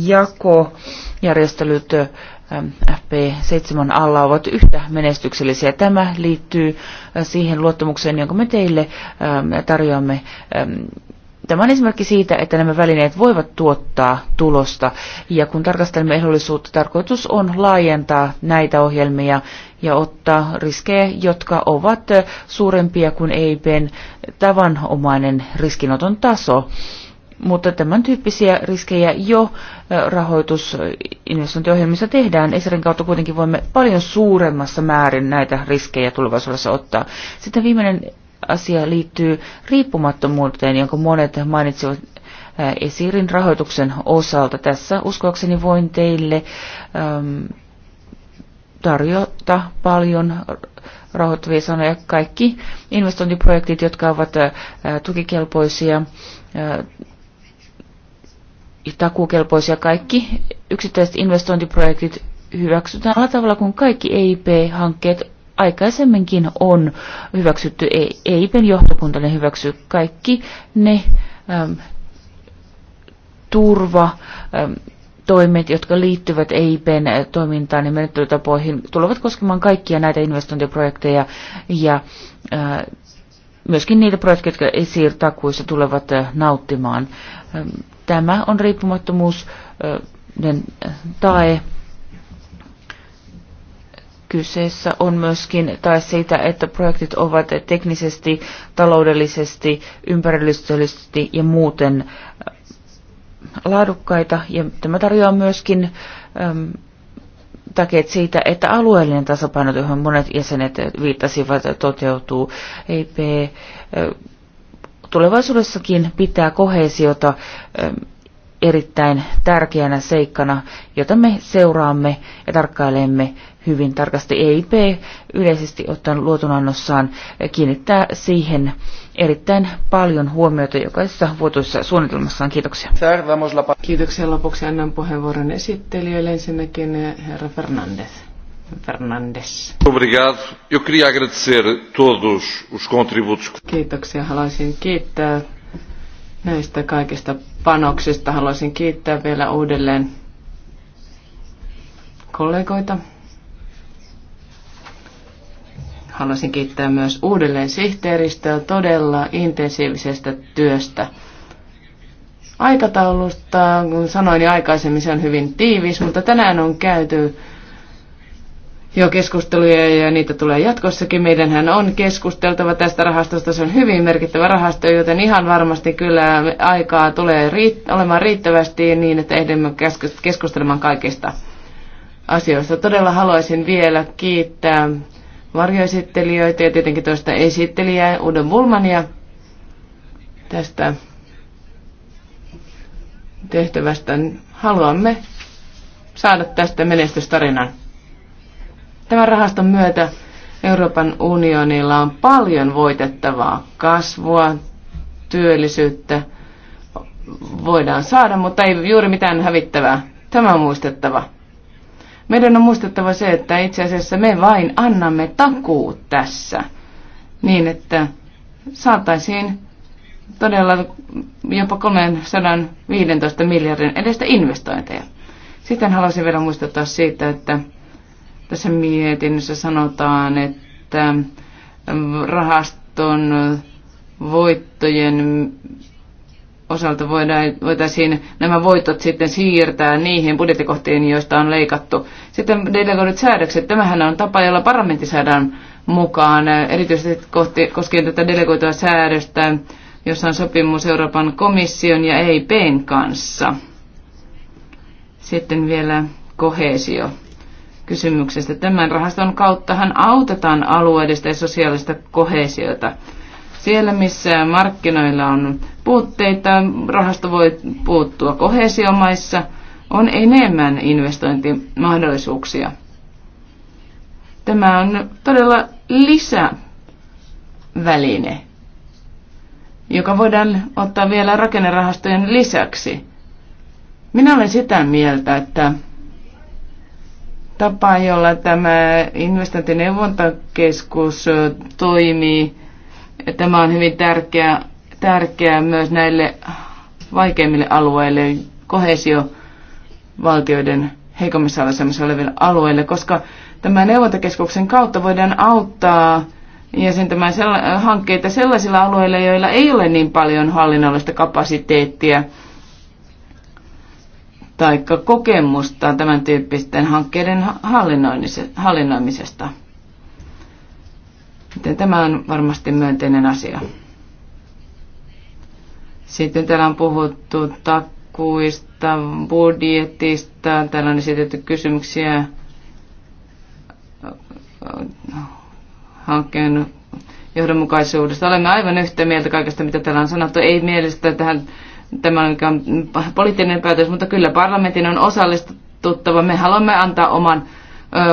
jakojärjestelyt ähm, FP7 alla ovat yhtä menestyksellisiä. Tämä liittyy äh, siihen luottamukseen, jonka me teille ähm, tarjoamme Tämä on esimerkki siitä, että nämä välineet voivat tuottaa tulosta, ja kun tarkastelemme ehdollisuutta, tarkoitus on laajentaa näitä ohjelmia ja ottaa riskejä, jotka ovat suurempia kuin EIPn tavanomainen riskinoton taso. Mutta tämän tyyppisiä riskejä jo rahoitusinvestointiohjelmissa tehdään. Eserin kautta kuitenkin voimme paljon suuremmassa määrin näitä riskejä tulevaisuudessa ottaa. Sitten viimeinen asia liittyy riippumattomuuteen, jonka monet mainitsivat eh, Esirin rahoituksen osalta. Tässä uskoakseni voin teille äm, ehm, tarjota paljon rahoittavia sanoja. Kaikki investointiprojektit, jotka ovat ä, eh, tukikelpoisia ja eh, takuukelpoisia, kaikki yksittäiset investointiprojektit hyväksytään tällä tavalla, kun kaikki EIP-hankkeet aikaisemminkin on hyväksytty, e, EIPen johtokuntalle hyväksy kaikki ne äm, turva äm, toimet, jotka liittyvät EIPn toimintaan ja menettelytapoihin, tulevat koskemaan kaikkia näitä investointiprojekteja ja ää, myöskin niitä projekteja, jotka esiirtakuissa tulevat ää, nauttimaan. Ää, tämä on riippumattomuus ää, tae Kyseessä on myöskin tai siitä, että projektit ovat teknisesti, taloudellisesti, ympäristöllisesti ja muuten äh, laadukkaita. Ja tämä tarjoaa myöskin äm, takeet siitä, että alueellinen tasapaino, johon monet jäsenet viittasivat, toteutuu. EIP äh, tulevaisuudessakin pitää kohesiota ähm, erittäin tärkeänä seikkana, jota me seuraamme ja tarkkailemme hyvin tarkasti. EIP yleisesti ottaen luotonannossaan kiinnittää siihen erittäin paljon huomiota jokaisessa vuotuisessa suunnitelmassaan. Kiitoksia. Kiitoksia. Lopuksi annan puheenvuoron esittelijöille ensinnäkin eh, herra Fernandes. Fernandes. Obrigado. Kiitoksia. Haluaisin kiittää näistä kaikista panoksista. Haluaisin kiittää vielä uudelleen kollegoita haluaisin kiittää myös uudelleen sihteeristöä todella intensiivisestä työstä. Aikataulusta, kun sanoin jo aikaisemmin, se on hyvin tiivis, mutta tänään on käyty jo keskusteluja ja niitä tulee jatkossakin. Meidänhän on keskusteltava tästä rahastosta. Se on hyvin merkittävä rahasto, joten ihan varmasti kyllä aikaa tulee riitt- olemaan riittävästi niin, että ehdimme keskustelemaan kaikista asioista. Todella haluaisin vielä kiittää varjoesittelijöitä ja tietenkin toista esittelijää Udo Bulmania tästä tehtävästä. Haluamme saada tästä menestystarinan. Tämän rahaston myötä Euroopan unionilla on paljon voitettavaa kasvua, työllisyyttä voidaan saada, mutta ei juuri mitään hävittävää. Tämä on muistettava. Meidän on muistettava se, että itse asiassa me vain annamme takuut tässä niin, että saataisiin todella jopa 315 miljardin edestä investointeja. Sitten haluaisin vielä muistuttaa siitä, että tässä mietinnössä sanotaan, että rahaston voittojen osalta voidaan, voitaisiin nämä voitot sitten siirtää niihin budjettikohtiin, joista on leikattu. Sitten delegoidut säädökset, tämähän on tapa, jolla parlamentti saadaan mukaan, erityisesti kohti, koskien tätä delegoitua säädöstä, jossa on sopimus Euroopan komission ja EIPn kanssa. Sitten vielä kohesio kysymyksestä. Tämän rahaston kauttahan autetaan alueellista ja sosiaalista kohesiota. Siellä, missä markkinoilla on puutteita, rahasto voi puuttua kohesiomaissa, on enemmän investointimahdollisuuksia. Tämä on todella lisäväline, joka voidaan ottaa vielä rakennerahastojen lisäksi. Minä olen sitä mieltä, että tapa, jolla tämä investointineuvontakeskus toimii, Tämä on hyvin tärkeää tärkeää myös näille vaikeimmille alueille, kohesiovaltioiden heikommissa asemassa oleville alueille, koska tämän neuvontakeskuksen kautta voidaan auttaa jäsentämään sella- hankkeita sellaisilla alueilla, joilla ei ole niin paljon hallinnollista kapasiteettia tai kokemusta tämän tyyppisten hankkeiden hallinnoimisesta. Tämä on varmasti myönteinen asia. Sitten täällä on puhuttu takkuista, budjetista, täällä on esitetty kysymyksiä hankkeen johdonmukaisuudesta. Olemme aivan yhtä mieltä kaikesta, mitä täällä on sanottu. Ei mielestä tähän, tämä on mikään poliittinen päätös, mutta kyllä parlamentin on osallistuttava. Me haluamme antaa oman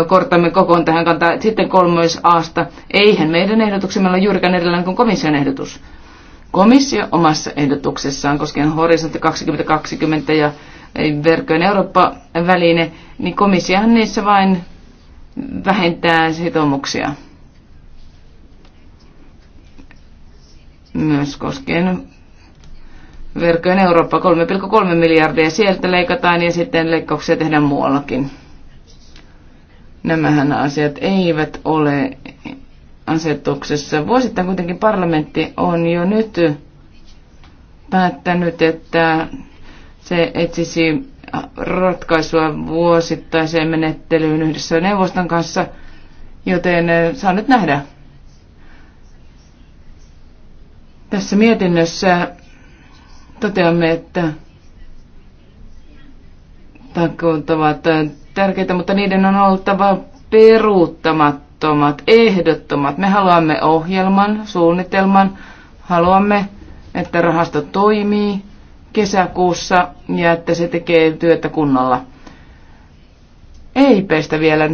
korttamme kokoon tähän kantaa. Sitten kolmois aasta. Eihän meidän ehdotuksemme ole juurikaan erilainen kuin komission ehdotus. Komissio omassa ehdotuksessaan koskien horisontti 2020 ja verkkojen Eurooppa-väline, niin komissiohan niissä vain vähentää sitoumuksia. Myös koskien verkkojen Eurooppa 3,3 miljardia sieltä leikataan ja sitten leikkauksia tehdään muuallakin. Nämähän asiat eivät ole asetuksessa. Vuosittain kuitenkin parlamentti on jo nyt päättänyt, että se etsisi ratkaisua vuosittaiseen menettelyyn yhdessä neuvoston kanssa, joten eh, saa nyt nähdä. Tässä mietinnössä toteamme, että takuut ovat eh, tärkeitä, mutta niiden on oltava peruuttamattomat, ehdottomat. Me haluamme ohjelman, suunnitelman, haluamme, että rahasto toimii kesäkuussa ja että se tekee työtä kunnolla. EIPstä vielä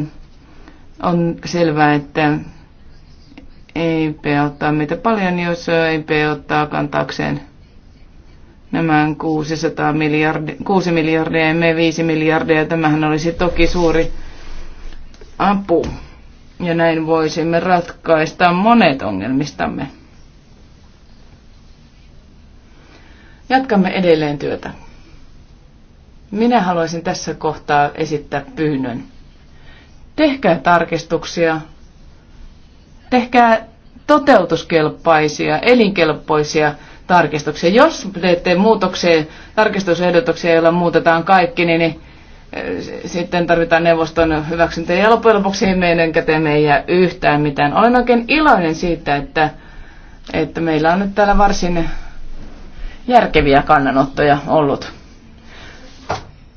on selvää, että EIP ottaa meitä paljon, jos EIP ottaa kantaakseen nämä 600 miljardia, 6 miljardia ja me 5 miljardia. Tämähän olisi toki suuri apu ja näin voisimme ratkaista monet ongelmistamme. Jatkamme edelleen työtä. Minä haluaisin tässä kohtaa esittää pyynnön. Tehkää tarkistuksia, tehkää toteutuskelpaisia, elinkelpoisia tarkistuksia. Jos teette muutoksia, tarkistusehdotuksia, joilla muutetaan kaikki, niin, niin eh, sitten tarvitaan neuvoston hyväksyntä. Ja loppujen lopuksi meidän käteemme ei jää yhtään mitään. Olen oikein iloinen siitä, että, että meillä on nyt täällä varsin järkeviä kannanottoja ollut.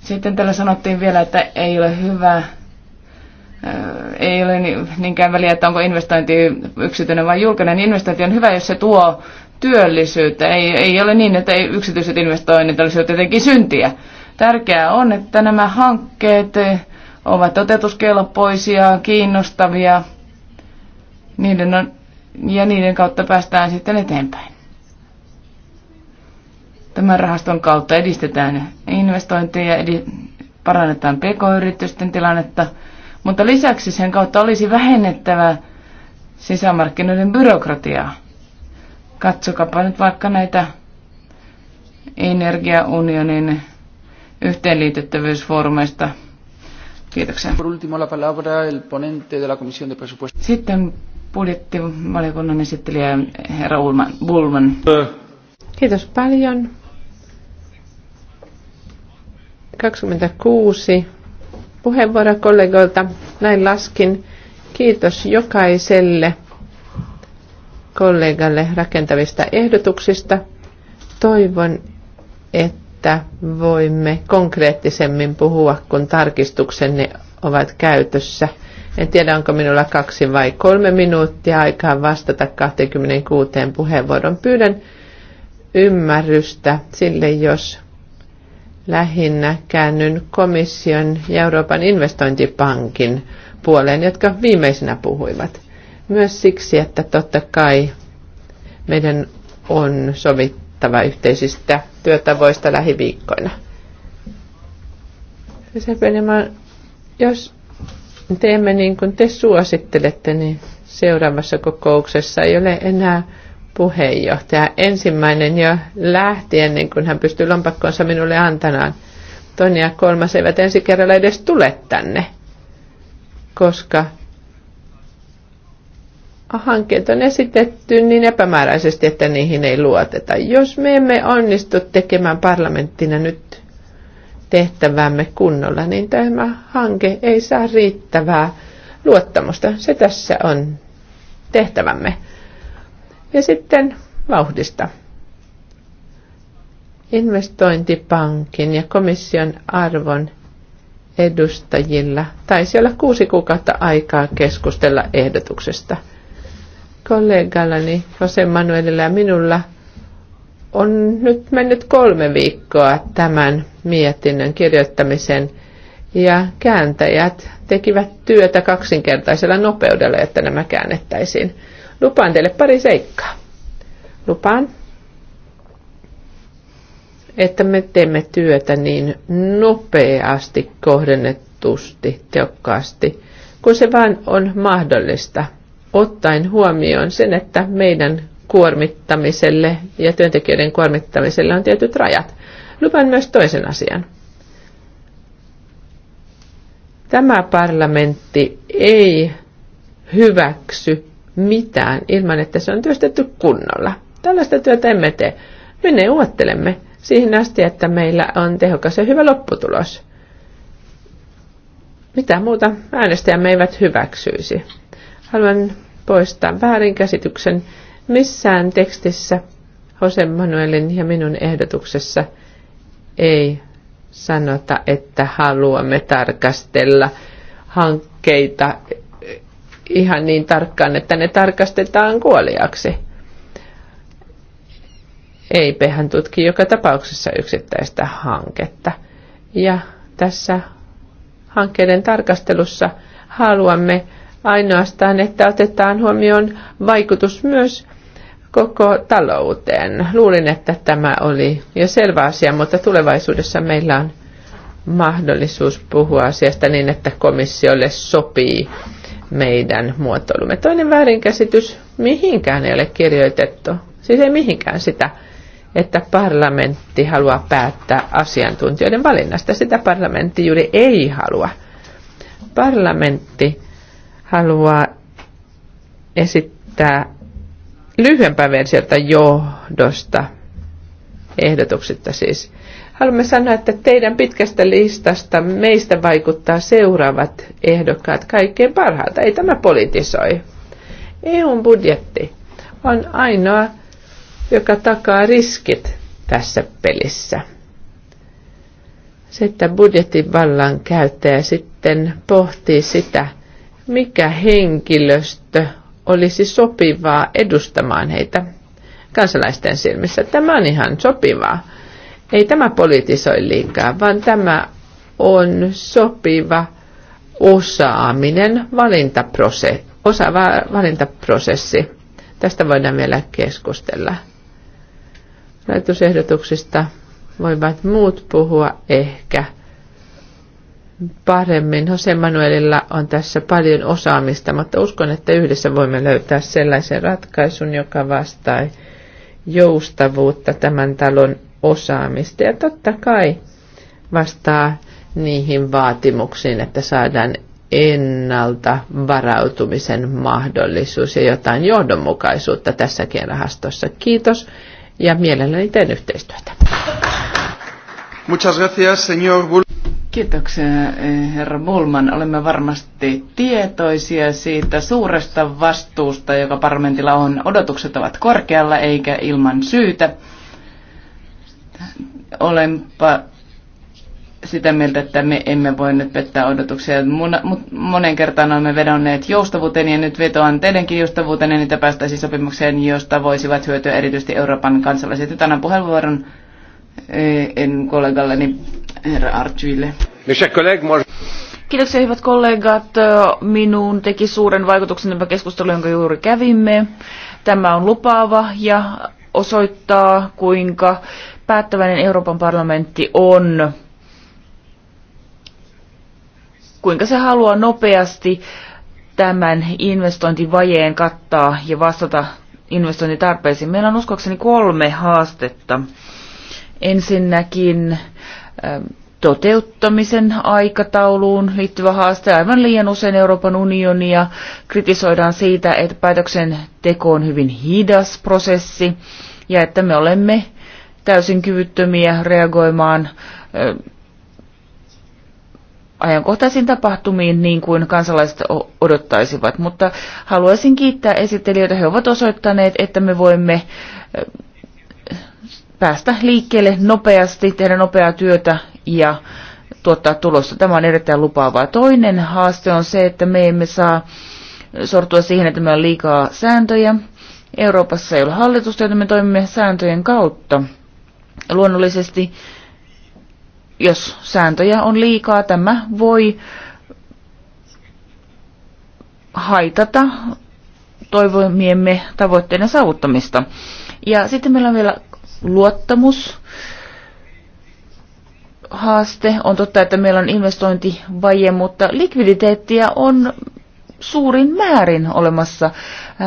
Sitten täällä sanottiin vielä, että ei ole hyvä, eh, ei ole niinkään väliä, että onko investointi yksityinen vai julkinen. Investointi on hyvä, jos se tuo työllisyyttä. Ei, ei ole niin, että yksityiset investoinnit olisivat jotenkin syntiä. Tärkeää on, että nämä hankkeet ovat toteutuskelpoisia, kiinnostavia niiden on, ja niiden kautta päästään sitten eteenpäin. Tämän rahaston kautta edistetään investointeja, edi, parannetaan pk-yritysten tilannetta, mutta lisäksi sen kautta olisi vähennettävä sisämarkkinoiden byrokratiaa. Katsokapa nyt vaikka näitä energiaunionin yhteenliitettävyysfoorumeista. Kiitoksia. Por último la palabra el ponente de la Comisión de Presupuestos. Sitten budjettivaliokunnan esittelijä herra Ulman, Bulman. Kiitos paljon. 26 kollegoilta. Näin laskin. Kiitos jokaiselle kollegalle rakentavista ehdotuksista. Toivon, että voimme konkreettisemmin puhua, kun tarkistuksenne ovat käytössä. En tiedä, onko minulla kaksi vai kolme minuuttia aikaa vastata 26 puheenvuoron. Pyydän ymmärrystä sille, jos lähinnä käännyn komission ja Euroopan investointipankin puoleen, jotka viimeisenä puhuivat. Myös siksi, että totta kai meidän on sovittava yhteisistä työtavoista lähiviikkoina. Jos teemme niin kuin te suosittelette, niin seuraavassa kokouksessa ei ole enää puheenjohtaja. Ensimmäinen jo lähti ennen kuin hän pystyi lompakkonsa minulle antanaan. Toinen ja kolmas eivät ensi kerralla edes tule tänne, koska hankkeet on esitetty niin epämääräisesti, että niihin ei luoteta. Jos me emme onnistu tekemään parlamenttina nyt tehtävämme kunnolla, niin tämä hanke ei saa riittävää luottamusta. Se tässä on tehtävämme. Ja sitten vauhdista. Investointipankin ja komission arvon edustajilla taisi olla kuusi kuukautta aikaa keskustella ehdotuksesta – kollegallani Jose Manuelilla ja minulla on nyt mennyt kolme viikkoa tämän mietinnön kirjoittamisen ja kääntäjät tekivät työtä kaksinkertaisella nopeudella, että nämä käännettäisiin. Lupaan teille pari seikkaa. Lupaan, että me teemme työtä niin nopeasti, kohdennetusti, tehokkaasti, kun se vain on mahdollista – ottaen huomioon sen, että meidän kuormittamiselle ja työntekijöiden kuormittamiselle on tietyt rajat. Lupan myös toisen asian. Tämä parlamentti ei hyväksy mitään ilman, että se on työstetty kunnolla. Tällaista työtä emme tee. Me neuvottelemme siihen asti, että meillä on tehokas ja hyvä lopputulos. Mitä muuta äänestäjämme eivät hyväksyisi. Haluan poistaa väärinkäsityksen. Missään tekstissä Jose Manuelin ja minun ehdotuksessa ei sanota, että haluamme tarkastella hankkeita ihan niin tarkkaan, että ne tarkastetaan kuoliaksi. pehän tutki joka tapauksessa yksittäistä hanketta. Ja tässä hankkeiden tarkastelussa haluamme ainoastaan, että otetaan huomioon vaikutus myös koko talouteen. Luulin, että tämä oli jo selvä asia, mutta tulevaisuudessa meillä on mahdollisuus puhua asiasta niin, että komissiolle sopii meidän muotoilumme. Toinen väärinkäsitys, mihinkään ei ole kirjoitettu, siis ei mihinkään sitä, että parlamentti haluaa päättää asiantuntijoiden valinnasta. Sitä parlamentti juuri ei halua. Parlamentti haluaa esittää lyhyempää versiota johdosta ehdotuksista siis. Haluamme sanoa, että teidän pitkästä listasta meistä vaikuttaa seuraavat ehdokkaat kaikkein parhaalta. Ei tämä politisoi. EUn budjetti on ainoa, joka takaa riskit tässä pelissä. Se, että budjetin vallan käyttäjä sitten pohtii sitä, mikä henkilöstö olisi sopivaa edustamaan heitä kansalaisten silmissä. Tämä on ihan sopivaa. Ei tämä politisoi liikaa, vaan tämä on sopiva osaaminen, valintaprosessi, osaava valintaprosessi. Tästä voidaan vielä keskustella. Laitusehdotuksista voivat muut puhua ehkä – paremmin. Jose Manuelilla on tässä paljon osaamista, mutta uskon, että yhdessä voimme löytää sellaisen ratkaisun, joka vastaa joustavuutta tämän talon osaamista. Ja totta kai vastaa niihin vaatimuksiin, että saadaan ennalta varautumisen mahdollisuus ja jotain johdonmukaisuutta tässäkin rahastossa. Kiitos ja mielelläni teen yhteistyötä. Muchas gracias, señor Kiitoksia, eh, herra Bulman. Olemme varmasti tietoisia siitä suuresta vastuusta, joka parlamentilla on. Odotukset ovat korkealla eikä ilman syytä. Olenpa sitä mieltä, että me emme voi nyt pettää odotuksia. Monen kertaan olemme vedonneet joustavuuteen ja nyt vetoan teidänkin joustavuuteen, niin että päästäisiin sopimukseen, josta voisivat hyötyä erityisesti Euroopan kansalaiset. Tänään puheenvuoron Eh, en kollegalleni niin herra Archville. Kiitoksia hyvät kollegat. Minun teki suuren vaikutuksen tämä keskustelu, jonka juuri kävimme. Tämä on lupaava ja osoittaa, kuinka päättäväinen Euroopan parlamentti on, kuinka se haluaa nopeasti tämän investointivajeen kattaa ja vastata investointitarpeisiin. Meillä on uskoakseni kolme haastetta Ensinnäkin ähm, toteuttamisen aikatauluun liittyvä haaste. Aivan liian usein Euroopan unionia kritisoidaan siitä, että päätöksenteko on hyvin hidas prosessi ja että me olemme täysin kyvyttömiä reagoimaan ähm, ajankohtaisiin tapahtumiin niin kuin kansalaiset odottaisivat. Mutta haluaisin kiittää esittelijöitä. He ovat osoittaneet, että me voimme päästä liikkeelle nopeasti, tehdä nopeaa työtä ja tuottaa tulosta. Tämä on erittäin lupaavaa. Toinen haaste on se, että me emme saa sortua siihen, että meillä on liikaa sääntöjä. Euroopassa ei ole hallitusta, joten me toimimme sääntöjen kautta. Luonnollisesti, jos sääntöjä on liikaa, tämä voi haitata toivomiemme tavoitteiden saavuttamista. Ja sitten meillä on vielä luottamus haaste. On totta, että meillä on investointivaje, mutta likviditeettiä on suurin määrin olemassa.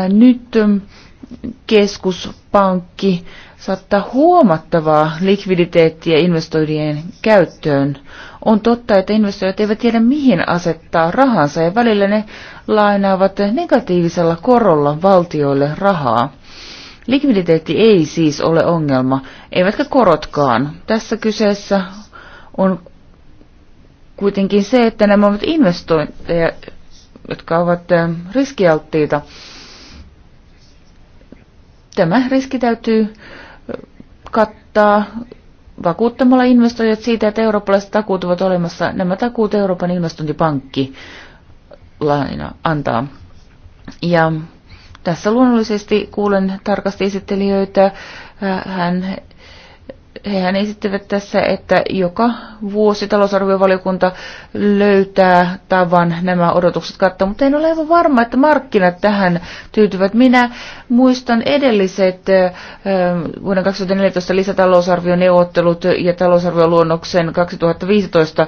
Nyt keskuspankki saattaa huomattavaa likviditeettiä investoijien käyttöön. On totta, että investoijat eivät tiedä mihin asettaa rahansa ja välillä ne lainaavat negatiivisella korolla valtioille rahaa. Likviditeetti ei siis ole ongelma, eivätkä korotkaan. Tässä kyseessä on kuitenkin se, että nämä ovat investointeja, jotka ovat riskialttiita. Tämä riski täytyy kattaa vakuuttamalla investoijat siitä, että eurooppalaiset takuut ovat olemassa. Nämä takuut Euroopan investointipankki laina antaa. Ja tässä luonnollisesti kuulen tarkasti esittelijöitä. Hän, hehän esittävät tässä, että joka vuosi talousarviovaliokunta löytää tavan nämä odotukset katsoa, mutta en ole aivan varma, että markkinat tähän tyytyvät. Minä muistan edelliset vuoden 2014 lisätalousarvioneuvottelut ja talousarvioluonnoksen 2015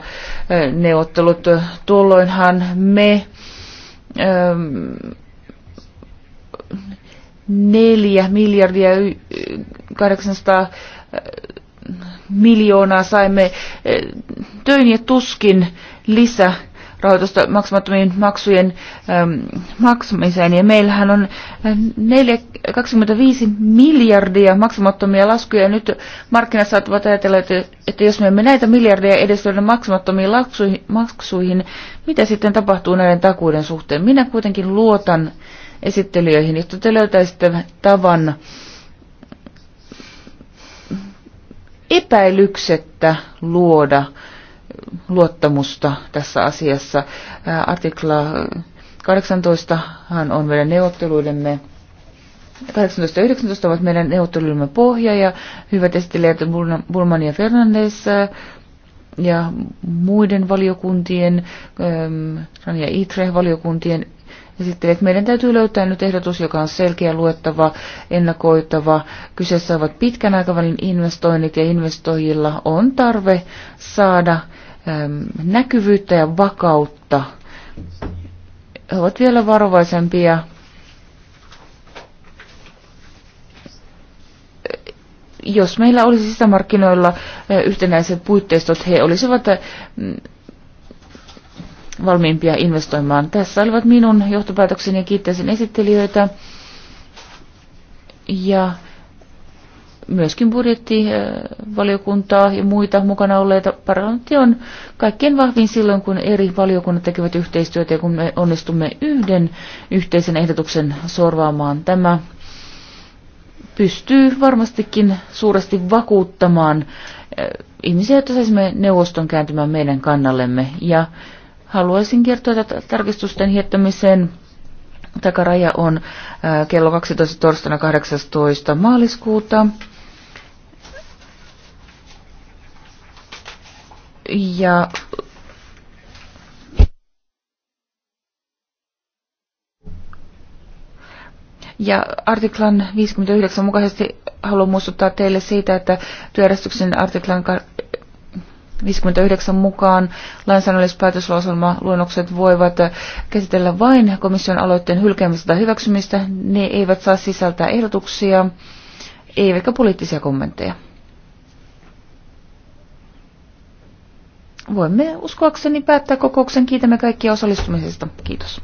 neuvottelut. Tuolloinhan me 4 miljardia 800 eh, miljoonaa saimme eh, töin ja tuskin lisä rahoitusta maksamattomien maksujen ähm, maksamiseen. Ja meillähän on 4, eh, 25 miljardia maksamattomia laskuja. Nyt markkinat saattavat ajatella, että, että jos me emme näitä miljardeja edes löydä maksamattomiin laksuihin, maksuihin, mitä sitten tapahtuu näiden takuuden suhteen? Minä kuitenkin luotan esittelijöihin, jotta te löytäisitte tavan epäilyksettä luoda luottamusta tässä asiassa. Artikla 18 on meidän neuvotteluidemme 18 ja 19 ovat meidän neuvottelujemme pohja ja hyvät esittelijät Bulman ja Fernandes ja muiden valiokuntien, Ran ja Itre-valiokuntien että Meidän täytyy löytää nyt ehdotus, joka on selkeä, luettava, ennakoitava. Kyseessä ovat pitkän aikavälin investoinnit ja investoijilla on tarve saada äm, näkyvyyttä ja vakautta. He ovat vielä varovaisempia jos meillä olisi sisämarkkinoilla yhtenäiset puitteistot, he olisivat valmiimpia investoimaan. Tässä olivat minun johtopäätökseni ja kiittäisin esittelijöitä ja myöskin budjettivaliokuntaa äh, ja muita mukana olleita. Parlamentti on kaikkien vahvin silloin, kun eri valiokunnat tekevät yhteistyötä ja kun me onnistumme yhden yhteisen ehdotuksen sorvaamaan. Tämä pystyy varmastikin suuresti vakuuttamaan äh, ihmisiä, että saisimme neuvoston kääntymään meidän kannallemme. Ja Haluaisin kertoa, että tarkistusten hiettämisen takaraja on äh, kello 12 torstaina 18. maaliskuuta. Ja Ja artiklan 59 mukaisesti haluan muistuttaa teille siitä, että työjärjestyksen artiklan 59 mukaan lainsäädännöllispäätöslauselma luonnokset voivat käsitellä vain komission aloitteen hylkäämistä tai hyväksymistä. Ne eivät saa sisältää ehdotuksia eivätkä poliittisia kommentteja. Voimme uskoakseni päättää kokouksen. Kiitämme kaikkia osallistumisesta. Kiitos.